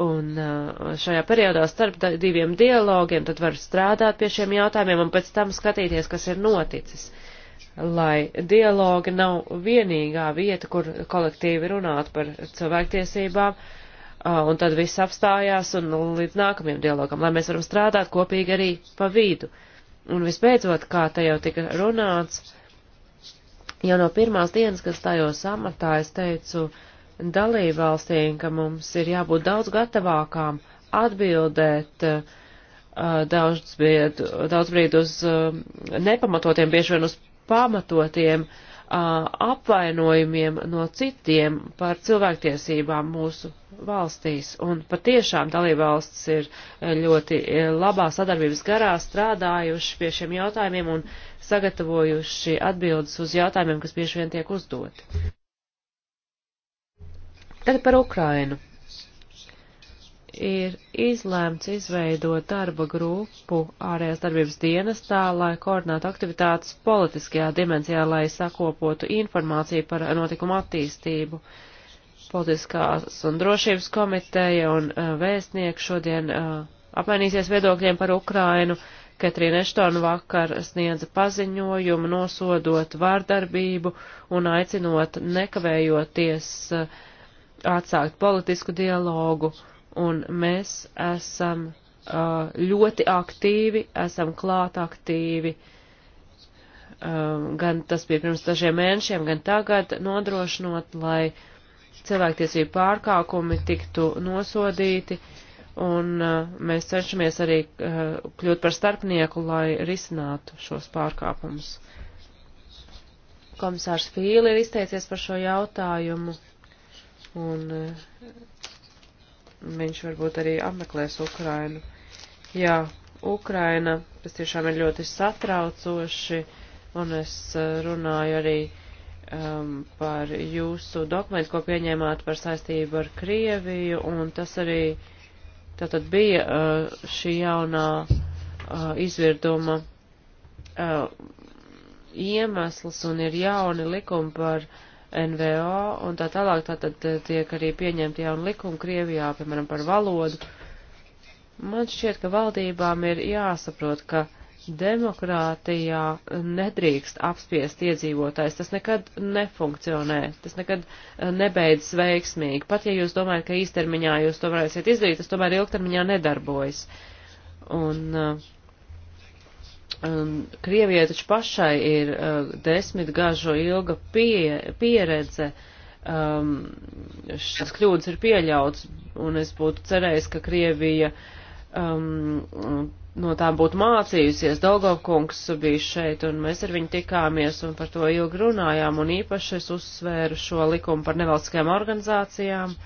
Un uh, šajā periodā starp diviem dialogiem tad var strādāt pie šiem jautājumiem un pēc tam skatīties, kas ir noticis. Uh, lai dialogi nav vienīgā vieta, kur kolektīvi runāt par cilvēktiesībām, un tad viss apstājās un līdz nākamajam dialogam, lai mēs varam strādāt kopīgi arī pa vidu. Un visbeidzot, kā te jau tika runāts, jau no pirmās dienas, kad stājos amatā, es teicu dalībvalstīm, ka mums ir jābūt daudz gatavākām atbildēt uh, daudz, bied, daudz brīd uz uh, nepamatotiem, bieži vien uz pamatotiem apvainojumiem no citiem par cilvēktiesībām mūsu valstīs. Un patiešām dalībvalsts ir ļoti labā sadarbības garā strādājuši pie šiem jautājumiem un sagatavojuši atbildes uz jautājumiem, kas bieži vien tiek uzdoti. Tagad par Ukrainu ir izlēmts izveidot darba grupu ārējās darbības dienestā, lai koordinātu aktivitātes politiskajā dimensijā, lai sakopotu informāciju par notikumu attīstību. Politiskās un drošības komiteja un uh, vēstnieki šodien uh, apmainīsies viedokļiem par Ukrainu. Katrīna Eštona vakar sniedza paziņojumu, nosodot vārdarbību un aicinot nekavējoties uh, atsākt politisku dialogu uh, un mēs esam uh, ļoti aktīvi, esam klāt aktīvi, um, gan tas bija pirms dažiem mēnešiem, gan tagad, nodrošinot, lai cilvēktiesību pārkāpumi tiktu nosodīti, un uh, mēs cenšamies arī uh, kļūt par starpnieku, lai risinātu šos pārkāpumus. Komisārs Fīli ir izteicies par šo jautājumu, un uh, viņš varbūt arī apmeklēs Ukrainu. Jā, Ukraina, tas tiešām ir ļoti satraucoši, un es eh, runāju arī um, par jūsu dokumentu, ko pieņēmāt par saistību ar Krieviju, un tas arī tātad bija uh, šī jaunā uh, izvirduma uh, iemesls, un ir jauni likumi par uh, NVO un tā tālāk, tātad eh, tiek arī pieņemti jauni likumi Krievijā, piemēram, par valodu. Man šķiet, ka valdībām ir jāsaprot, ka demokrātijā nedrīkst apspiest iedzīvotājs. Tas nekad nefunkcionē, tas nekad eh, nebeidzas veiksmīgi. Pat ja jūs domājat, ka īstermiņā jūs to varēsiet izdarīt, tas tomēr ilgtermiņā nedarbojas. Un uh, Um, Krievijai taču pašai ir uh, desmit gažu ilga pie, pieredze, um, šis kļūdas ir pieļauts, un es būtu cerējis, ka Krievija um, no tām būtu mācījusies. Dolgovkungs bija šeit, un mēs ar viņu tikāmies un par to ilgi runājām, un īpaši es uzsvēru šo likumu par nevalstiskajām organizācijām,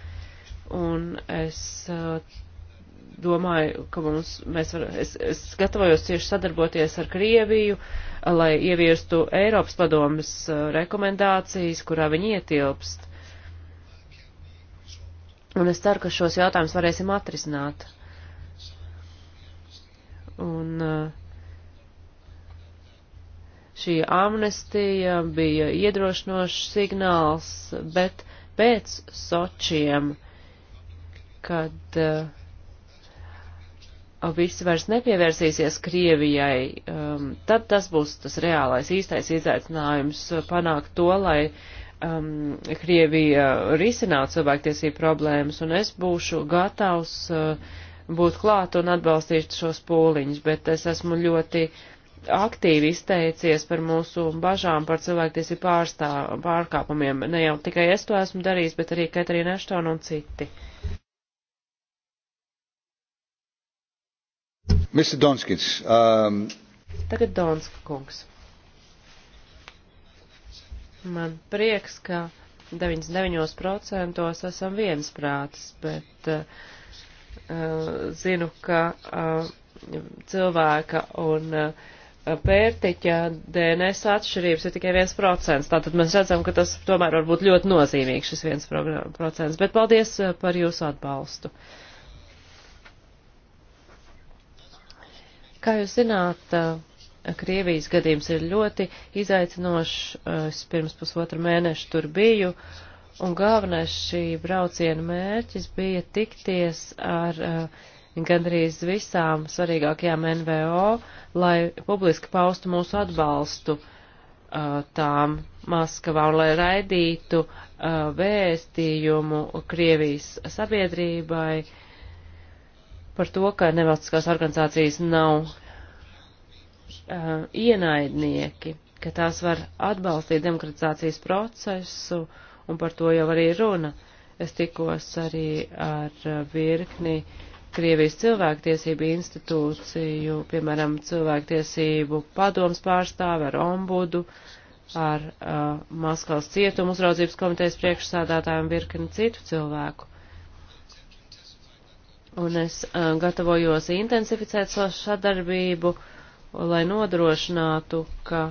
un es uh, domāju, ka mums, mēs var, es, es gatavojos cieši sadarboties ar Krieviju, lai ieviestu Eiropas padomas uh, rekomendācijas, kurā viņi ietilpst. Un es ceru, ka šos jautājumus varēsim atrisināt. Un uh, šī amnestija bija iedrošinošs signāls, bet pēc sočiem, kad uh, visi vairs nepievērsīsies Krievijai, um, tad tas būs tas reālais, īstais izaicinājums uh, panākt to, lai um, Krievija risinātu cilvēktiesību problēmas, un es būšu gatavs uh, būt klāt un atbalstīt šos pūliņus, bet es esmu ļoti aktīvi izteicies par mūsu bažām par cilvēktiesību pārkāpumiem. Ne jau tikai es to esmu darījis, bet arī Katrīna Eštona un citi. Mr. Donskis. Um... Tagad Donska kungs. Man prieks, ka 99% esam viensprātis, bet uh, uh, zinu, ka uh, cilvēka un uh, pērtiķa DNS atšķirības ir tikai 1%. Tātad mēs redzam, ka tas tomēr var būt ļoti nozīmīgs šis 1%. Bet paldies uh, par jūsu atbalstu. Uh, Kā jūs zināt, eh, Krievijas gadījums ir ļoti izaicinošs. Eh, es pirms pusotra mēneša tur biju, un galvenais šī brauciena mērķis bija tikties ar eh, gandrīz visām svarīgākajām NVO, lai publiski paustu mūsu atbalstu tām Maskavā un lai raidītu vēstījumu Krievijas sabiedrībai par to, ka nevalstiskās organizācijas nav uh, ienaidnieki, ka tās var atbalstīt demokratizācijas procesu, un par to jau arī runa. Es tikos arī ar uh, virkni Krievijas cilvēktiesību institūciju, piemēram, cilvēktiesību padoms pārstāvi ar ombudu, ar uh, Maskavas cietumu uzraudzības komitejas priekšsādātājiem virkni citu cilvēku un es uh, gatavojos intensificēt savu sadarbību, lai nodrošinātu, ka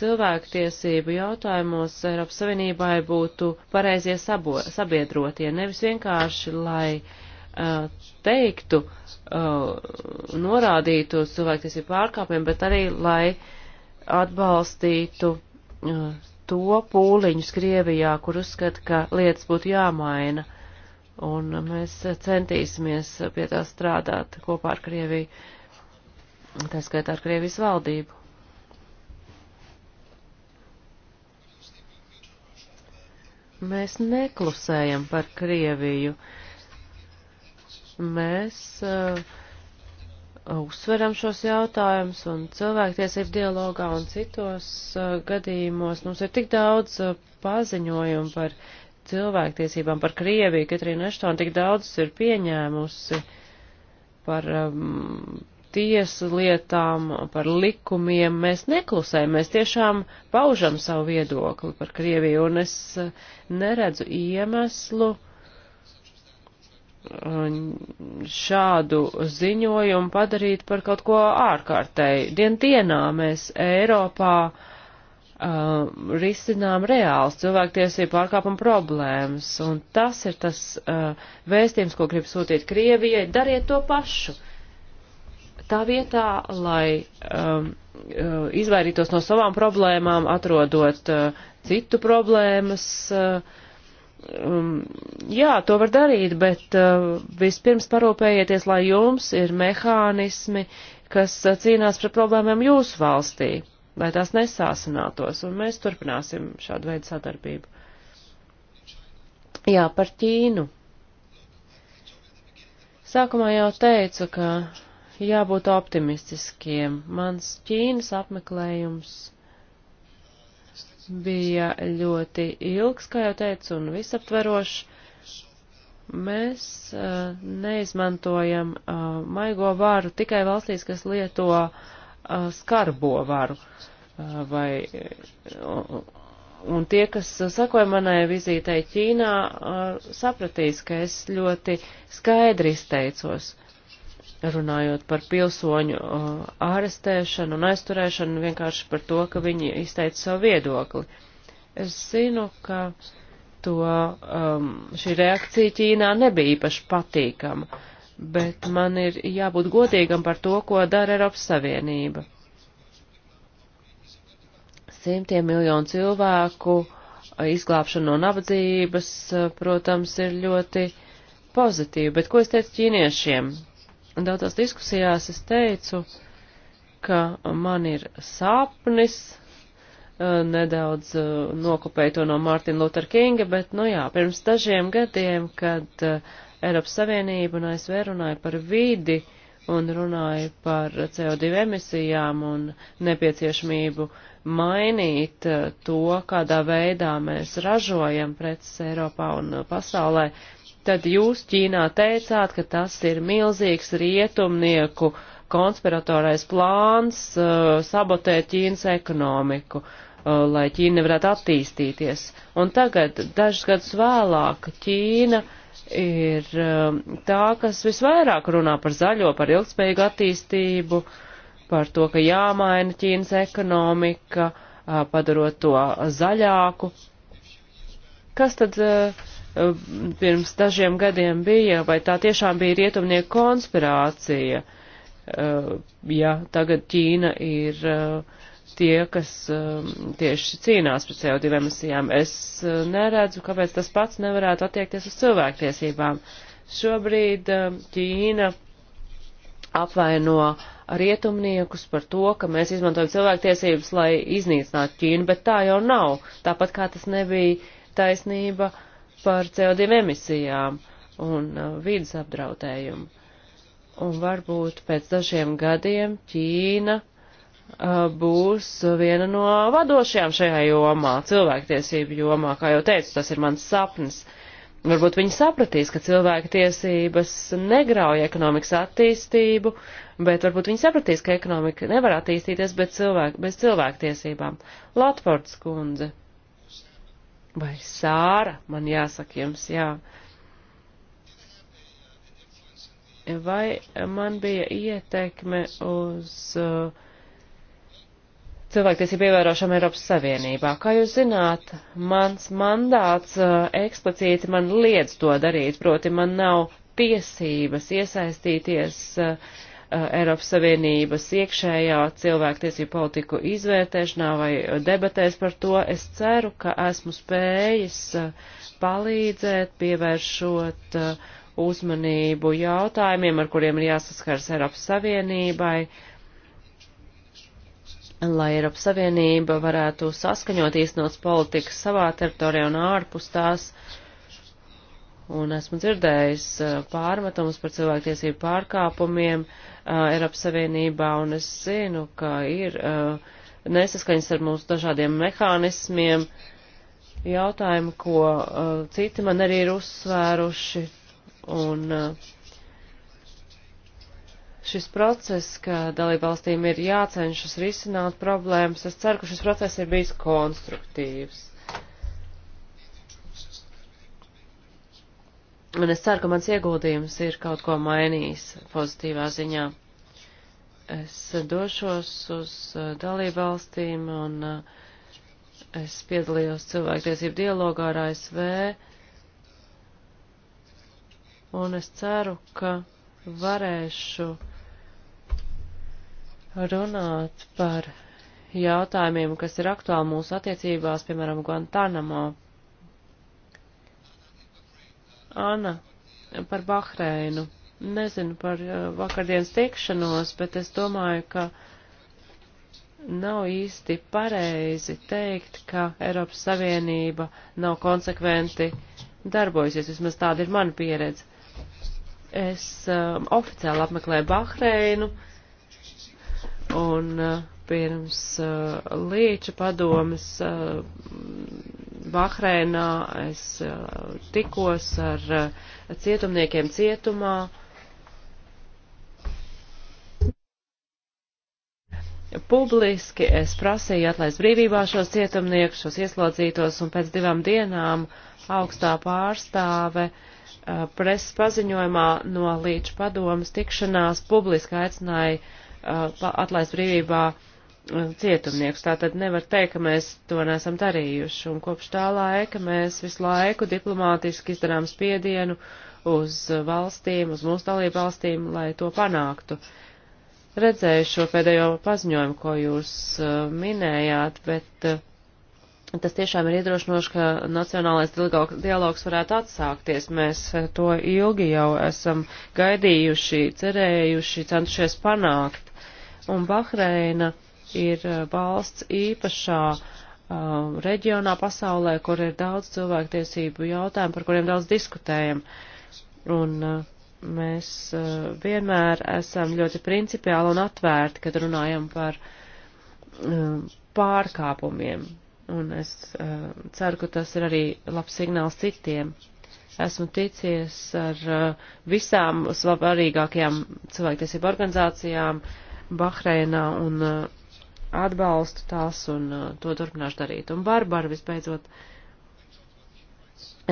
cilvēktiesību jautājumos Eiropas Savienībai būtu pareizie sabo, sabiedrotie, nevis vienkārši, lai uh, teiktu, uh, norādītu uz cilvēktiesību pārkāpumiem, bet arī, lai atbalstītu uh, to pūliņu Krievijā, kur uzskata, ka lietas būtu jāmaina. Uh, un mēs centīsimies pie tā strādāt kopā ar Krieviju, tā skaitā ar Krievijas valdību. Mēs neklusējam par Krieviju. Mēs uh, uzsveram šos jautājumus un cilvēktiesību dialogā un citos uh, gadījumos. Mums ir tik daudz uh, paziņojumu par Krieviju cilvēktiesībām, par Krieviju, Katrīna Eštona tik daudz ir pieņēmusi par um, tiesu lietām, par likumiem. Mēs neklusējam, mēs tiešām paužam savu viedokli par Krieviju, un es uh, neredzu iemeslu um, šādu ziņojumu padarīt par kaut ko ārkārtēju. Dien dienā mēs Eiropā uh, uh, risinām reāls cilvēktiesību pārkāpuma problēmas. Un tas ir tas uh, vēstījums, ko grib sūtīt Krievijai. Dariet to pašu. Tā vietā, lai um, uh, izvairītos no savām problēmām, atrodot uh, citu problēmas. Uh, um, jā, to var darīt, bet uh, vispirms parūpējieties, lai jums ir mehānismi, kas uh, cīnās pret problēmām jūsu valstī lai tās nesāsinātos, un mēs turpināsim šādu veidu sadarbību. Jā, par Ķīnu. Sākumā jau teicu, ka jābūt optimistiskiem. Mans Ķīnas apmeklējums bija ļoti ilgs, kā jau teicu, un visaptverošs. Mēs uh, neizmantojam uh, maigo vāru tikai valstīs, kas lieto uh, Uh, skarbo varu. Uh, vai, uh, un tie, kas sakoja manai vizītei Ķīnā, sapratīs, ka es ļoti skaidri izteicos runājot par pilsoņu uh, ārestēšanu un aizturēšanu, vienkārši par to, ka viņi izteica savu viedokli. Es zinu, ka to, um, šī reakcija Ķīnā nebija īpaši patīkama, bet man ir jābūt godīgam par to, ko dara Eiropas Savienība. Simtiem miljonu cilvēku izglābšana no nabadzības, protams, ir ļoti pozitīva, bet ko es teicu ķīniešiem? Daudzās diskusijās es teicu, ka man ir sapnis, nedaudz nokopēju to no Mārtina Luther Kinga, bet, nu jā, pirms dažiem gadiem, kad uh, Eiropas Savienība un ASV runāja par vidi un runāja par CO2 emisijām un nepieciešamību mainīt eh, to, kādā veidā mēs ražojam preces Eiropā un eh, pasaulē, tad jūs Ķīnā teicāt, ka tas ir milzīgs rietumnieku konspiratorais plāns uh, sabotēt Ķīnas ekonomiku lai Ķīna nevarētu attīstīties. Un tagad, dažus gadus vēlāk, Ķīna uh, ir um, tā, kas visvairāk runā par zaļo, par ilgspējīgu attīstību, par to, ka jāmaina Ķīnas ekonomika, uh, padarot to zaļāku. Kas tad uh, um, pirms dažiem gadiem bija, vai tā tiešām bija rietumnieku konspirācija, uh, ja tagad Ķīna ir uh, tie, kas um, tieši cīnās par CO2 emisijām. Es uh, neredzu, kāpēc tas pats nevarētu attiekties uz cilvēktiesībām. Šobrīd um, Ķīna apvaino rietumniekus par to, ka mēs izmantojam cilvēktiesības, lai iznīcinātu Ķīnu, bet tā jau nav. Tāpat kā tas nebija taisnība par CO2 emisijām un uh, vidas apdraudējumu. Un varbūt pēc dažiem gadiem Ķīna Uh, būs viena no vadošajām šajā jomā, cilvēktiesību jomā. Kā jau teicu, tas ir mans sapnis. Varbūt viņi sapratīs, ka cilvēktiesības negrauj ekonomikas attīstību, bet varbūt viņi sapratīs, ka ekonomika nevar attīstīties bez, cilvēku, bez cilvēktiesībām. Latvords kundze. Vai Sāra, man jāsaka jums, jā. Vai man bija ietekme uz. Uh, cilvēktiesību ievērošanu Eiropas Savienībā. Kā jūs zināt, mans mandāts uh, eksplicīti man liedz to darīt, proti man nav tiesības iesaistīties uh, uh, Eiropas Savienības iekšējā cilvēktiesību politiku izvērtēšanā vai debatēs par to. Es ceru, ka esmu spējis uh, palīdzēt, pievēršot uh, uzmanību jautājumiem, ar kuriem ir jāsaskars Eiropas Savienībai lai Eiropas Savienība varētu saskaņot īstenot politikas savā teritorijā un ārpus tās. Un esmu dzirdējis pārmetumus par cilvēktiesību pārkāpumiem Eiropas Savienībā, un es zinu, ka ir nesaskaņas ar mūsu dažādiem mehānismiem, jautājumu, ko citi man arī ir uzsvēruši. Un uh, šis process, ka dalībvalstīm ir jācenšas risināt problēmas, es ceru, ka šis process ir bijis konstruktīvs. Un es ceru, ka mans ieguldījums ir kaut ko mainījis pozitīvā ziņā. Es došos uz uh, dalībvalstīm un uh, es piedalījos cilvēktiesību dialogā ar ASV. Un es ceru, ka varēšu runāt par jautājumiem, kas ir aktuāli mūsu attiecībās, piemēram, Guantanamo. Ana, par Bahreinu. Nezinu par uh, vakardienas tikšanos, bet es domāju, ka nav īsti pareizi teikt, ka Eiropas Savienība nav konsekventi darbojusies. Vismaz tāda ir mana pieredze. Es um, oficiāli apmeklēju Bahreinu. Uh, Un uh, pirms uh, Līča padomas uh, Bahreinā es tikos ar cietumniekiem cietumā. publiski es prasīju atlaist brīvībā šos cietumniekus, šos ieslodzītos, un pēc divām dienām augstā pārstāve uh, preses paziņojumā no līdz padomas tikšanās publiski aicināja Uh, atlaist brīvībā uh, cietumniekus. Tātad nevar teikt, ka mēs to nesam darījuši. Un kopš tā laika mēs visu laiku diplomātiski izdarām spiedienu uz valstīm, uz mūsu dalību valstīm, lai to panāktu. Redzēju šo pēdējo paziņojumu, ko jūs uh, minējāt, bet tas tiešām ir iedrošinoši, ka nacionālais dialogs varētu atsākties. Mēs to ilgi jau esam gaidījuši, cerējuši, centušies panākt un Bahreina ir uh, valsts īpašā um, reģionā pasaulē, kur ir daudz cilvēktiesību jautājumu, par kuriem daudz diskutējam. Un uh, mēs uh, vienmēr esam ļoti principiāli un atvērti, kad runājam par um, pārkāpumiem. Un es uh, ceru, ka tas ir arī labs signāls citiem. Esmu ticies ar uh, visām svarīgākajām cilvēktiesību organizācijām, uh, Bahreinā un uh, atbalstu tās un uh, to turpināšu darīt. Un Barbara visbeidzot.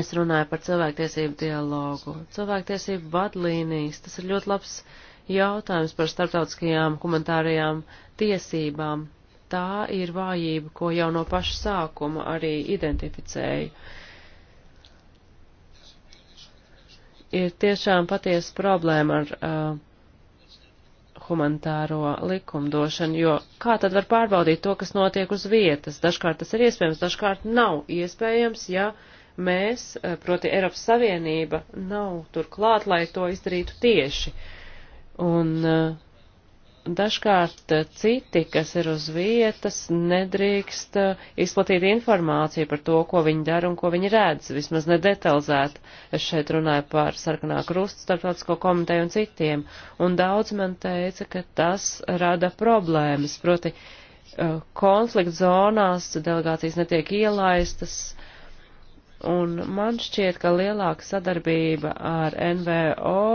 Es runāju par cilvēktiesību dialogu. Cilvēktiesību vadlīnijas, tas ir ļoti labs jautājums par starptautiskajām humanitārajām tiesībām. Tā ir vājība, ko jau no paša sākuma arī identificēju. Ir tiešām patiesa problēma ar uh, humanitāro likumdošanu, jo kā tad var pārbaudīt to, kas notiek uz vietas? Dažkārt tas ir iespējams, dažkārt nav iespējams, ja mēs, eh, proti Eiropas Savienība, nav tur klāt, lai to izdarītu tieši. Un uh, dažkārt eh, citi, kas ir uz vietas, nedrīkst eh, izplatīt informāciju par to, ko viņi dara un ko viņi redz, vismaz nedetalizēt. Es šeit runāju par sarkanā krusta starptautisko komiteju un citiem, un daudz man teica, ka tas rada problēmas, proti eh, konflikt zonās delegācijas netiek ielaistas, un man šķiet, ka lielāka sadarbība ar NVO,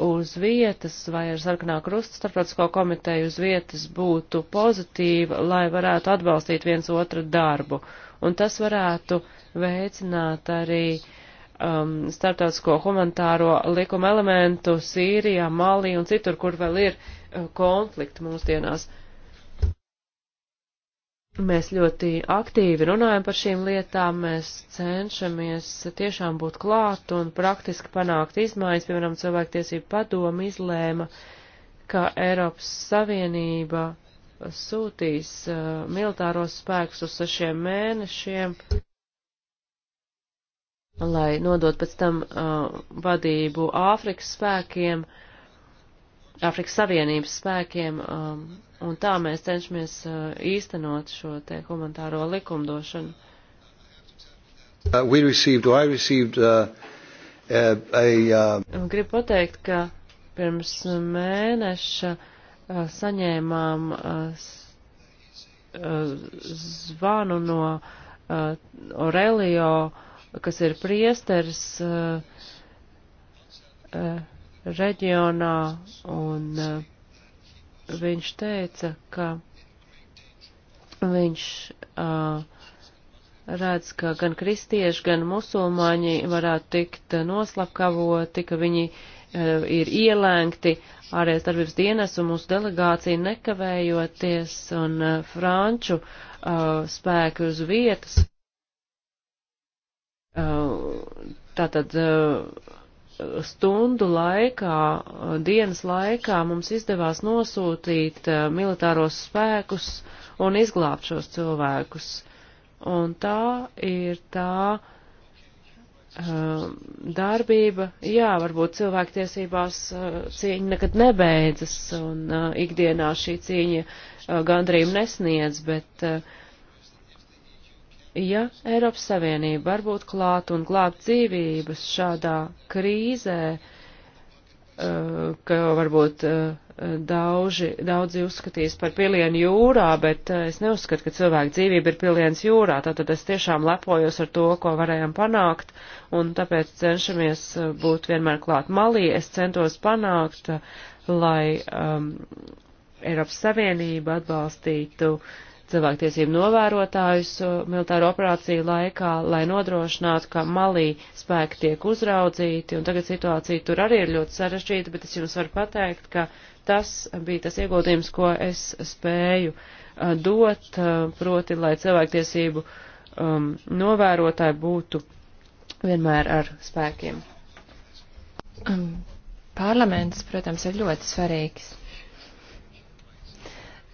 uz vietas vai ar sarkanā krusta starptautisko komiteju uz vietas būtu pozitīva, lai varētu atbalstīt viens otru darbu. Un tas varētu veicināt arī um, starptautisko humanitāro likuma elementu Sīrijā, Malī un citur, kur vēl ir uh, konflikti mūsdienās. Uh, Mēs ļoti aktīvi runājam par šīm lietām, mēs cenšamies tiešām būt klāt un praktiski panākt izmaiņas. Piemēram, cilvēktiesība padoma izlēma, ka Eiropas Savienība sūtīs uh, militāros spēkus uz sešiem mēnešiem, lai nodot pēc tam uh, vadību Āfrikas spēkiem. Uh, Afrikas Savienības spēkiem, um, un tā mēs cenšamies uh, īstenot šo te humanitāro likumdošanu. Uh, received, received, uh, uh, a, uh... Gribu pateikt, ka pirms mēneša uh, saņēmām uh, uh, zvanu no uh, Aurelio, kas ir priesteris. Uh, uh, reģionā, un uh, viņš teica, ka viņš uh, redz, ka gan kristieši, gan musulmaņi varētu tikt uh, noslapkavoti, ka viņi uh, ir ielēgti ārējās darbības dienas un mūsu delegācija nekavējoties un uh, franču uh, spēki uz vietas. Uh, tātad uh, stundu laikā, dienas laikā mums izdevās nosūtīt eh, militāros spēkus un izglābt šos cilvēkus. Un tā ir tā eh, darbība, jā, varbūt cilvēktiesībās eh, cīņa nekad nebeidzas un ikdienā šī cīņa gandrīz nesniedz, bet uh, ja Eiropas Savienība var būt klāt un glābt dzīvības šādā krīzē, eh, ka varbūt eh, daudzi, daudzi uzskatīs par pilienu jūrā, bet eh, es neuzskatu, ka cilvēku dzīvība ir piliens jūrā, tātad es tiešām lepojos ar to, ko varējām panākt, un tāpēc cenšamies būt vienmēr klāt malī. Es centos panākt, lai um, Eiropas Savienība atbalstītu uh, cilvēktiesību novērotājus uh, militāro operāciju laikā, lai nodrošinātu, ka malī spēki tiek uzraudzīti, un tagad situācija tur arī ir ļoti sarežģīta, bet es jums varu pateikt, ka tas bija tas ieguldījums, ko es spēju uh, dot, uh, proti, lai cilvēktiesību um, novērotāji būtu vienmēr ar spēkiem. Um, parlaments, protams, ir ļoti svarīgs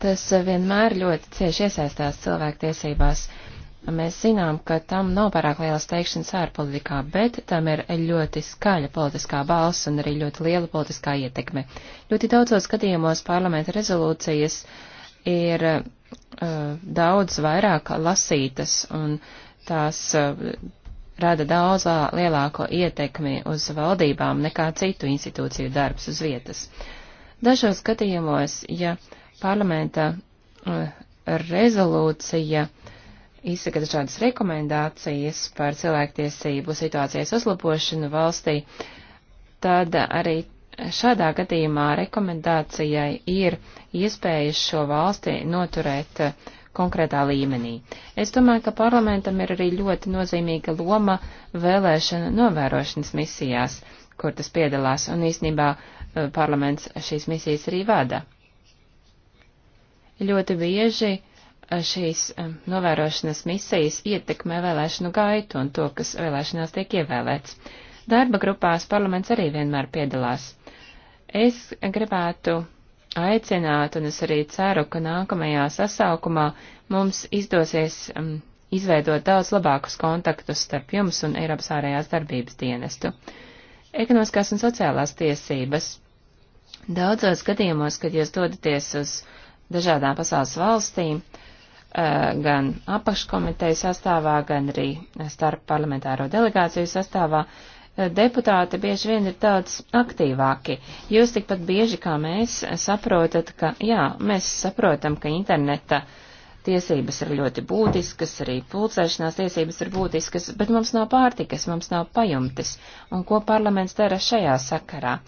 tas eh, vienmēr ļoti cieši iesaistās cilvēktiesībās. Mēs zinām, ka tam nav pārāk lielas teikšanas ārpolitikā, bet tam ir ļoti skaļa politiskā balss un arī ļoti liela politiskā ietekme. Ļoti daudzos gadījumos parlamenta rezolūcijas ir uh, daudz vairāk lasītas un tās uh, rada daudz lielāko ietekmi uz valdībām nekā citu institūciju darbs uz vietas. Dažos gadījumos, ja uh, parlamenta e, rezolūcija izsaka dažādas rekomendācijas par cilvēktiesību situācijas uzlabošanu valstī, tad arī šādā gadījumā rekomendācijai ir iespējas šo valsti noturēt e, konkrētā līmenī. Es domāju, ka parlamentam ir arī ļoti nozīmīga loma vēlēšana novērošanas misijās, kur tas piedalās, un īsnībā e, parlaments šīs misijas arī vada. Ļoti bieži eh, šīs eh, novērošanas misijas ietekmē vēlēšanu gaitu un to, kas vēlēšanās tiek ievēlēts. Darba grupās parlaments arī vienmēr piedalās. Es gribētu aicināt, un es arī ceru, ka nākamajā sasaukumā mums izdosies um, izveidot daudz labākus kontaktus starp jums un Eiropas ārējās darbības dienestu. Ekonomiskās un sociālās tiesības. Daudzos gadījumos, kad jūs dodaties uz uh, dažādām pasaules valstīm, eh, gan apakškomiteju sastāvā, gan arī starp parlamentāro delegāciju sastāvā, eh, deputāti bieži vien ir daudz aktīvāki. Jūs tikpat bieži kā mēs saprotat, ka, jā, mēs saprotam, ka interneta tiesības ir ļoti būtiskas, arī pulcēšanās tiesības ir būtiskas, bet mums nav pārtikas, mums nav pajumtes. Un ko parlaments dara šajā sakarā?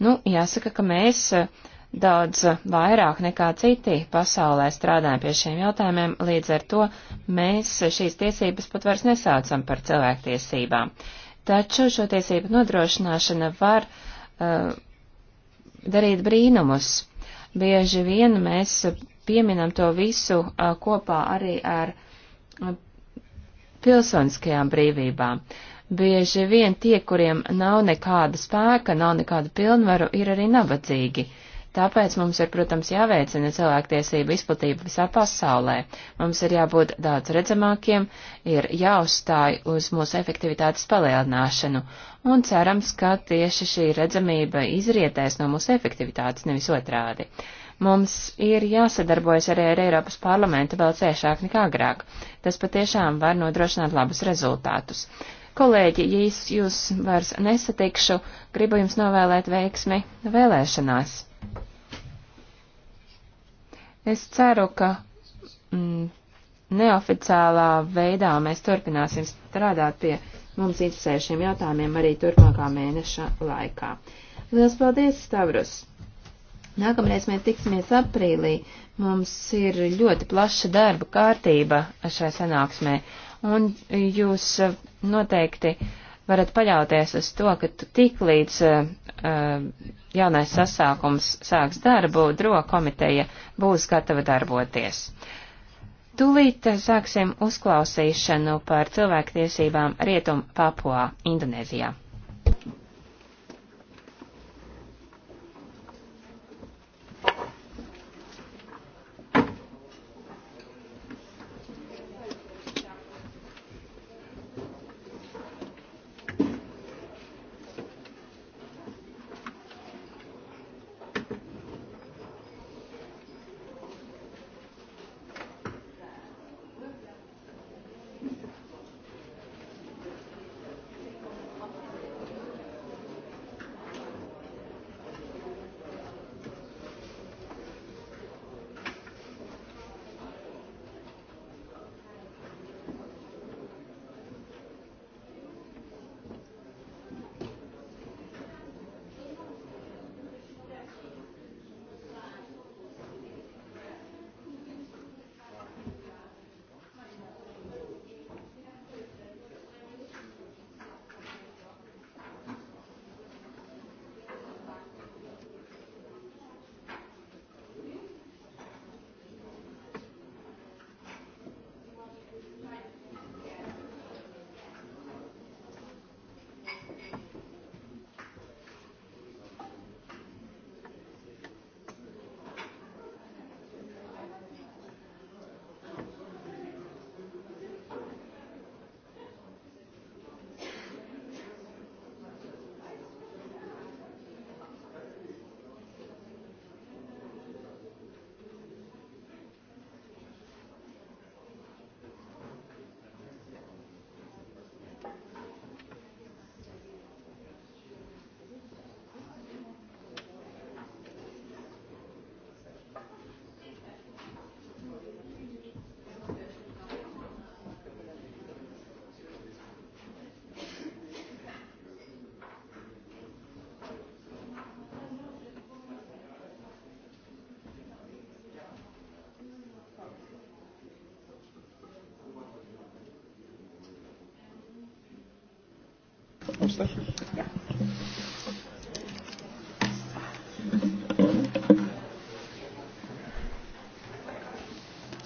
Nu, jāsaka, ka mēs eh, daudz vairāk nekā citi pasaulē strādāja pie šiem jautājumiem, līdz ar to mēs šīs tiesības pat vairs nesaucam par cilvēktiesībām. Taču šo tiesību nodrošināšana var uh, darīt brīnumus. Bieži vien mēs pieminam to visu uh, kopā arī ar uh, pilsoniskajām brīvībām. Bieži vien tie, kuriem nav nekāda spēka, nav nekādu pilnvaru, ir arī nabadzīgi. Uh, Tāpēc mums ir, protams, jāveicina cilvēktiesība izplatība visā pasaulē. Mums ir jābūt daudz redzamākiem, ir jāuzstāj uz mūsu efektivitātes palielināšanu, un cerams, ka tieši šī redzamība izrietēs no mūsu efektivitātes, nevis otrādi. Mums ir jāsadarbojas arī ar Eiropas parlamentu vēl ciešāk nekā agrāk. Tas patiešām var nodrošināt labus rezultātus. Kolēģi, ja jūs vairs nesatikšu, gribu jums novēlēt veiksmi vēlēšanās. Es ceru, ka mm, neoficiālā veidā mēs turpināsim strādāt pie mums interesējušiem jautājumiem arī turpmākā mēneša laikā. Lielas paldies, Stavros! Nākamreiz mēs tiksimies aprīlī. Mums ir ļoti plaša darba kārtība šai sanāksmē, un jūs noteikti uh, varat paļauties uz to, ka tik līdz uh, eh, eh, jaunais sasākums sāks darbu, droga komiteja būs gatava darboties. Tūlīt eh, sāksim uzklausīšanu par cilvēktiesībām Rietum Papuā, Indonēzijā.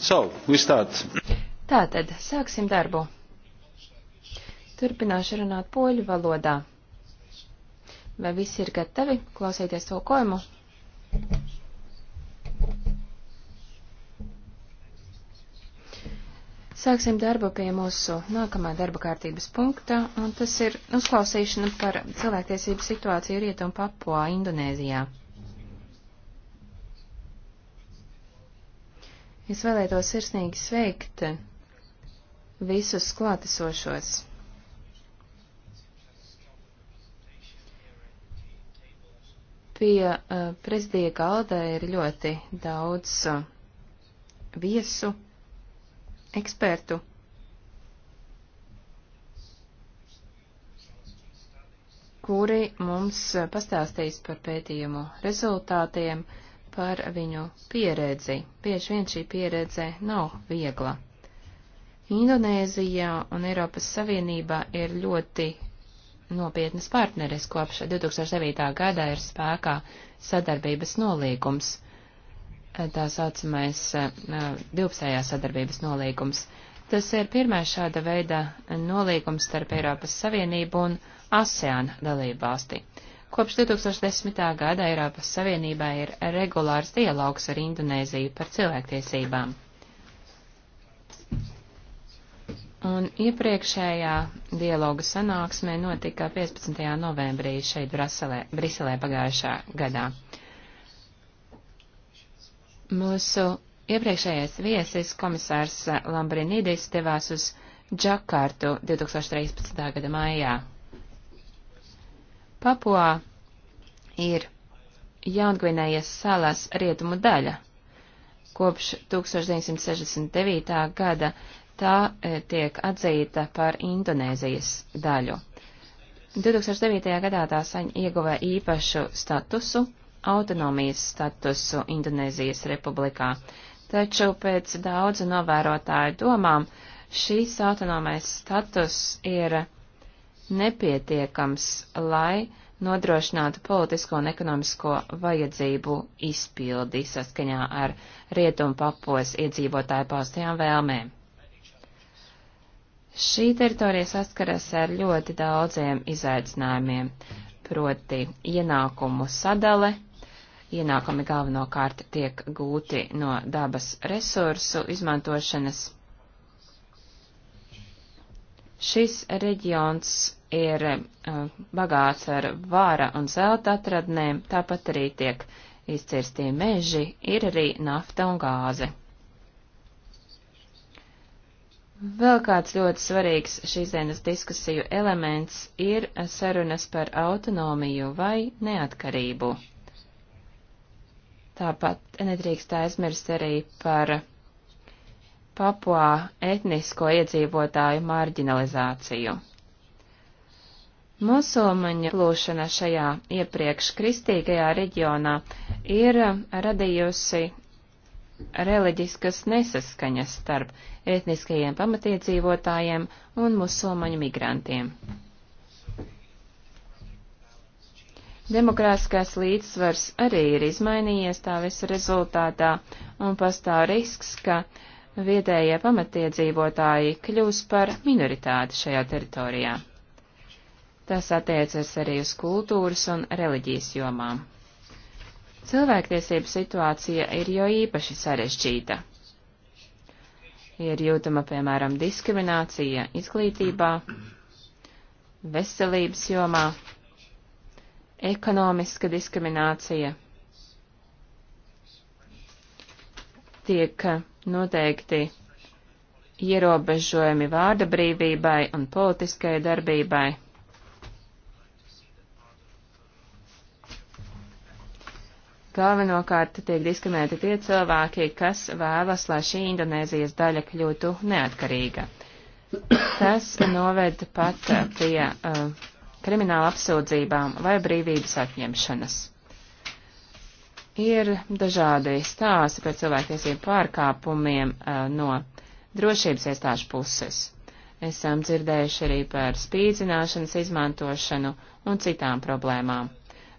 So, we start. Tātad, sāksim darbu. Turpināšu runāt poļu valodā. Vai visi ir gatavi klausīties tulkojumu? Sāksim darbu pie mūsu nākamā darba kārtības punkta, un tas ir uzklausīšana par cilvēktiesību situāciju Rietumpapuā, Indonēzijā. Es vēlētos sirsnīgi sveikt visus klātesošos. Pie uh, prezidija galda ir ļoti daudz uh, viesu, ekspertu. kuri mums uh, pastāstīs par pētījumu rezultātiem, uh, par viņu pieredzi. Bieži vien šī pieredze nav viegla. Indonēzijā un Eiropas Savienībā ir ļoti nopietnas partneris, kopš 2009. gadā ir spēkā sadarbības nolīgums, tā saucamais divpusējā sadarbības nolīgums. Tas ir pirmais šāda veida nolīgums starp Eiropas Savienību un ASEAN dalībvalsti. valsti. Kopš 2010. gada Eiropas Savienībā ir regulārs dialogs ar Indonēziju par cilvēktiesībām. Un iepriekšējā dialoga sanāksmē notika 15. novembrī šeit Braselē, Briselē pagājušā gadā. Mūsu iepriekšējais viesis komisārs Lambrinidis devās uz Džakartu 2013. gada maijā. Papuā ir Jaungvinējas salas rietumu daļa. Kopš 1969. gada tā e, tiek atzīta par Indonēzijas daļu. 2009. gadā tā saņ ieguvē īpašu statusu, autonomijas statusu Indonēzijas republikā, taču pēc daudzu novērotāju domām šīs autonomais status ir nepietiekams, lai nodrošinātu politisko un ekonomisko vajadzību izpildi saskaņā ar rietumu papos iedzīvotāju paustajām vēlmēm. Šī teritorija saskaras ar ļoti daudziem izaicinājumiem, proti ienākumu sadale, ienākumi galvenokārt tiek gūti no dabas resursu izmantošanas Šis reģions ir uh, bagāts ar vāra un zelta atradnēm, tāpat arī tiek izcirstie meži, ir arī nafta un gāze. Vēl kāds ļoti svarīgs šīs dienas diskusiju elements ir sarunas par autonomiju vai neatkarību. Tāpat nedrīkst aizmirst arī par papuā etnisko iedzīvotāju marginalizāciju. Musulmaņu plūšana šajā iepriekš kristīgajā reģionā ir radījusi reliģiskas nesaskaņas starp etniskajiem pamatiedzīvotājiem un musulmaņu migrantiem. Demokrātiskās līdzsvars arī ir izmainījies tā visa rezultātā, un pastāv risks, ka uh, vietējie pamatiedzīvotāji kļūs par minoritāti šajā teritorijā. Tas attiecas arī uz kultūras un reliģijas jomām. Cilvēktiesība situācija ir jo īpaši sarežģīta. Ir jūtama, piemēram, diskriminācija izglītībā, veselības jomā, ekonomiska diskriminācija, tiek noteikti ierobežojumi vārda brīvībai un politiskai darbībai. Galvenokārt tiek diskriminēti tie cilvēki, kas vēlas, lai šī Indonēzijas daļa kļūtu neatkarīga. Tas noved pat pie uh, krimināla apsūdzībām vai brīvības atņemšanas. Ir dažādi stāsti par cilvēktiesību pārkāpumiem eh, no drošības iestāžu puses. Esam dzirdējuši arī par spīdzināšanas izmantošanu un citām problēmām.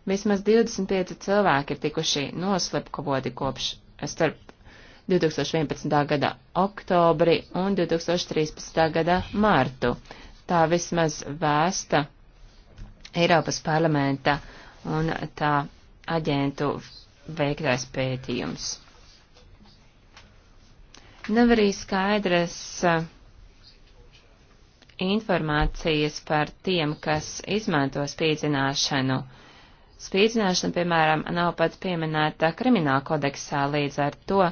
Vismaz 25 cilvēki ir tikuši noslepkavoti kopš eh, starp 2011. gada oktobri un 2013. gada martu. Tā vismaz vēsta Eiropas parlamenta un tā aģentu veiktais pētījums. Nav arī skaidras informācijas par tiem, kas izmanto spīdzināšanu. Spīdzināšana, piemēram, nav pat pieminēta krimināla kodeksā, līdz ar to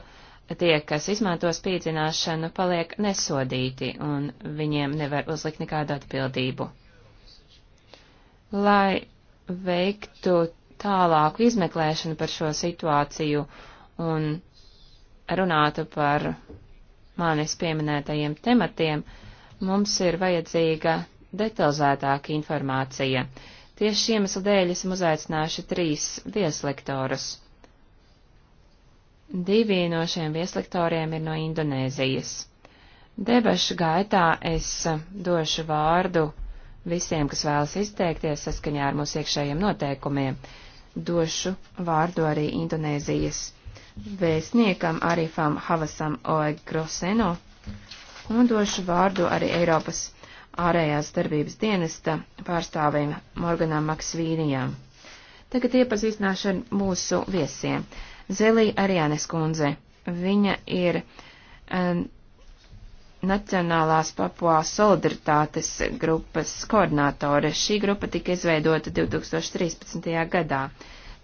tie, kas izmanto spīdzināšanu, paliek nesodīti un viņiem nevar uzlikt nekādu atbildību. Lai veiktu tālāku izmeklēšanu par šo situāciju un runātu par manis pieminētajiem tematiem, mums ir vajadzīga detalizētāka informācija. Tieši šī iemesla dēļ esam uzaicinājuši trīs vieslektorus. Divi no šiem vieslektoriem ir no Indonēzijas. Debašu gaitā es došu vārdu visiem, kas vēlas izteikties saskaņā ar mūsu iekšējiem noteikumiem došu vārdu arī Indonēzijas vēstniekam Arifam Havasam Oeg Groseno un došu vārdu arī Eiropas ārējās darbības dienesta pārstāvim Morganam Maksvīnijam. Tagad iepazīstināšu ar mūsu viesiem. Zelī Arianes kundze. Viņa ir um, Nacionālās papuās solidaritātes grupas koordinātore. Šī grupa tika izveidota 2013. gadā.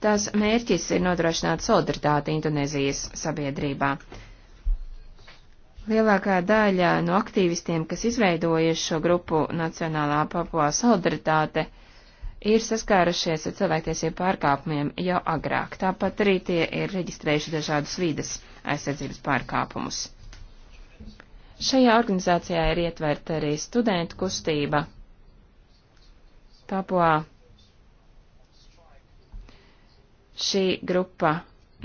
Tās mērķis ir nodrošināt solidaritāti Indonēzijas sabiedrībā. Lielākā daļa no aktīvistiem, kas izveidoja šo grupu Nacionālā papuā solidaritāte, ir saskārušies ar cilvēktiesību pārkāpumiem jau agrāk. Tāpat arī tie ir reģistrējuši dažādus vides aizsardzības pārkāpumus. Šajā organizācijā ir ietverta arī studentu kustība Papuā. Šī grupa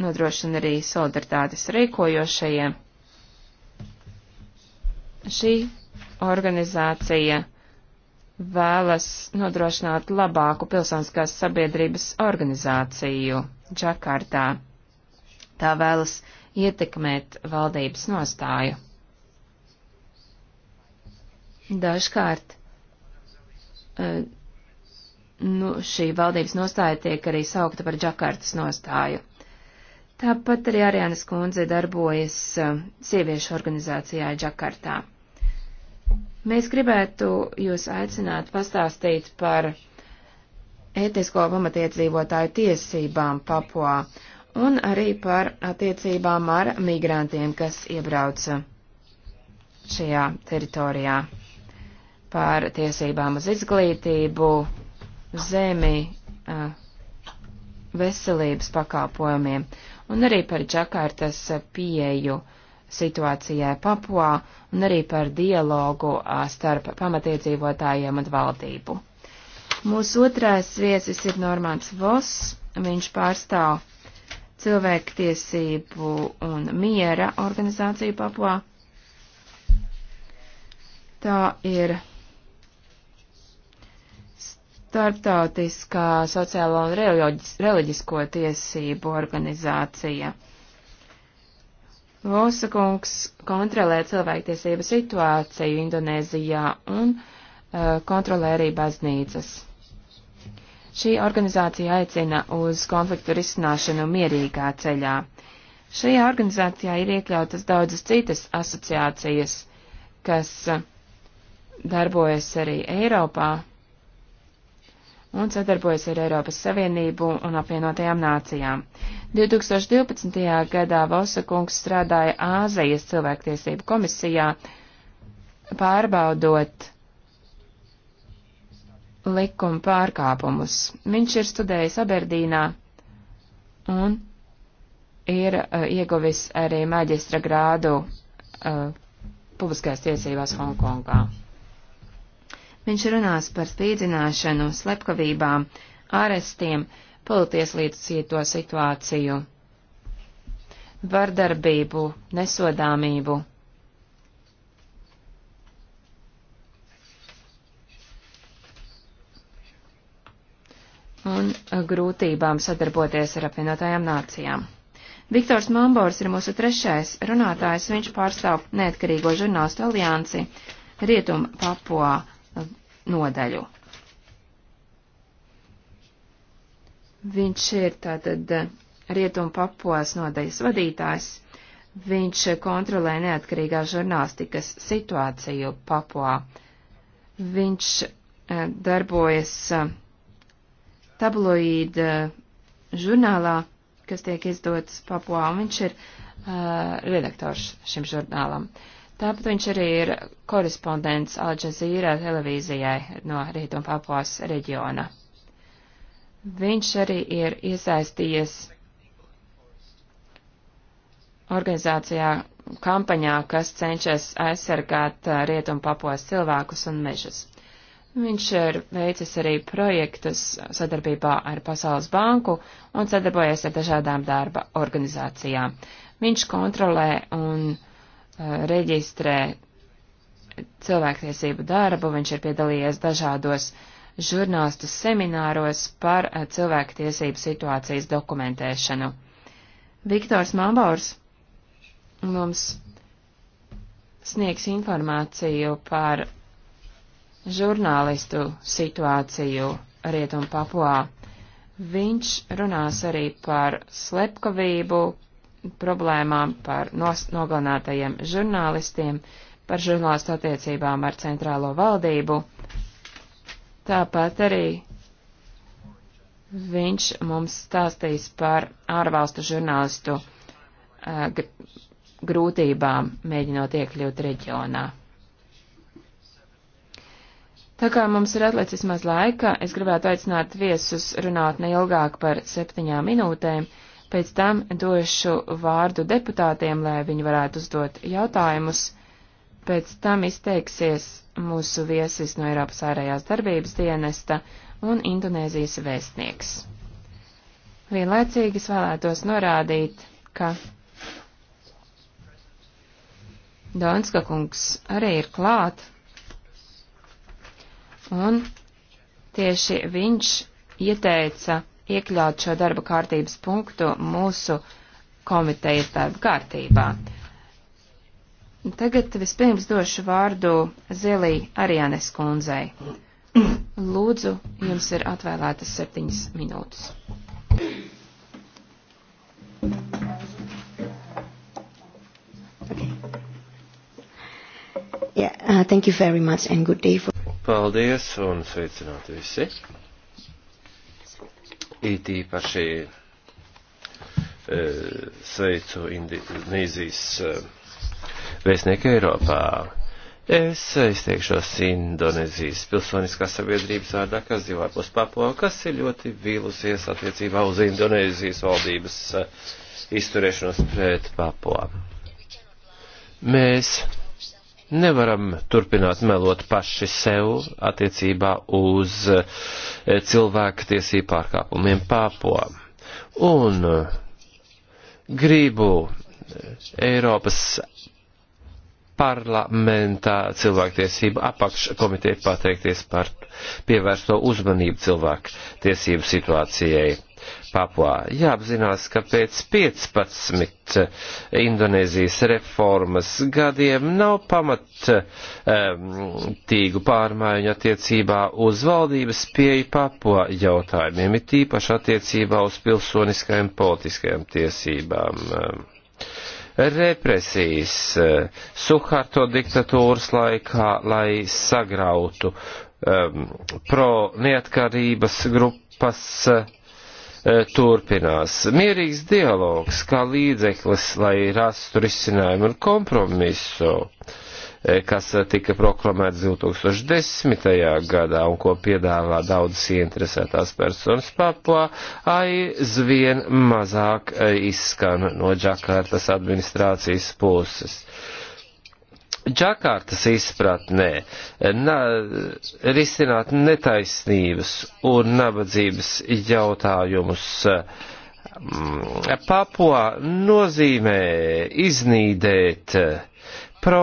nodrošina arī solidaritātes rīkojošajiem. Šī organizācija vēlas nodrošināt labāku pilsoniskās sabiedrības organizāciju Džakartā. Tā vēlas ietekmēt valdības nostāju. Dažkārt eh, nu, šī valdības nostāja tiek arī saukta par Džakartas nostāju. Tāpat arī Arianas kundze darbojas eh, sieviešu organizācijā Džakartā. Mēs gribētu jūs aicināt pastāstīt par ētisko pamatiedzīvotāju tiesībām Papuā un arī par attiecībām ar migrantiem, kas iebrauca šajā teritorijā par tiesībām uz izglītību, zemi, veselības pakāpojumiem un arī par Čakārtas pieeju situācijai Papuā un arī par dialogu starp pamatiedzīvotājiem un valdību. Mūsu otrais viesis ir Normāns Voss, viņš pārstāv cilvēktiesību un miera organizāciju Papuā. Tā ir starptautiskā sociālo un reliģisko tiesību organizācija. Vosakungs kontrolē cilvēktiesību situāciju Indonēzijā un uh, kontrolē arī baznīcas. Šī organizācija aicina uz konfliktu risināšanu mierīgā ceļā. Šajā organizācijā ir iekļautas daudzas citas asociācijas, kas uh, darbojas arī Eiropā, un sadarbojas ar Eiropas Savienību un apvienotajām nācijām. 2012. gadā Vosa kungs strādāja Āzijas cilvēktiesību komisijā, pārbaudot likuma pārkāpumus. Viņš ir studējis Aberdīnā un ir uh, ieguvis arī maģistra grādu uh, publiskajās tiesībās Hongkongā. Viņš runās par spīdzināšanu, slepkavībām, ārestiem, politieslīdzīto situāciju, vardarbību, nesodāmību. un uh, grūtībām sadarboties ar apvienotajām nācijām. Viktors Mambors ir mūsu trešais runātājs, viņš pārstāv neatkarīgo žurnālistu aliansi Rietum Papuā nodaļu. Viņš ir tātad eh, Rietumu papuās nodaļas vadītājs. Viņš eh, kontrolē neatkarīgā žurnālistikas situāciju papuā. Viņš eh, darbojas tabloīda žurnālā, kas tiek izdots papuā, un viņš ir redaktors šim žurnālam. Uh, Tāpat viņš arī ir korespondents Al Jazeera televīzijai no Rietum Papuas reģiona. Viņš arī ir iesaistījies organizācijā kampaņā, kas cenšas aizsargāt Rietum Papuas cilvēkus un mežus. Viņš ir veicis arī projektus sadarbībā ar Pasaules banku un sadarbojas ar dažādām darba organizācijām. Viņš kontrolē un uh, Eh, reģistrē cilvēktiesību darbu, viņš ir piedalījies dažādos žurnālistu semināros par eh, cilvēktiesību situācijas dokumentēšanu. Viktors Mambaurs mums sniegs informāciju par žurnālistu situāciju Rietumu Papuā. Viņš runās arī par slepkavību, problēmām par nos, nogalinātajiem žurnālistiem, par žurnālistu attiecībām ar centrālo valdību. Tāpat arī viņš mums stāstīs par ārvalstu žurnālistu eh, grūtībām, mēģinot iekļūt reģionā. Tā kā mums ir atlicis maz laika, es gribētu aicināt viesus runāt neilgāk par septiņām minūtēm, Pēc tam došu vārdu deputātiem, lai viņi varētu uzdot jautājumus. Pēc tam izteiksies mūsu viesis no Eiropas ārējās darbības dienesta un Indonēzijas vēstnieks. Vienlaicīgi es vēlētos norādīt, ka Donska kungs arī ir klāt, un tieši viņš ieteica iekļaut šo darba kārtības punktu mūsu komitejas darba kārtībā. Tagad vispirms došu vārdu Zilī Arianes kundzei. Lūdzu, jums ir atvēlētas septiņas minūtes. Okay. Yeah, uh, thank you very much and good day for... Paldies un sveicināti visi. It īpaši eh, sveicu Indonēzijas eh, vēstnieku Eiropā. Es izteikšos Indonēzijas pilsoniskās sabiedrības vārdā, kas dzīvo ārpus Papua, kas ir ļoti vīlusies attiecībā uz Indonēzijas valdības eh, izturēšanos pret Papua. Mēs nevaram turpināt melot paši sev attiecībā uz eh, cilvēku tiesību pārkāpumiem pāpua. Un eh, gribu eh, Eiropas parlamentā cilvēktiesību apakškomiteja pateikties par pievērsto uzmanību cilvēku tiesību situācijai. Papua. Jāapzinās, ka pēc 15 eh, Indonēzijas reformas gadiem nav pamat um, tīgu pārmaiņu attiecībā uz valdības pieeju Papua jautājumiem, it īpaši attiecībā uz pilsoniskajām politiskajām tiesībām. Um, represijas eh, Suharto diktatūras laikā, lai sagrautu um, ehm, pro neatkarības grupas uh, E, turpinās. Mierīgs dialogs kā līdzeklis, lai rastu risinājumu un kompromisu, e, kas tika proklamēts 2010. gadā un ko piedāvā daudzas ieinteresētās personas papā, aizvien mazāk e, izskan no Džakartas administrācijas puses. Džakārtas izpratnē na, risināt netaisnības un nabadzības jautājumus mm, Papua nozīmē iznīdēt pro,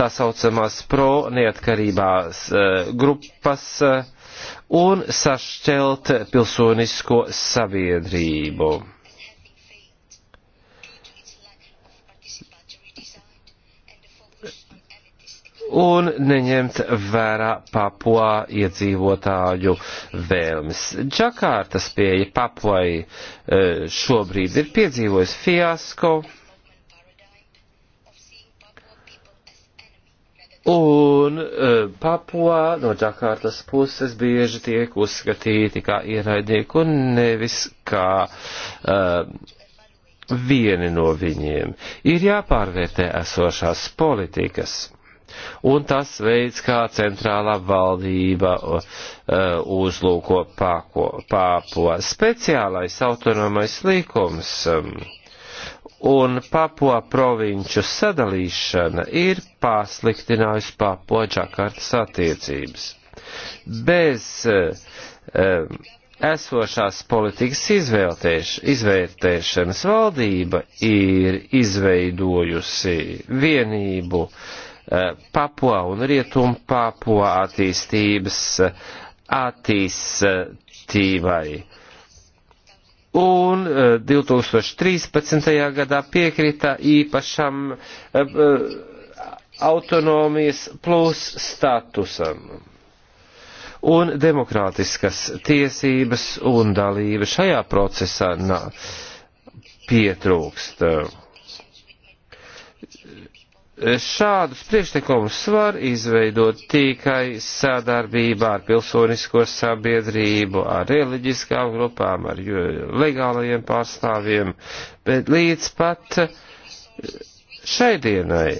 tā saucamās pro neatkarībās eh, grupas eh, un sašķelt pilsonisko sabiedrību un neņemt vērā papuā iedzīvotāju vēlmes. Džakārtas pieeja papuai eh, šobrīd ir piedzīvojis fiasko. Un uh, Papua no Džakārtas puses bieži tiek uzskatīti kā ienaidnieki un nevis kā uh, vieni no viņiem. Ir jāpārvērtē esošās politikas un tas veids, kā centrālā valdība uh, uzlūko pāko, pāpo. Speciālais autonomais līkums um, un papua provinču sadalīšana ir pasliktinājusi papua džakartas attiecības. Bez uh, um, esošās politikas izvērtēšanas valdība ir izveidojusi vienību uh, Papua un Rietumu Papua attīstības attīstībai. Un 2013. Eh, gadā piekrita īpašam eh, autonomijas plus statusam un demokrātiskas tiesības un dalība šajā procesā nā, pietrūkst. Šādus priekšlikumus var izveidot tikai sadarbībā ar pilsonisko sabiedrību, ar reliģiskām grupām, ar legālajiem pārstāvjiem, bet līdz pat eh, šai dienai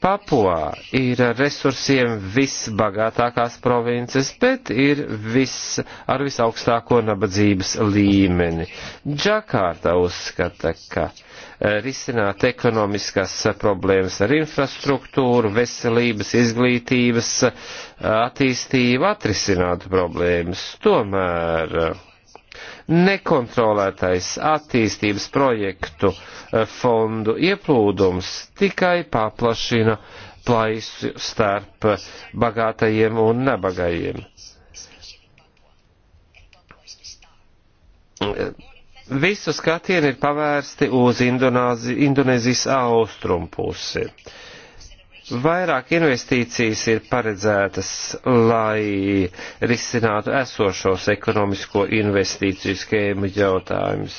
Papua ir ar resursiem visbagātākās provinces, bet ir vis, ar visaugstāko nabadzības līmeni. Džakārta uzskata, ka Eh, risināt ekonomiskās problēmas ar infrastruktūru, veselības, izglītības, eh, attīstību, atrisināt problēmas. Tomēr eh, nekontrolētais attīstības projektu fondu ieplūdums tikai paplašina plaisu starp bagātajiem un nebagajiem visu skatienu ir pavērsti uz Indonāzi, Indonēzijas austrumu pusi. Vairāk investīcijas ir paredzētas, lai risinātu esošos ekonomisko investīciju skēmu jautājumus.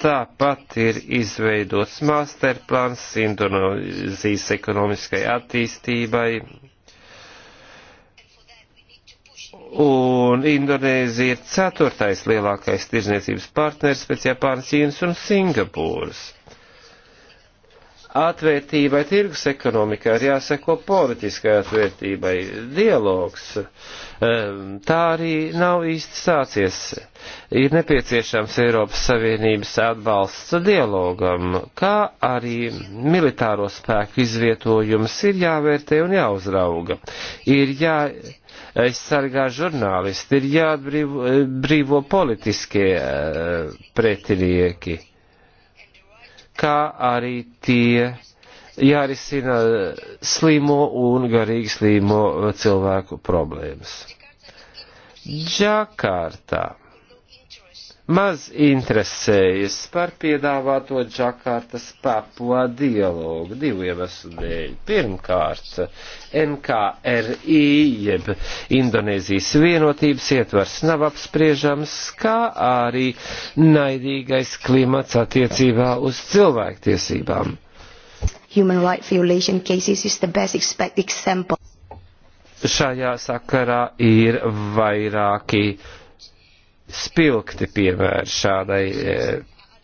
Tāpat ir izveidots masterplāns Indonēzijas ekonomiskai attīstībai, un Indonēzija ir ceturtais lielākais tirzniecības partners pēc Japānas, Ķīnas un Singapūras. Atvērtībai tirgus ekonomikā ir jāseko politiskai atvērtībai. Dialogs ehm, tā arī nav īsti sācies. Ir nepieciešams Eiropas Savienības atbalsts dialogam, kā arī militāro spēku izvietojums ir jāvērtē un jāuzrauga. Ir jā aizsargā žurnālisti, ir jāatbrīvo eh, brīvo politiskie eh, pretinieki, kā arī tie jārisina slimo un garīgi slimo cilvēku problēmas. Džakārtā maz interesējas par piedāvāto Džakartas papua dialogu divu iemeslu dēļ. Pirmkārt, NKRI jeb Indonēzijas vienotības ietvars nav apspriežams, kā arī naidīgais klimats attiecībā uz cilvēktiesībām. Human rights violation cases is the best example. Šajā sakarā ir vairāki spilgti piemēri šādai, e,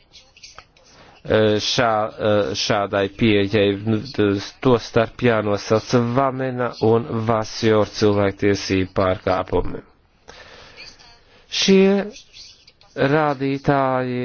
e, šā, e, šādai pieejai. Nu, to starp jānosauc Vamena un Vasjor cilvēktiesību pārkāpumi. Šie rādītāji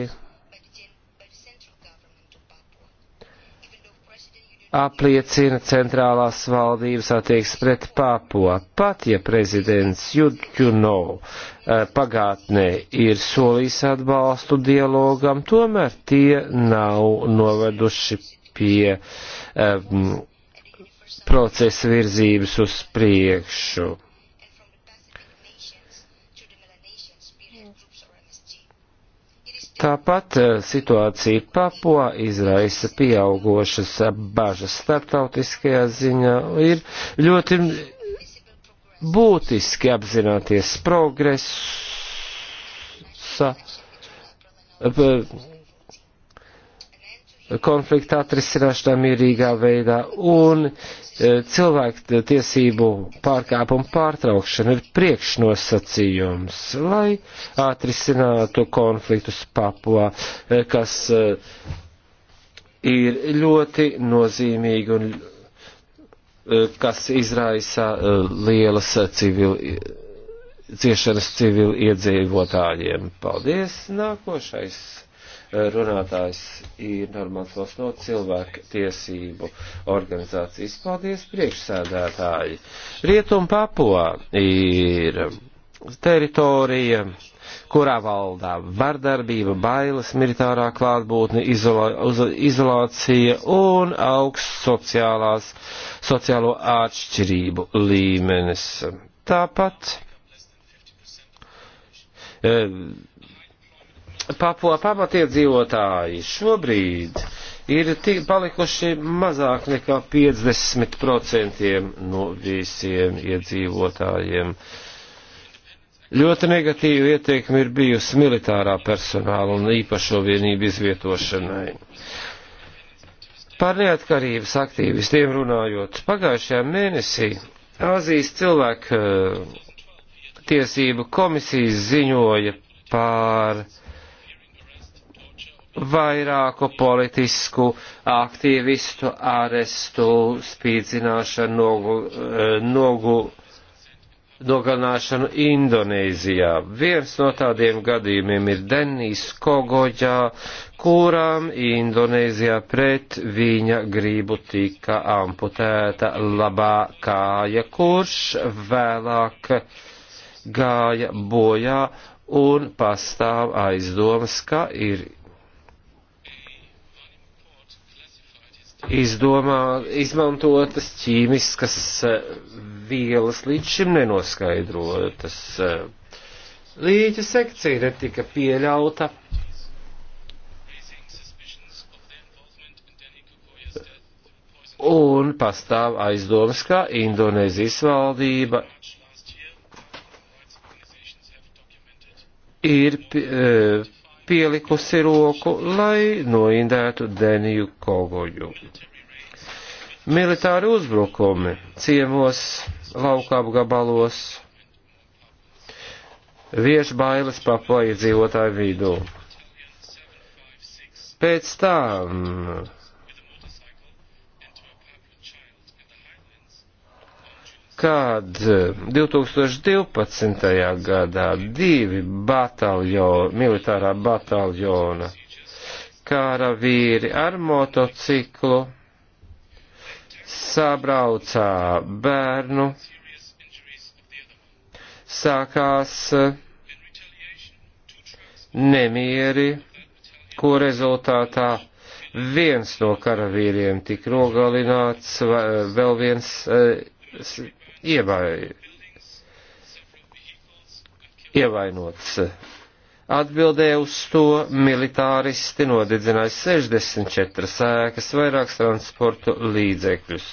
apliecina centrālās valdības attieks pret Papua. Pat ja prezidents Judjuno eh, pagātnē ir solījis atbalstu dialogam, tomēr tie nav noveduši pie um, procesa virzības uz priekšu. Tāpat eh, situācija Papua izraisa pieaugošas eh, bažas starptautiskajā ziņā. Ir ļoti būtiski apzināties progresa eh, konflikta atrisināšanā mierīgā veidā un E, cilvēku tiesību pārkāpumu pārtraukšana ir priekšnosacījums, lai atrisinātu konfliktus Papua, e, kas e, ir ļoti nozīmīgi un kas izraisa lielas civili, ciešanas civili iedzīvotājiem. Paldies! Nākošais! runātājs ir Normāns Lasno cilvēku tiesību organizācijas. Paldies, priekšsēdētāji. Rietum Papua ir teritorija, kurā valdā vardarbība, bailes, militārā klātbūtne, izolā, izolācija un augsts sociālās, sociālo atšķirību līmenis. Tāpat. E, papua pamatiedzīvotāji šobrīd ir tik palikuši mazāk nekā 50% no visiem iedzīvotājiem. Ļoti negatīva ieteikuma ir bijusi militārā personāla un īpašo vienību izvietošanai. Par neatkarības aktīvistiem runājot, pagājušajā mēnesī Āzijas cilvēku eh, tiesību komisijas ziņoja pār uh, vairāku politisku aktīvistu arestu, spīdzināšanu, nogu, eh, nogu, nogalināšanu Indonēzijā. Viens no tādiem gadījumiem ir Denis Kogoģā, kurām Indonēzijā pret viņa gribu tika amputēta labā kāja, kurš vēlāk gāja bojā un pastāv aizdomas, ka ir izdomā, izmantotas ķīmiskas eh, vielas līdz šim nenoskaidrotas. Eh, līķa sekcija netika pieļauta. Un pastāv aizdomas, ka Indonēzijas valdība ir eh, pielikusi roku, lai noindētu Deniju Kogoju. Militāri uzbrukumi ciemos, lauka apgabalos, viešu bailes papoja dzīvotāju vidū. Pēc tam kad 2012. Eh, gadā divi bataljoni, militārā bataljona kāravīri ar motociklu sabraucā bērnu, sākās eh, nemieri, ko rezultātā viens no karavīriem tika nogalināts, eh, vēl viens ievai... ievainots. Atbildēja uz to militāristi nodedzināja 64 sēkas, vairākus transportu līdzekļus.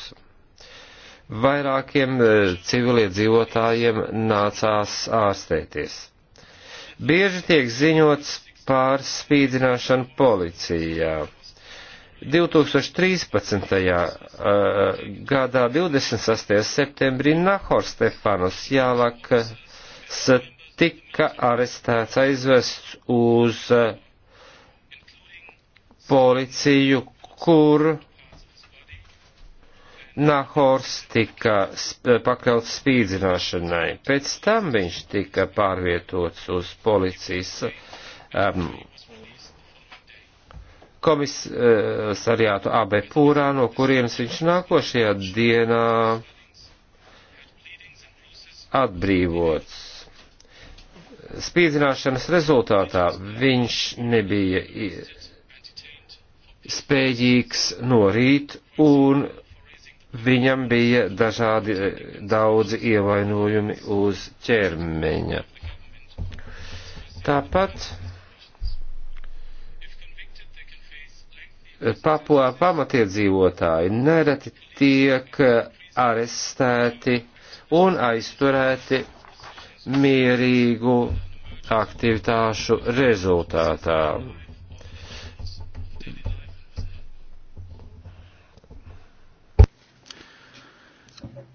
Vairākiem e, civiliedzīvotājiem nācās ārstēties. Bieži tiek ziņots pārspīdzināšanu policijā 2013. Eh, gadā 26. septembrī Nahor Stefanos Jālaks tika arestēts, aizvests uz eh, policiju, kur Nahors tika pakauts spīdzināšanai. Pēc tam viņš tika pārvietots uz policijas um, komisariātu AB Pūrā, no kurienes viņš nākošajā dienā atbrīvots. Spīdzināšanas rezultātā viņš nebija spējīgs norīt un viņam bija dažādi e, daudzi ievainojumi uz ķermeņa. Tāpat Papua pamatiedzīvotāji nereti tiek arestēti un aizturēti mierīgu aktivitāšu rezultātā.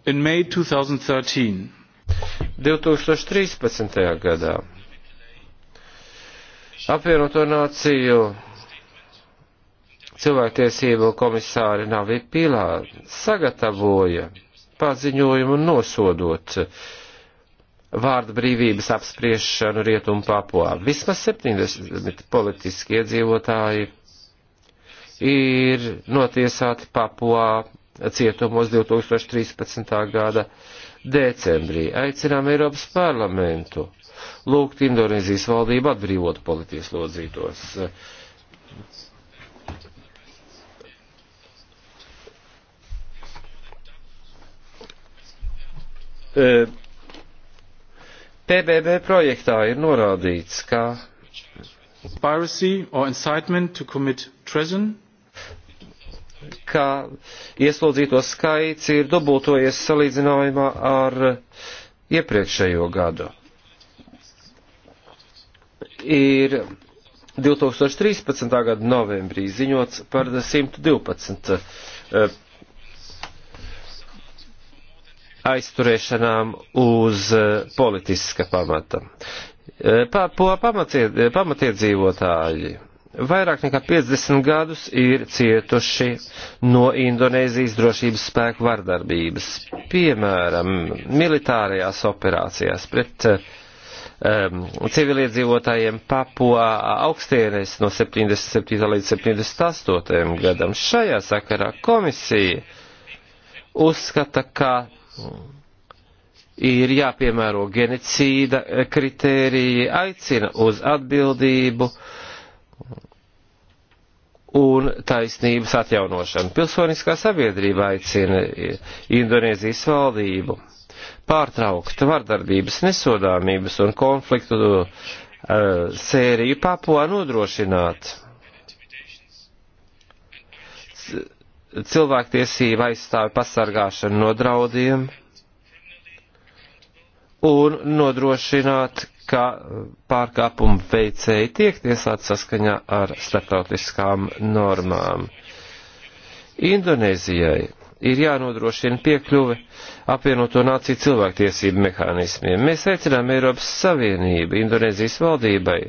In May 2013. 2013. gadā apvienoto nāciju cilvēktiesību komisāri Navi Pilāri sagatavoja paziņojumu nosodot vārda brīvības apspriešanu rietumu papuā. Vismaz 70 politiski iedzīvotāji ir notiesāti papuā cietumos 2013. gada decembrī. Aicinām Eiropas parlamentu lūgt Indonēzijas valdību atbrīvot politieslodzītos. PBB projektā ir norādīts, ka conspiracy or incitement to commit treason ka ieslodzīto skaits ir dubultojies salīdzinājumā ar iepriekšējo gadu. Ir 2013. gada novembrī ziņots par 112 aizturēšanām uz eh, politiska pamata. Eh, pa, pamatied, eh, pamatiedzīvotāji vairāk nekā 50 gadus ir cietuši no Indonēzijas drošības spēku vardarbības, piemēram, militārajās operācijās pret um, civiliedzīvotājiem Papua augstienes no 77. līdz 78. gadam. Šajā sakarā komisija uzskata, ka ir jāpiemēro genocīda kritēriji, aicina uz atbildību un taisnības atjaunošanu. Pilsoniskā sabiedrība aicina Indonēzijas valdību pārtraukt vardarbības, nesodāmības un konfliktu uh, sēriju papua nodrošināt cilvēktiesība aizstāvi pasargāšanu no draudiem un nodrošināt, ka pārkāpumu veicēji tiek tiesāti saskaņā ar starptautiskām normām. Indonēzijai ir jānodrošina piekļuve apvienoto nāciju cilvēktiesību mehānismiem. Mēs aicinām Eiropas Savienību Indonēzijas valdībai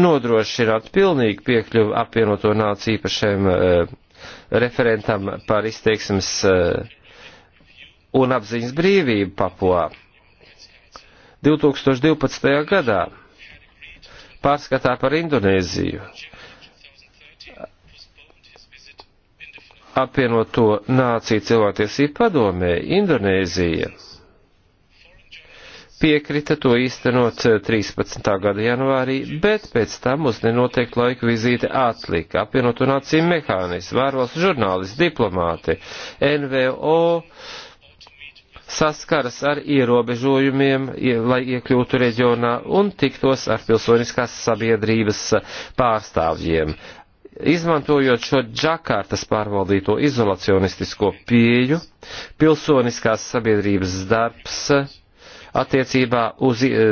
nodrošināt pilnīgu piekļuvu apvienoto nāciju īpašiem uh, eh, referentam par izteiksmes eh, un apziņas brīvību papuā. 2012. gadā pārskatā par Indonēziju apvienoto nāciju cilvēktiesību padomē Indonēzija piekrita to īstenot 13. Eh, gada janvārī, bet pēc tam uz nenoteiktu laiku vizīte atlika apvienotu nāciju mehānismu, vārvalstu žurnālisti, diplomāti, NVO saskaras ar ierobežojumiem, lai iekļūtu reģionā un tiktos ar pilsoniskās sabiedrības pārstāvjiem. Izmantojot šo džakārtas pārvaldīto izolacionistisko pieju, pilsoniskās sabiedrības darbs attiecībā uz e,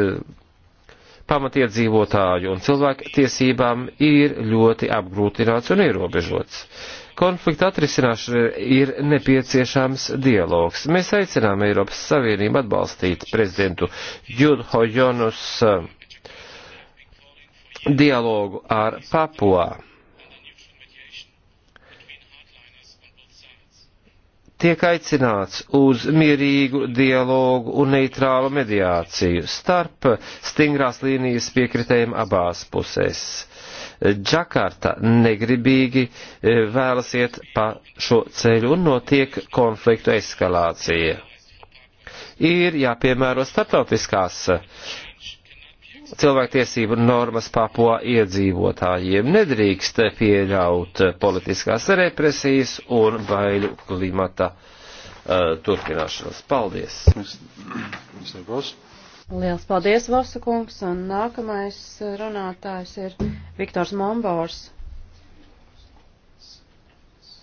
pamatiedzīvotāju un cilvēku tiesībām ir ļoti apgrūtināts un ierobežots. Konflikta atrisināšana ir nepieciešams dialogs. Mēs aicinām Eiropas Savienību atbalstīt prezidentu Judho Jonus e, dialogu ar Papuā tiek aicināts uz mierīgu dialogu un neitrālu mediāciju starp stingrās līnijas piekritējiem abās pusēs. Džakarta negribīgi e, vēlas iet pa šo ceļu un notiek konfliktu eskalācija. Ir jāpiemēro starptautiskās cilvēktiesību normas papo iedzīvotājiem. Nedrīkst pieļaut politiskās represijas un baiļu klimata uh, eh, turpināšanos. Paldies! Liels paldies, Vosa kungs, un nākamais runātājs ir Viktors Mombors.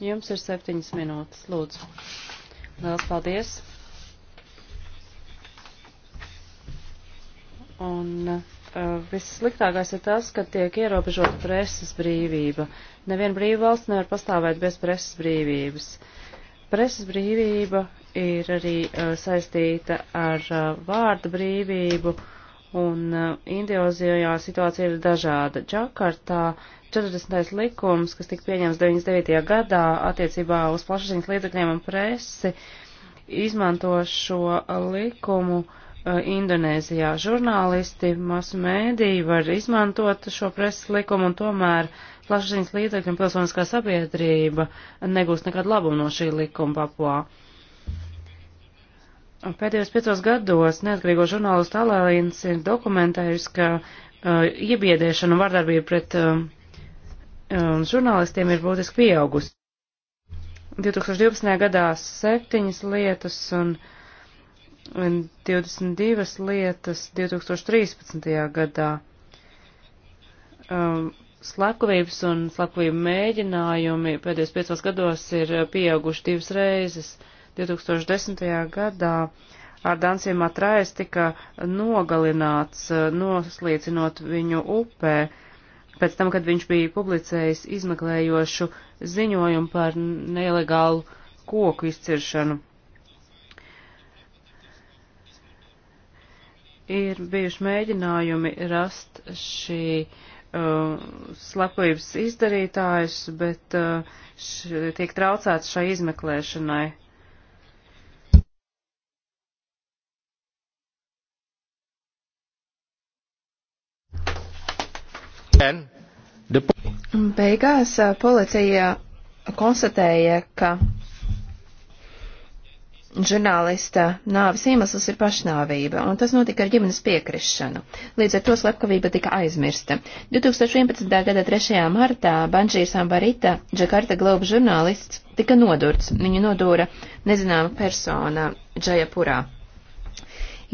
Jums ir septiņas minūtes, lūdzu. Liels paldies! Un uh, Eh, vissliktākais ir tas, ka tiek ierobežota preses brīvība. Neviena brīva valsts nevar pastāvēt bez preses brīvības. Preses brīvība ir arī uh, saistīta ar uh, eh, vārdu brīvību, un uh, Indiozijā situācija ir dažāda. Džakartā 40. likums, kas tika pieņems 99. gadā attiecībā uz plašsaziņas līdzekļiem un presi, izmanto šo likumu uh, Indonēzijā. Žurnālisti, masu mēdī var izmantot šo preses likumu un tomēr plašsaziņas līdzekļi un pilsoniskā sabiedrība negūst nekādu labumu no šī likuma papuā. Pēdējos piecos gados neatkarīgo žurnālistu alēlīns ir dokumentējusi, ka uh, iebiedēšana un vardarbība pret uh, um, žurnālistiem ir būtiski pieaugusi. 2012. gadā septiņas lietas un uh, 22 lietas 2013. gadā. Um, slepkavības un slepkavību mēģinājumi pēdējos piecos gados ir pieauguši divas reizes. 2010. gadā Ardānsiem Atrais tika nogalināts, noslīcinot viņu upē, pēc tam, kad viņš bija publicējis izmeklējošu ziņojumu par nelegālu koku izciršanu. ir bijuši mēģinājumi rast šī uh, slepkavības izdarītājus, bet uh, š, tiek traucēts šai izmeklēšanai. Beigās uh, policija konstatēja, ka žurnālista nāvis iemesls ir pašnāvība, un tas notika ar ģimenes piekrišanu. Līdz ar to slepkavība tika aizmirsta. 2011. gada 3. martā Banžīrs Ambarita, Džakarta Globe žurnālists, tika nodurts. Viņu nodūra nezināma persona Džajapurā.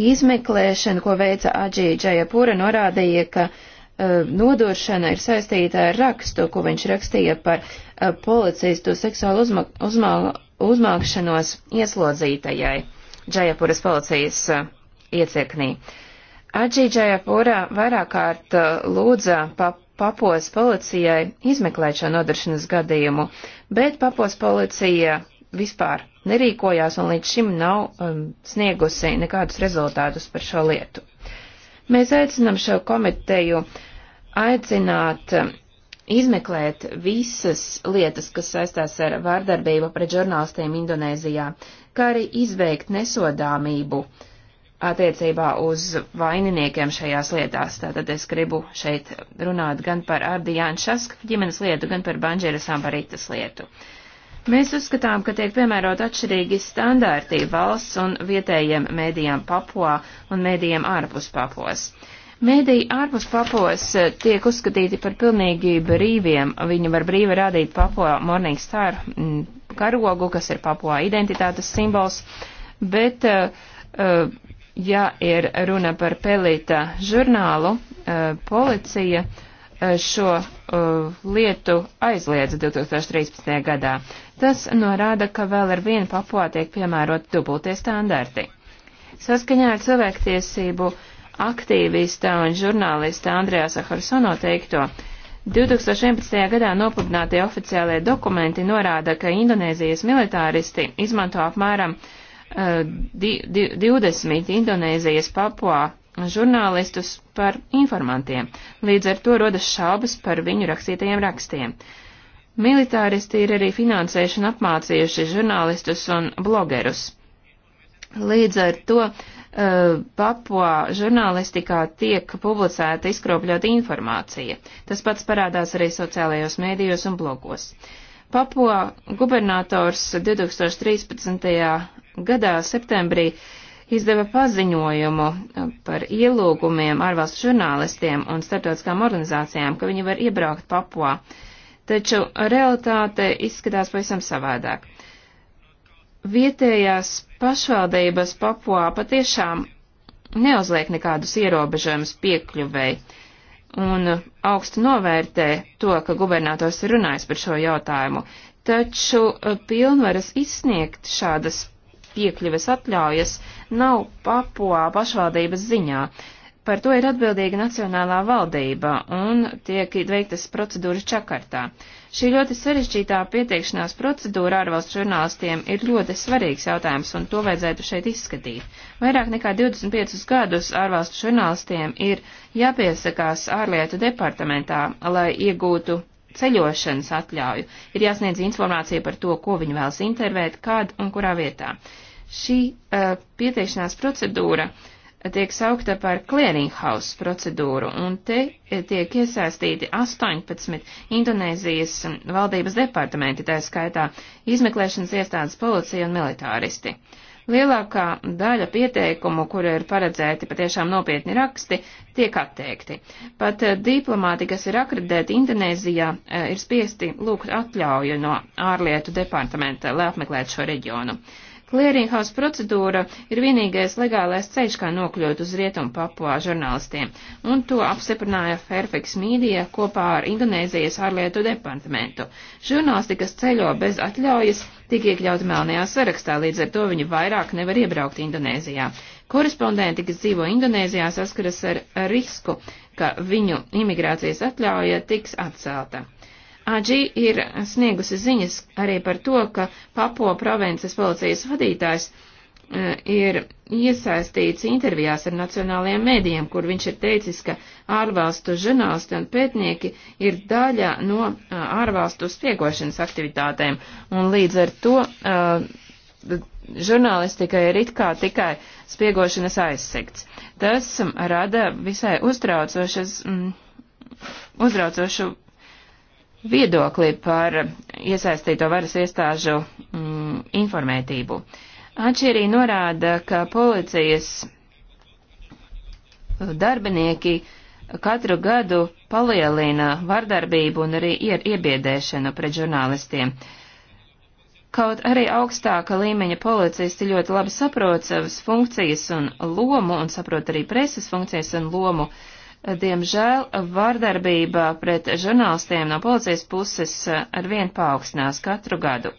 Izmeklēšana, ko veica Adžī Džajapura, norādīja, ka uh, noduršana ir saistīta ar rakstu, ko viņš rakstīja par uh, policistu seksuālu uzma uzmālu uzmākšanos ieslodzītajai Džajapuras policijas uh, iecirknī. Adžī Džajapura vairāk kārt uh, lūdza pa papos policijai izmeklēt šo nodaršanas gadījumu, bet papos policija vispār nerīkojās un līdz šim nav um, sniegusi nekādus rezultātus par šo lietu. Mēs aicinam šo komiteju aicināt um, izmeklēt visas lietas, kas saistās ar vārdarbību pret žurnālistiem Indonēzijā, kā arī izveikt nesodāmību attiecībā uz vaininiekiem šajās lietās. Tātad es gribu šeit runāt gan par Ardijānu Šasku ģimenes lietu, gan par Banžēra Sambaritas lietu. Mēs uzskatām, ka tiek piemērot atšķirīgi standārti valsts un vietējiem mēdījām Papua un mēdījiem ārpus Papuas. Mēdī ārpus papos eh, tiek uzskatīti par pilnīgi brīviem. Viņi var brīvi rādīt papo Morning Star mm, karogu, kas ir papo identitātes simbols, bet eh, eh, ja ir runa par pelīta žurnālu, policija šo uh, lietu aizliedza 2013. gadā. Tas norāda, ka vēl ar vienu papuā tiek piemērot dubultie standarti. Saskaņā ar cilvēktiesību aktīvista un žurnālista Andrejā Saharsono teikto. 2011. gadā nopludinātie oficiālie dokumenti norāda, ka Indonēzijas militāristi izmanto apmēram uh, di, di, 20 Indonēzijas papuā žurnālistus par informantiem. Līdz ar to rodas šaubas par viņu rakstītajiem rakstiem. Militāristi ir arī finansēšana apmācījuši žurnālistus un blogerus. Līdz ar to uh, Papua žurnālistikā tiek publicēta izkropļota informācija. Tas pats parādās arī sociālajos mēdījos un blogos. Papua gubernators 2013. gadā septembrī izdeva paziņojumu eh, par ielūgumiem ārvalstu žurnālistiem un starptautiskām organizācijām, ka viņi var iebraukt Papua. Taču realitāte izskatās pavisam savādāk vietējās pašvaldības papuā patiešām neuzliek nekādus ierobežojumus piekļuvēji un augstu novērtē to, ka gubernators ir runājis par šo jautājumu, taču eh, pilnvaras izsniegt šādas piekļuves atļaujas nav papuā pašvaldības ziņā. Par to ir atbildīga Nacionālā valdība un tiek veiktas procedūras Čakartā. Šī ļoti sarežģītā pieteikšanās procedūra ārvalstu žurnālistiem ir ļoti svarīgs jautājums un to vajadzētu šeit izskatīt. Vairāk nekā 25 gadus ārvalstu žurnālistiem ir jāpiesakās ārlietu departamentā, lai iegūtu ceļošanas atļauju. Ir jāsniedz informācija par to, ko viņi vēlas intervēt, kad un kurā vietā. Šī uh, pieteikšanās procedūra uh, tiek saukta par clearinghouse procedūru, un te tiek iesaistīti 18 Indonēzijas valdības departamenti, tā skaitā izmeklēšanas iestādes policija un militāristi. Lielākā daļa pieteikumu, kur ir paredzēti patiešām nopietni raksti, tiek atteikti. Pat eh, diplomāti, kas ir akreditēti Indonēzijā, eh, ir spiesti lūgt atļauju no ārlietu departamenta, lai apmeklētu šo reģionu. Clearinghouse procedūra ir vienīgais legālais ceļš, kā nokļūt uz rietumu papuā žurnālistiem, un to apstiprināja Fairfax Media kopā ar Indonēzijas ārlietu departamentu. Žurnālisti, kas ceļo bez atļaujas, tiek iekļauti melnajā sarakstā, līdz ar to viņi vairāk nevar iebraukt Indonēzijā. Korespondenti, kas dzīvo Indonēzijā, saskaras ar risku, ka viņu imigrācijas atļauja tiks atcelta. Aģi ir sniegusi ziņas arī par to, ka Papo provinces policijas vadītājs uh, ir iesaistīts intervijās ar nacionālajiem mēdījiem, kur viņš ir teicis, ka ārvalstu žurnālisti un pētnieki ir daļa no uh, ārvalstu spiegošanas aktivitātēm, un līdz ar to uh, žurnālistika ir it kā tikai spiegošanas aizsekts. Tas rada visai uztraucošas, mm, uztraucošu viedokli par iesaistīto varas iestāžu mm, informētību. Atšķirī norāda, ka policijas darbinieki katru gadu palielina vardarbību un arī ir iebiedēšanu pret žurnālistiem. Kaut arī augstāka līmeņa policisti ļoti labi saprot savas funkcijas un lomu un saprot arī preses funkcijas un lomu, uh, Diemžēl vardarbība pret žurnālistiem no policijas puses arvien paaugstinās katru gadu.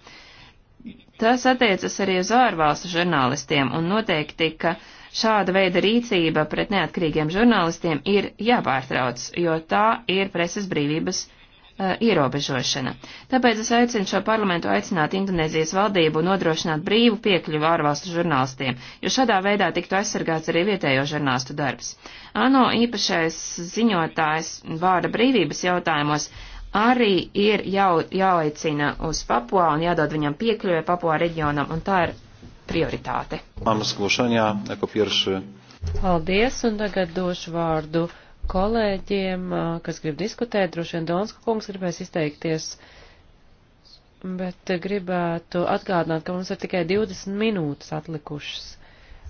Tas attiecas arī uz ārvalstu žurnālistiem, un noteikti, ka šāda veida rīcība pret neatkarīgiem žurnālistiem ir jāpārtrauc, jo tā ir preses brīvības Uh, ierobežošana. Tāpēc es aicinu šo parlamentu aicināt Indonēzijas valdību nodrošināt brīvu piekļuvu ārvalstu žurnālistiem, jo šādā veidā tiktu aizsargāts arī vietējo žurnālistu darbs. ANO īpašais ziņotājs vārda brīvības jautājumos arī ir jau, jāaicina uz Papuā un jādod viņam piekļuve Papuā reģionam, un tā ir prioritāte. Paldies, un tagad došu vārdu kolēģiem, kas grib diskutēt. Droši vien Donska kungs gribēs izteikties, bet gribētu atgādināt, ka mums ir tikai 20 minūtes atlikušas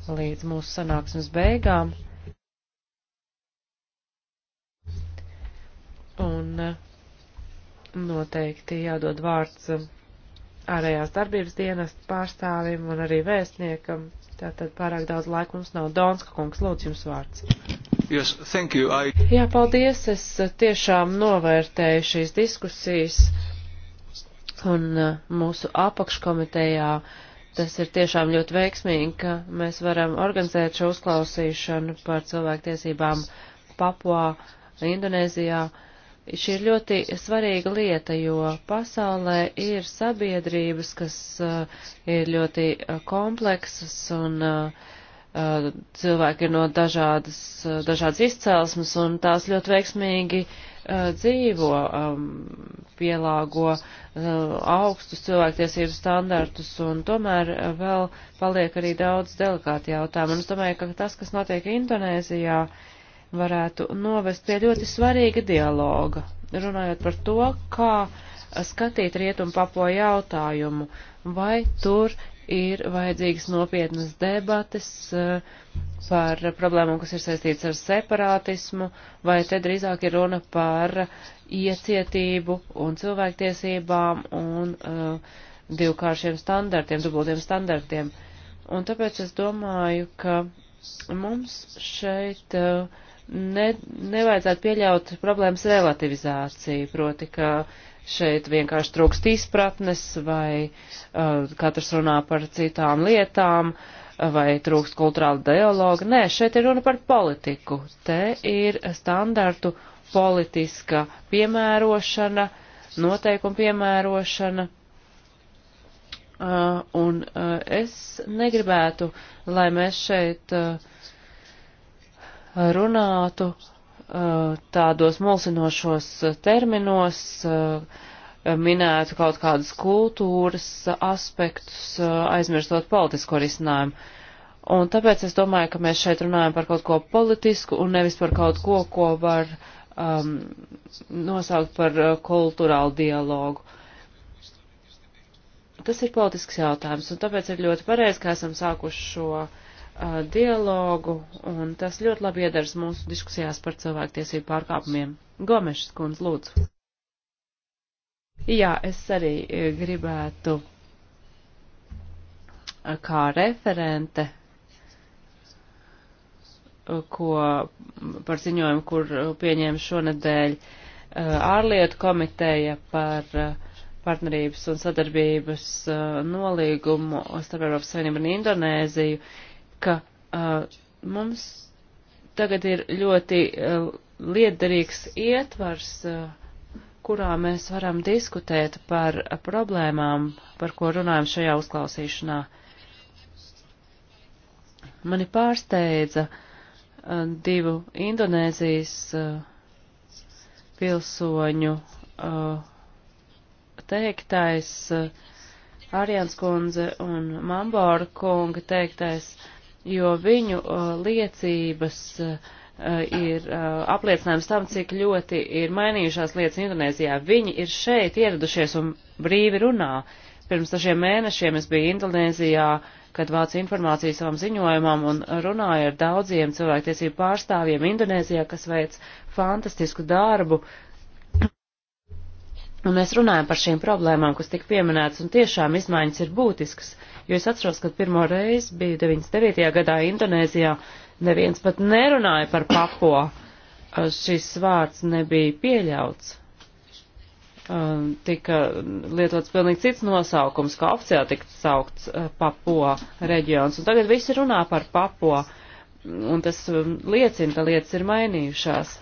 līdz mūsu sanāksmes beigām. Un noteikti jādod vārds ārējās darbības dienas pārstāvim un arī vēstniekam. Tātad pārāk daudz laika mums nav. Donska kungs, lūdzu jums vārds. Yes, thank you. I... Jā, paldies. Es eh, tiešām novērtēju šīs diskusijas un eh, mūsu apakškomitejā. Tas ir tiešām ļoti veiksmīgi, ka mēs varam organizēt šo uzklausīšanu par cilvēktiesībām Papua, Indonēzijā. Šī ir ļoti svarīga lieta, jo pasaulē ir sabiedrības, kas uh, ir ļoti uh, kompleksas un uh, Eh, cilvēki ir no dažādas, eh, dažādas izcelsmes un tās ļoti veiksmīgi eh, dzīvo, um, pielāgo augstus cilvēktiesību standartus un tomēr vēl paliek arī daudz delikāti jautājumi. Un es domāju, ka tas, kas notiek Indonēzijā, varētu novest pie ļoti svarīga dialoga, runājot par to, kā skatīt rietumu papo jautājumu, vai tur ir vajadzīgas nopietnas debates eh, par problēmām, kas ir saistītas ar separātismu, vai te drīzāk ir runa par iecietību un cilvēktiesībām un uh, divkāršiem standartiem, dubultiem standartiem. Un tāpēc es domāju, ka mums šeit uh, ne, nevajadzētu pieļaut problēmas relativizāciju, proti, ka uh, šeit vienkārši trūkst izpratnes vai uh, katrs runā par citām lietām uh, vai trūkst kultūrāla dialoga. Nē, šeit ir runa par politiku. Te ir standartu politiska piemērošana, noteikuma piemērošana. Uh, un uh, es negribētu, lai mēs šeit uh, runātu Eh, tādos mulsinošos terminos eh, minētu kaut kādas kultūras aspektus, eh, aizmirstot politisko risinājumu. Un tāpēc es domāju, ka mēs šeit runājam par kaut ko politisku un nevis par kaut ko, ko var um, nosaukt par kultūrālu dialogu. Tas ir politisks jautājums, un tāpēc ir ļoti pareizi, ka esam sākuši šo uh, Uh, dialogu, un tas ļoti labi iedars mūsu diskusijās par cilvēktiesību pārkāpumiem. Gomešs kundz, lūdzu. Jā, es arī eh, gribētu eh, kā referente, eh, ko par ziņojumu, kur pieņēma šonadēļ ārlietu komiteja par partnerības un sadarbības nolīgumu starp Eiropas Savienību un Indonēziju, ka uh, mums tagad ir ļoti uh, liederīgs ietvars, uh, kurā mēs varam diskutēt par uh, problēmām, par ko runājam šajā uzklausīšanā. Mani pārsteidza uh, divu Indonēzijas uh, pilsoņu uh, teiktais, uh, Arians kundze un Mambora kunga teiktais, uh, jo viņu uh, liecības uh, ir uh, apliecinājums tam, cik ļoti ir mainījušās lietas Indonēzijā. Viņi ir šeit ieradušies un brīvi runā. Pirms dažiem mēnešiem es biju Indonēzijā, kad vācu informāciju savam ziņojumam un runāju ar daudziem cilvēktiesību pārstāvjiem Indonēzijā, kas veic fantastisku darbu. Un mēs runājam par šīm problēmām, kas tik pieminētas, un tiešām izmaiņas ir būtiskas. Jo es atceros, ka pirmo reizi biju 99. gadā Indonēzijā, neviens pat nerunāja par papo. Šis vārds nebija pieļauts. Tika lietots pilnīgi cits nosaukums, kā oficiāli tika saukts papo reģions. Un tagad visi runā par papo. Un tas liecina, ka lietas ir mainījušās.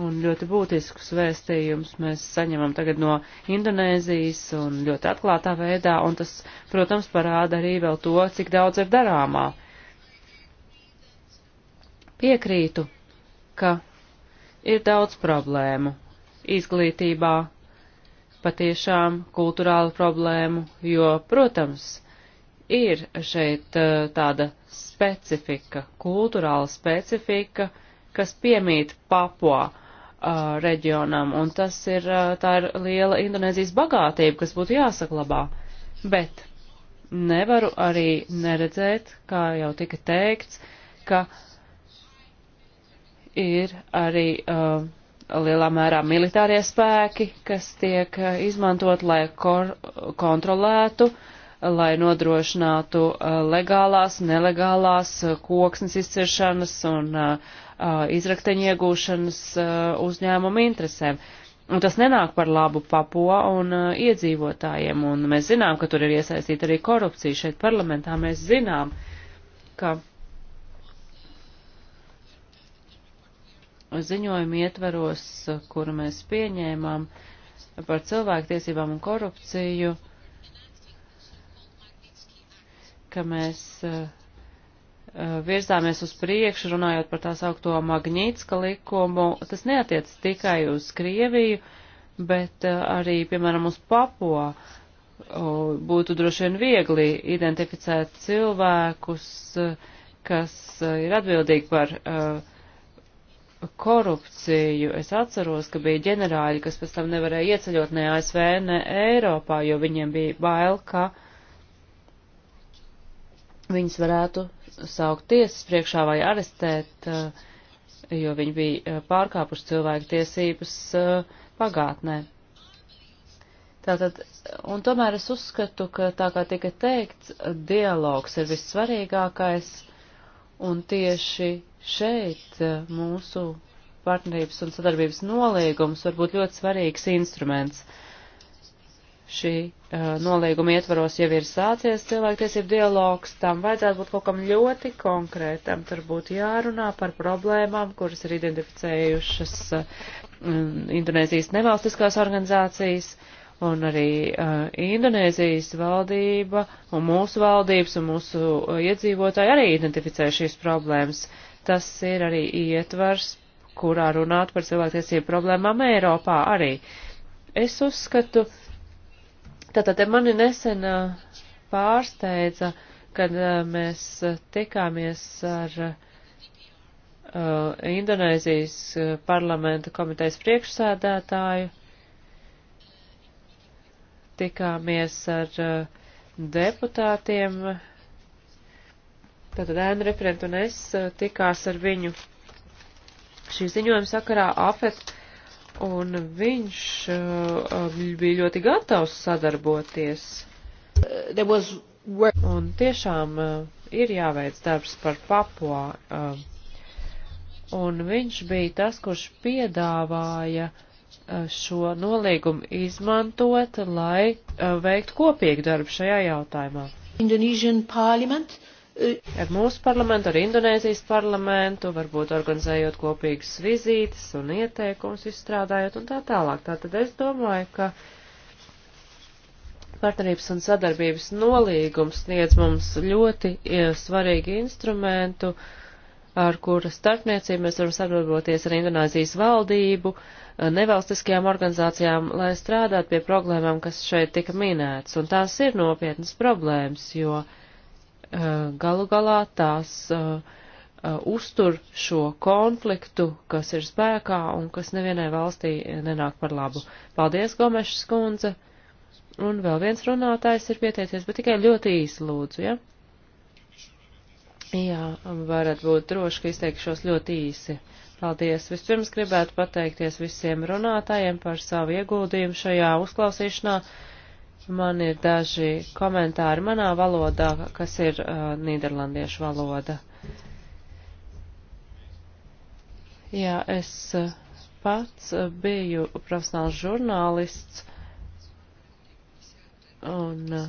un ļoti būtiskus vēstījumus mēs saņemam tagad no Indonēzijas un ļoti atklātā veidā, un tas, protams, parāda arī vēl to, cik daudz ir darāmā. Piekrītu, ka ir daudz problēmu izglītībā, patiešām kulturālu problēmu, jo, protams, ir šeit eh, tāda specifika, kulturāla specifika, kas piemīt papuā uh, reģionam, un tas ir, uh, tā ir liela Indonēzijas bagātība, kas būtu jāsaklabā. Bet nevaru arī neredzēt, kā jau tika teikts, ka ir arī uh, lielā mērā militārie spēki, kas tiek uh, izmantot, lai kor kontrolētu uh, lai nodrošinātu uh, legālās, nelegālās uh, koksnes izciršanas un uh, Uh, izrakteņu iegūšanas uh, uzņēmumu interesēm. Un tas nenāk par labu papua un uh, iedzīvotājiem, un mēs zinām, ka tur ir iesaistīta arī korupcija. Šeit parlamentā mēs zinām, ka ziņojumi ietveros, uh, kuru mēs pieņēmām par cilvēktiesībām un korupciju, ka mēs uh, Eh, virzāmies uz priekšu, runājot par tās augto Magnītska likumu, tas neatiec tikai uz Krieviju, bet eh, arī, piemēram, uz Papo. Būtu droši vien viegli identificēt cilvēkus, eh, kas ir atbildīgi par korupciju. Es atceros, ka bija ģenerāļi, kas pēc tam nevarēja ieceļot ne ASV, ne Eiropā, jo viņiem bija bail, ka viņas varētu saukt tiesas priekšā vai arestēt, eh, jo viņi bija eh, pārkāpuši cilvēku tiesības eh, pagātnē. Tātad, un tomēr es uzskatu, ka tā kā tika teikts, dialogs ir vissvarīgākais, un tieši šeit mūsu partnerības un sadarbības nolīgums var būt ļoti svarīgs instruments. Šī Eh, nolīguma ietvaros jau ir sācies cilvēktiesību dialogs, tam vajadzētu būt kaut kam ļoti konkrētam. Tur būtu jārunā par problēmām, kuras ir identificējušas eh, Indonēzijas nevalstiskās organizācijas un arī uh, Indonēzijas valdība un mūsu valdības un mūsu iedzīvotāji arī identificē šīs problēmas. Tas ir arī ietvars, kurā runāt par cilvēktiesību problēmām Eiropā arī. Es uzskatu, uh, Tātad mani nesen pārsteidza, kad mēs tikāmies ar uh, Indonēzijas parlamenta komitejas priekšsēdētāju, tikāmies ar uh, deputātiem, tātad ēnu referentu un es tikās ar viņu šī ziņojuma sakarā AFET un viņš uh, um, bija ļoti gatavs sadarboties. Was... Un tiešām uh, ir jāveic darbs par papuā. Uh, un viņš bija tas, kurš piedāvāja uh, šo nolīgumu izmantot, lai uh, veiktu kopīgu darbu šajā jautājumā. Indonesian parliament uh, ar mūsu parlamentu, ar Indonēzijas parlamentu, varbūt organizējot kopīgas vizītes un ieteikumus izstrādājot un tā tālāk. Tātad es domāju, ka partnerības un sadarbības nolīgums sniedz mums ļoti e, svarīgu instrumentu, ar kura starpniecību mēs varam sadarboties ar Indonēzijas valdību, e, nevalstiskajām organizācijām, lai strādātu pie problēmām, kas šeit tika minētas. Un tās ir nopietnas problēmas, jo. Uh, Eh, galu galā tās eh, eh, uztur šo konfliktu, kas ir spēkā un kas nevienai valstī nenāk par labu. Paldies, Gomešas kundze! Un vēl viens runātājs ir pieteicies, bet tikai ļoti īsi lūdzu, ja? Jā, varat būt droši, ka izteikšos ļoti īsi. Paldies! Vispirms gribētu pateikties visiem runātājiem par savu ieguldījumu šajā uzklausīšanā. Man ir daži komentāri manā valodā, kas ir uh, nīderlandiešu valoda. Jā, es uh, pats uh, biju profesionāls žurnālists un uh,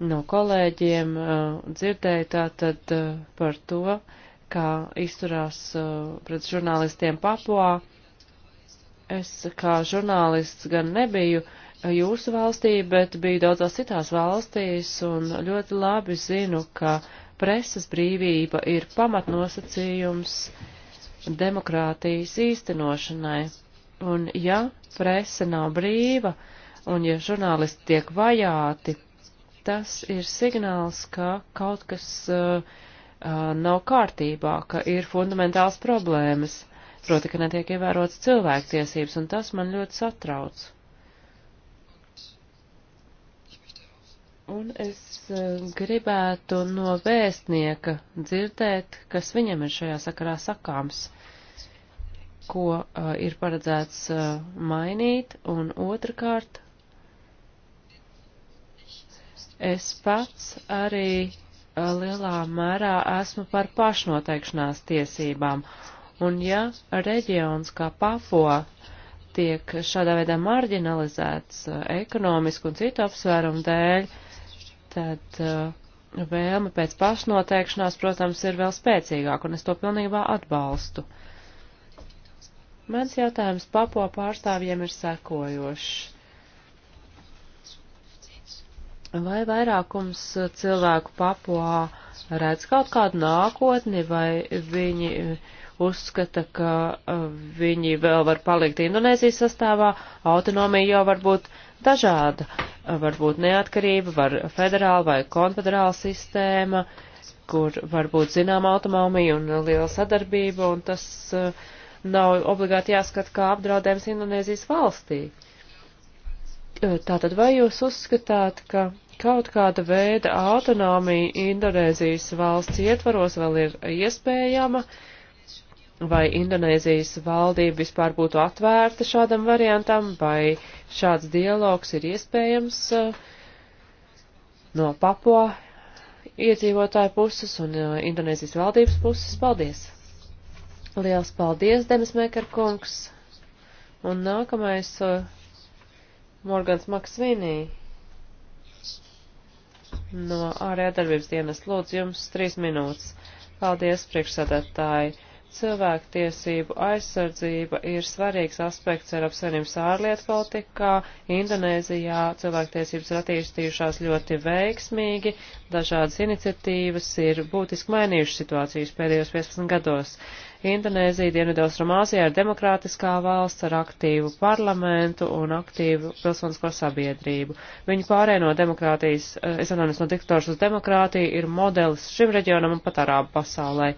no kolēģiem uh, dzirdēju tātad uh, par to, kā izturās uh, pret žurnālistiem Papuā. Es kā žurnālists gan nebiju jūsu valstī, bet biju daudzās citās valstīs un ļoti labi zinu, ka presas brīvība ir pamatnosacījums demokrātijas īstenošanai. Un ja presa nav brīva, un ja žurnālisti tiek vajāti, tas ir signāls, ka kaut kas uh, uh, nav kārtībā, ka ir fundamentāls problēmas proti, ka netiek ievērotas cilvēktiesības, un tas man ļoti satrauc. Un es eh, gribētu no vēstnieka dzirdēt, kas viņam ir šajā sakarā sakāms, ko uh, ir paredzēts uh, mainīt, un otrkārt, es pats arī lielā mērā esmu par pašnoteikšanās tiesībām, Un ja reģions kā Papua tiek šādā veidā marginalizēts uh, ekonomisku un citu apsvērumu dēļ, tad uh, vēlme pēc pašnoteikšanās, protams, ir vēl spēcīgāka, un es to pilnībā atbalstu. Mans jautājums papo pārstāvjiem ir sekojošs. Vai vairākums cilvēku papoā redz kaut kādu nākotni, vai viņi uh, uzskata, ka uh, viņi vēl var palikt Indonēzijas sastāvā, autonomija jau var būt dažāda, uh, var būt neatkarība, var federāla vai konfederāla sistēma, kur var būt zinām autonomija un liela sadarbība, un tas uh, nav obligāti jāskat kā apdraudējums Indonēzijas valstī. Tātad vai jūs uzskatāt, ka kaut kāda veida autonomija Indonēzijas valsts ietvaros vēl ir iespējama? Uh, vai Indonēzijas valdība vispār būtu atvērta šādam variantam, vai šāds dialogs ir iespējams eh, no papo iedzīvotāju puses un eh, Indonēzijas valdības puses. Paldies! Liels paldies, Denis Mekar kungs! Un nākamais eh, Morgans Maksvinī no ārējā darbības dienas. Lūdzu, jums trīs minūtes. Paldies, priekšsēdētāji! Cilvēktiesību aizsardzība ir svarīgs aspekts Eiropas Savienības ārlietu politikā. Indonēzijā cilvēktiesības ir attīstījušās ļoti veiksmīgi, dažādas iniciatīvas ir būtiski mainījušas situācijas pēdējos 15 gados. Indonēzija Dienvidaustrumāzijā ir demokrātiskā valsts ar aktīvu parlamentu un aktīvu pilsonisko sabiedrību. Viņa pārē no demokrātijas, eh, es atvainojos no diktators uz demokrātiju, ir modelis šim reģionam un pat arābu pasaulē.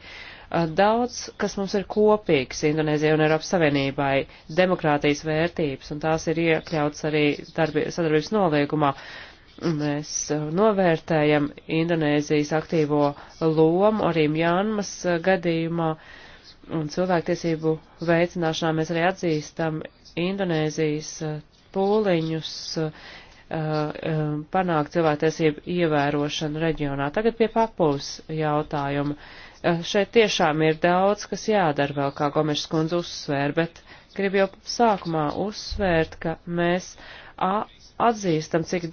Daudz, kas mums ir kopīgs Indonēzijai un Eiropas Savienībai, demokrātijas vērtības, un tās ir iekļauts arī darbi, sadarbības noliegumā. Mēs novērtējam Indonēzijas aktīvo lomu arī Mjānmas gadījumā, un cilvēktiesību veicināšanā mēs arī atzīstam Indonēzijas pūliņus panākt cilvēktiesību ievērošanu reģionā. Tagad pie papūs jautājuma. Eh, šeit tiešām ir daudz, kas jādara vēl, kā Gomešs kundze uzsvēra, bet gribu jau sākumā uzsvērt, ka mēs atzīstam, cik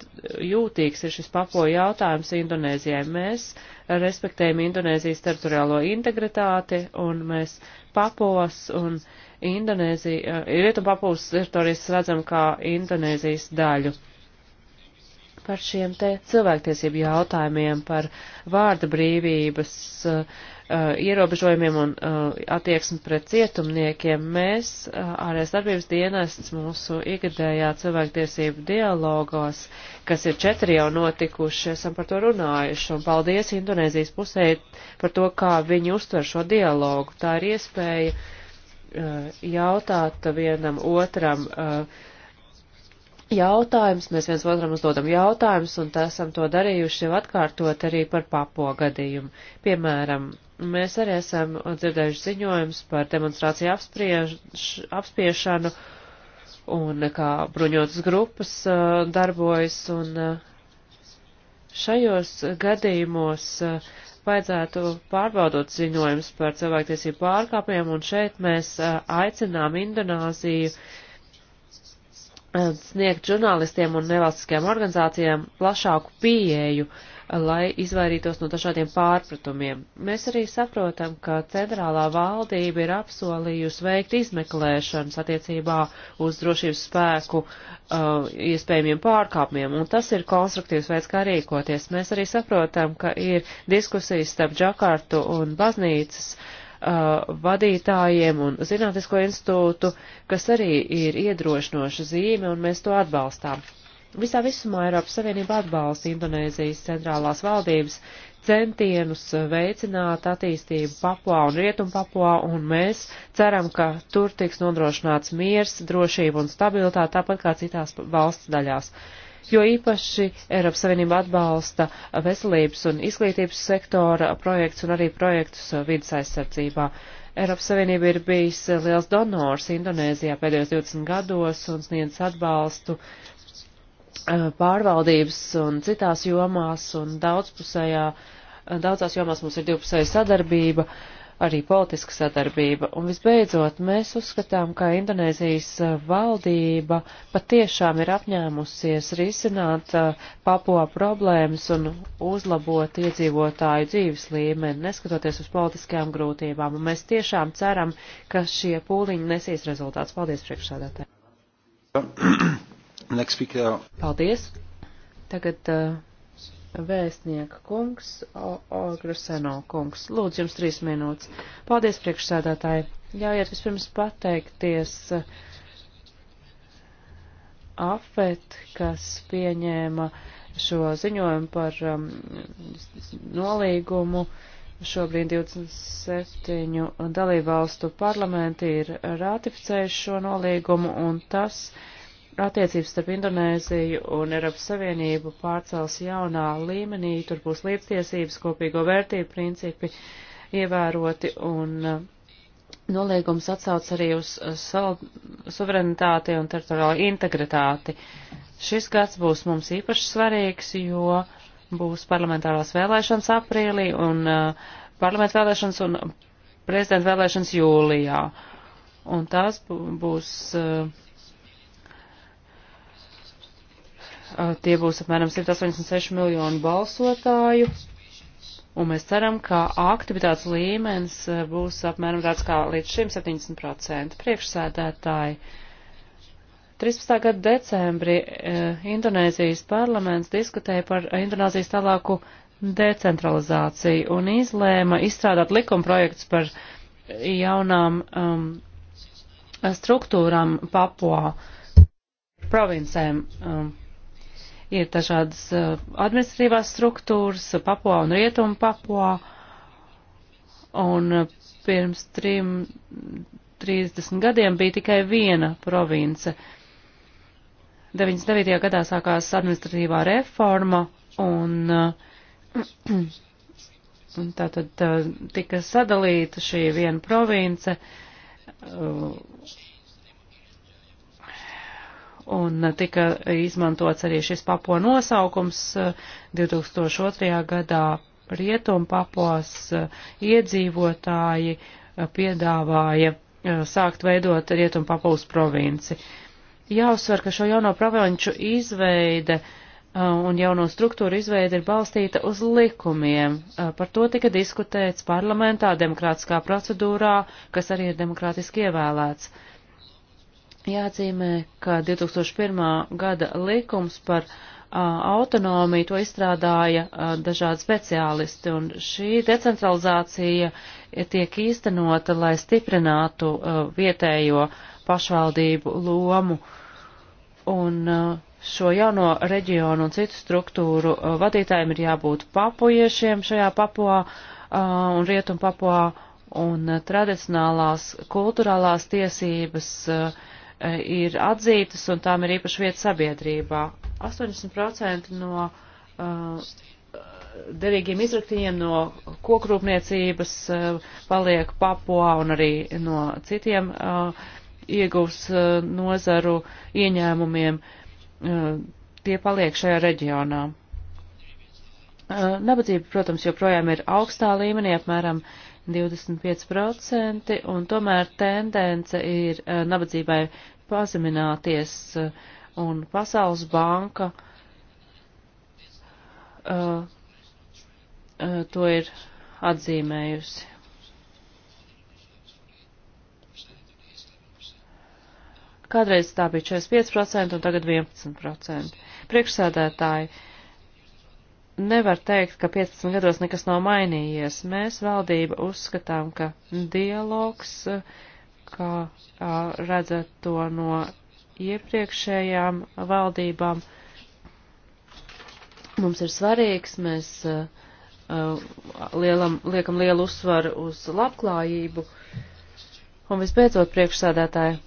jūtīgs ir šis papo jautājums Indonēzijai. Mēs respektējam Indonēzijas teritoriālo integritāti un mēs papos un Indonēzija, eh, Rietu papūs teritorijas redzam kā Indonēzijas daļu. Par šiem te cilvēktiesību jautājumiem, par vārda brīvības uh, uh, ierobežojumiem un uh, attieksmi pret cietumniekiem, mēs, uh, ārējais darbības dienests, mūsu ikgadējā cilvēktiesību dialogos, kas ir četri jau notikuši, esam par to runājuši. Un paldies Indonēzijas pusē par to, kā viņi uztver šo dialogu. Tā ir iespēja uh, jautāt vienam otram. Uh, jautājums, mēs viens otram uzdodam jautājumus, un esam to darījuši jau atkārtot arī par papo gadījumu. Piemēram, Mēs arī esam dzirdējuši ziņojums par demonstrāciju apspriež, apspiešanu un kā bruņotas grupas uh, darbojas, un uh, šajos gadījumos uh, vajadzētu pārbaudot ziņojums par cilvēktiesību pārkāpumiem, un šeit mēs uh, aicinām Indonāziju uh, sniegt žurnālistiem un nevalstiskajām organizācijām plašāku pieeju uh, lai izvairītos no dažādiem pārpratumiem. Mēs arī saprotam, ka centrālā valdība ir apsolījusi veikt izmeklēšanas attiecībā uz drošības spēku uh, iespējamiem pārkāpumiem, un tas ir konstruktīvs veids, kā rīkoties. Mēs arī saprotam, ka ir diskusijas starp Džakartu un baznīcas uh, vadītājiem un Zinātnisko institūtu, kas arī ir iedrošinoša zīme, un mēs to atbalstām. Visā visumā Eiropas Savienība atbalsta Indonēzijas centrālās valdības centienus veicināt attīstību Papua un Rietumpapua, un mēs ceram, ka tur tiks nodrošināts miers, drošība un stabilitāte, tāpat kā citās valsts daļās. Jo īpaši Eiropas Savienība atbalsta veselības un izglītības sektora projekts un arī projektus vidas aizsardzībā. Eiropas Savienība ir bijis liels donors Indonēzijā pēdējos 20 gados un sniedz atbalstu uh, Uh, pārvaldības un citās jomās un daudzpusējā, uh, daudzās jomās mums ir divpusēja sadarbība, arī politiska sadarbība. Un visbeidzot, mēs uzskatām, ka Indonēzijas uh, valdība patiešām ir apņēmusies risināt papua problēmas un uzlabot iedzīvotāju dzīves līmeni, neskatoties uz politiskajām grūtībām. Un mēs tiešām ceram, ka šie pūliņi nesīs rezultāts. Paldies priekšsādātē. *coughs* Paldies. Tagad uh, vēstnieka kungs, Ogruseno kungs. Lūdzu, jums trīs minūtes. Paldies, priekšsēdētāji. Jāiet vispirms pateikties uh, AFET, kas pieņēma šo ziņojumu par um, nolīgumu. Šobrīd 27 dalībvalstu parlamenti ir ratificējuši šo nolīgumu, un tas uh, attiecības starp Indonēziju un Eiropas Savienību pārcels jaunā līmenī, tur būs līdztiesības, kopīgo vērtību principi ievēroti un uh, noliegums atsauc arī uz uh, suverenitāti un teritoriālo integritāti. Šis gads būs mums īpaši svarīgs, jo būs parlamentārās vēlēšanas aprīlī un uh, parlamentu vēlēšanas un prezidenta vēlēšanas jūlijā. Un tās būs uh, tie būs apmēram 186 miljonu balsotāju, un mēs ceram, ka aktivitātes līmenis e, būs apmēram tāds kā līdz šim 70% priekšsēdētāji. 13. gada decembrī e, Indonēzijas parlaments diskutēja par Indonēzijas tālāku decentralizāciju un izlēma izstrādāt likumprojekts par jaunām um, struktūrām Papua provincēm. Um, ir dažādas uh, administratīvās struktūras Papua un Rietumu Papua. Un uh, pirms trim, 30 gadiem bija tikai viena province. 99. gadā sākās administratīvā reforma un, uh, *clears throat* un tā tad tika sadalīta šī viena province un tika izmantots arī šis papo nosaukums 2002. Eh, gadā. Rietum papos eh, iedzīvotāji eh, piedāvāja sākt veidot Rietum papūs provinci. Jāuzsver, ka šo jauno provinču izveide uh, un jauno struktūru izveida ir balstīta uz likumiem. Par to tika diskutēts parlamentā, demokrātiskā procedūrā, kas arī ir demokrātiski ievēlēts jāatzīmē, ka 2001. gada likums par a, autonomiju to izstrādāja a, dažādi speciālisti, un šī decentralizācija tiek īstenota, lai stiprinātu a, vietējo pašvaldību lomu. Un šo jauno reģionu un citu struktūru vadītājiem ir jābūt papuiešiem šajā papuā un rietum papuā, un tradicionālās kulturālās tiesības uh, ir atzītas un tām ir īpaši vieta sabiedrībā. 80% no uh, derīgiem izraktiņiem no kokrūpniecības uh, paliek papuā un arī no citiem uh, iegūs uh, nozaru ieņēmumiem. Tie paliek šajā reģionā. Nabadzība, protams, joprojām ir augstā līmenī, apmēram 25%, un tomēr tendence ir nabadzībai pazemināties, eh, un Pasaules banka uh, to ir atzīmējusi. Kādreiz tā bija 45% un tagad 11%. Priekšsēdētāji nevar teikt, ka 15 gados nekas nav mainījies. Mēs valdība uzskatām, ka dialogs uh, kā redzat to no iepriekšējām valdībām. Mums ir svarīgs, mēs lielam, liekam lielu uzsvaru uz labklājību. Un visbeidzot, priekšsādātāji,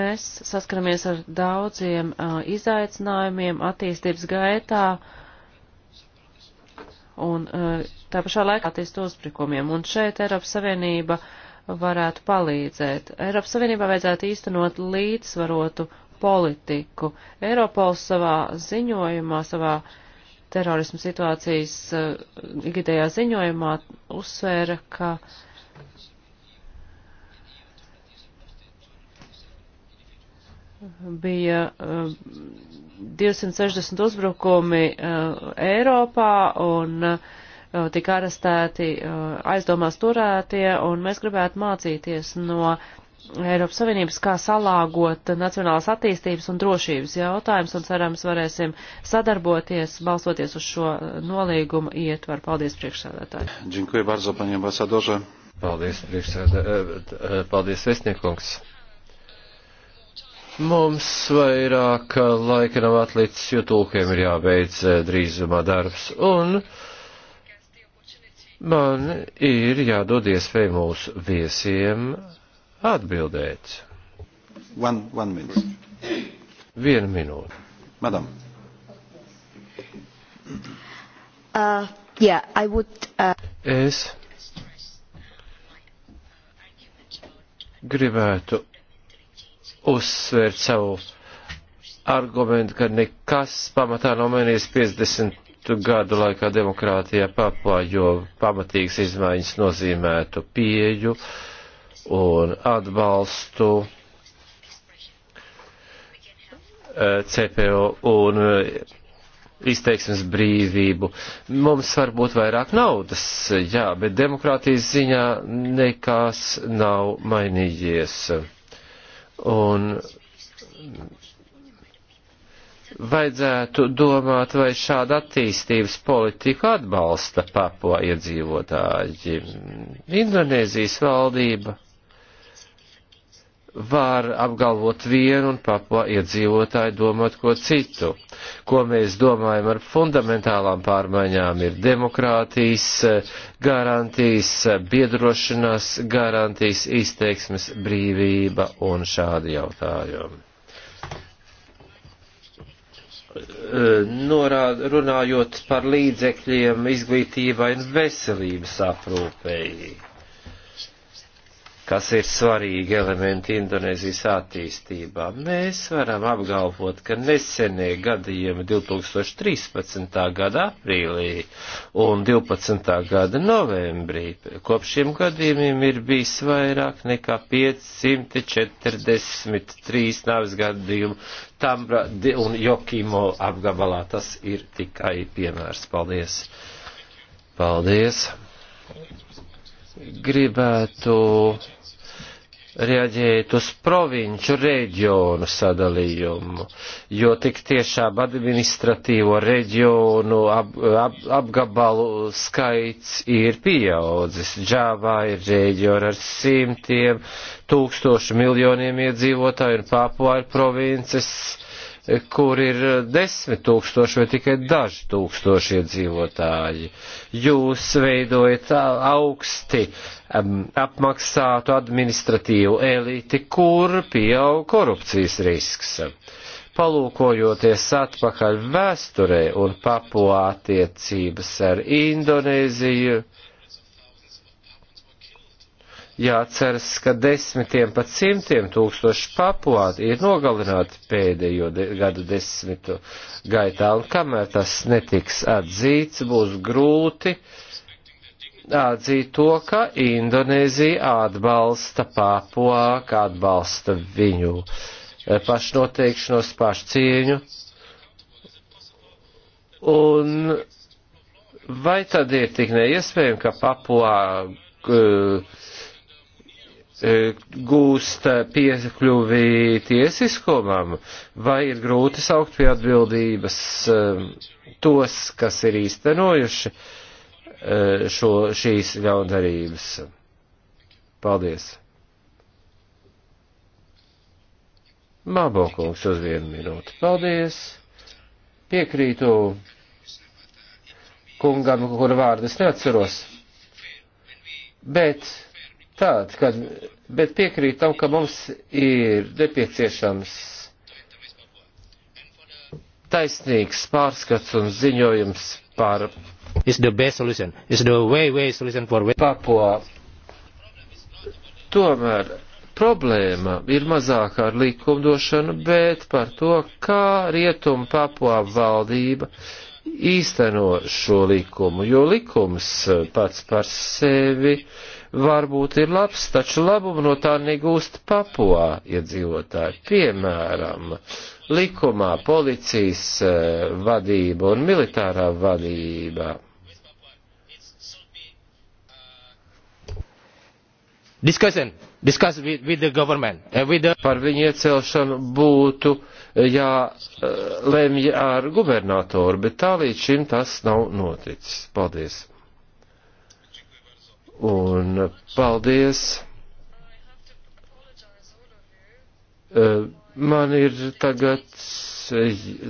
mēs saskaramies ar daudziem uh, izaicinājumiem attīstības gaitā un uh, tā pašā laikā attīst uzbrukumiem. Un šeit Eiropas Savienība uh, varētu palīdzēt. Eiropas Savienībā vajadzētu īstenot līdzsvarotu politiku. Eiropols savā ziņojumā, savā terorismu situācijas eh, ikgadējā ziņojumā uzsvēra, ka bija uh, eh, 260 uzbrukumi uh, Eiropā un uh, Uh, tika arestēti uh, aizdomās turētie, un mēs gribētu mācīties no Eiropas Savienības, kā salāgot nacionālās attīstības un drošības jautājumus, un cerams varēsim sadarboties, balstoties uz šo nolīgumu ietvaru. Paldies, priekšsēdētāji! Paldies, priekšsēdētāji! E, e, paldies, vēstniekungs! Mums vairāk laika nav atlicis, jo tulkiem ir jābeidz e, drīzumā darbs, un Man ir jādod iespēja mūsu viesiem atbildēt. One, one minute. Vienu minūti. Madam. Uh, yeah, I would, uh... Es gribētu uzsvērt savu argumentu, ka nekas pamatā nav mainījies 50 gadu laikā demokrātijā papā, jo pamatīgas izmaiņas nozīmētu pieju un atbalstu eh, CPO un eh, izteiksmes brīvību. Mums varbūt vairāk naudas, jā, bet demokrātijas ziņā nekās nav mainījies. Un vajadzētu domāt, vai šāda attīstības politika atbalsta papua iedzīvotāji. Indonēzijas valdība var apgalvot vienu un papua iedzīvotāju domāt ko citu. Ko mēs domājam ar fundamentālām pārmaiņām ir demokrātijas garantijas, biedrošanās garantijas, izteiksmes brīvība un šādi jautājumi norāda, runājot par līdzekļiem izglītībai un veselības aprūpēji kas ir svarīgi elementi Indonēzijas attīstībā. Mēs varam apgalvot, ka nesenie gadījumi 2013. gada aprīlī un 12. gada novembrī kopš šiem gadījumiem ir bijis vairāk nekā 543 nāves gadījumu Tambra un Jokimo apgabalā. Tas ir tikai piemērs. Paldies! Paldies! Gribētu reaģēt uz provinču reģionu sadalījumu, jo tik tiešām administratīvo reģionu ap, ap, apgabalu skaits ir pieaudzis. Džāvā ir reģioni ar simtiem, tūkstošu miljoniem iedzīvotāju un Papua ir provinces kur ir desmit tūkstoši vai tikai daži tūkstoši iedzīvotāji. Jūs veidojat augsti um, apmaksātu administratīvu eliti, kur pieaug korupcijas risks. Palūkojoties atpakaļ vēsturē un papuātiecības ar Indonēziju, jāceras, ka desmitiem pat simtiem tūkstoši papuāti ir nogalināti pēdējo de gadu desmitu gaitā, un kamēr tas netiks atzīts, būs grūti atzīt to, ka Indonēzija atbalsta papuā, ka atbalsta viņu e, pašnoteikšanos, pašcieņu. Un vai tad ir tik neiespējami, ka papuā uh, e, E, gūst piekļuvi tiesiskumam, vai ir grūti saukt pie atbildības e, tos, kas ir īstenojuši e, šo, šīs ļaundarības. Paldies! Mābokungs uz vienu minūti. Paldies! Piekrītu kungam, kura vārdas neatceros. Bet Tātad, kad, bet piekrīt tam, ka mums ir nepieciešams taisnīgs pārskats un ziņojums par Papua. Tomēr problēma ir mazāk ar likumdošanu, bet par to, kā rietuma Papua valdība īsteno šo likumu, jo likums pats par sevi uh, varbūt ir labs, taču labumu no tā negūst papuā iedzīvotāji. Piemēram, likumā policijas e, vadība un militārā vadība. Discussion. Discuss with, with the government. Uh, with the... Par viņu iecelšanu būtu e, jālemj e, ar gubernatoru, bet tā līdz šim tas nav noticis. Paldies. Un paldies! E, man ir tagad, e,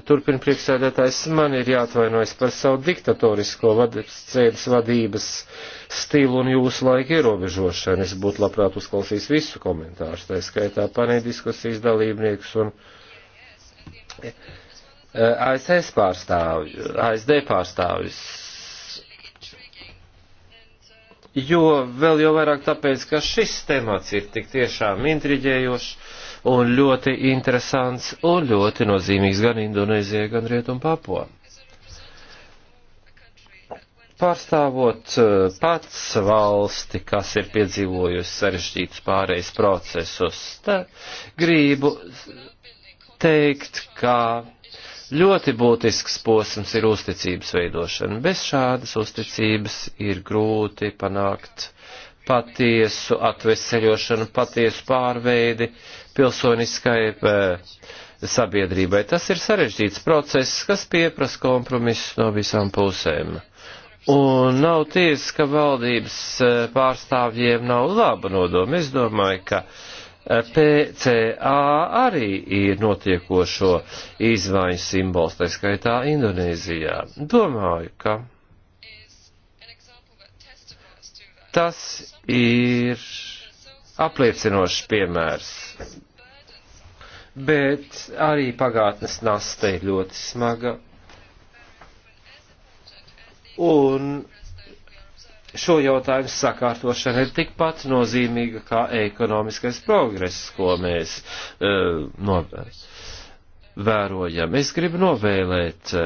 turpina priekšsēdētājs, man ir jāatvainojas par savu diktatorisko ceļas vadības stilu un jūsu laika ierobežošanu. Es būtu labprāt uzklausījis visu komentārus, tā skaitā panē diskusijas dalībniekus un e, ASS pārstāvju, ASD pārstāvjus jo vēl jau vairāk tāpēc, ka šis temats ir tik tiešām intriģējošs un ļoti interesants un ļoti nozīmīgs gan Indonēzijai, gan Rietum Papua. Pārstāvot eh, pats valsti, kas ir piedzīvojusi sarežģītus pārejas procesus, gribu teikt, ka Ļoti būtisks posms ir uzticības veidošana. Bez šādas uzticības ir grūti panākt patiesu atveseļošanu, patiesu pārveidi pilsoniskai eh, sabiedrībai. Tas ir sarežģīts process, kas pieprasa kompromisu no visām pusēm. Un nav tiesa, ka valdības eh, pārstāvjiem nav laba nodoma. Es domāju, ka uh, PCA arī ir notiekošo izmaiņu simbols, tā skaitā Indonēzijā. Domāju, ka tas ir apliecinošs piemērs. Bet arī pagātnes nasta ir ļoti smaga. Un šo jautājumu sakārtošana ir tikpat nozīmīga kā ekonomiskais progress, ko mēs uh, e, novērojam. Es gribu novēlēt e,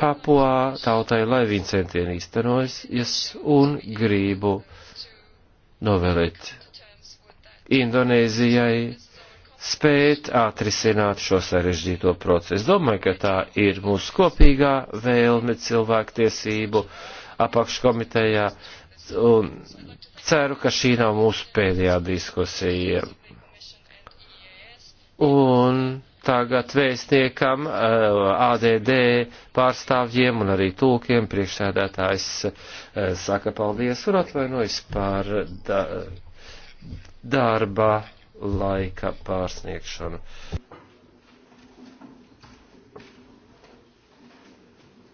papuā tautai, lai viņi centieni īstenojas, yes, un gribu novēlēt Indonēzijai spēt atrisināt šo sarežģīto procesu. Domāju, ka tā ir mūsu kopīgā vēlme cilvēktiesību apakškomitejā un ceru, ka šī nav mūsu pēdējā diskusija. Un tagad vēstniekam, eh, ADD pārstāvjiem un arī tūkiem priekšsēdētājs eh, saka paldies un atvainojas par da darba laika pārsniegšanu.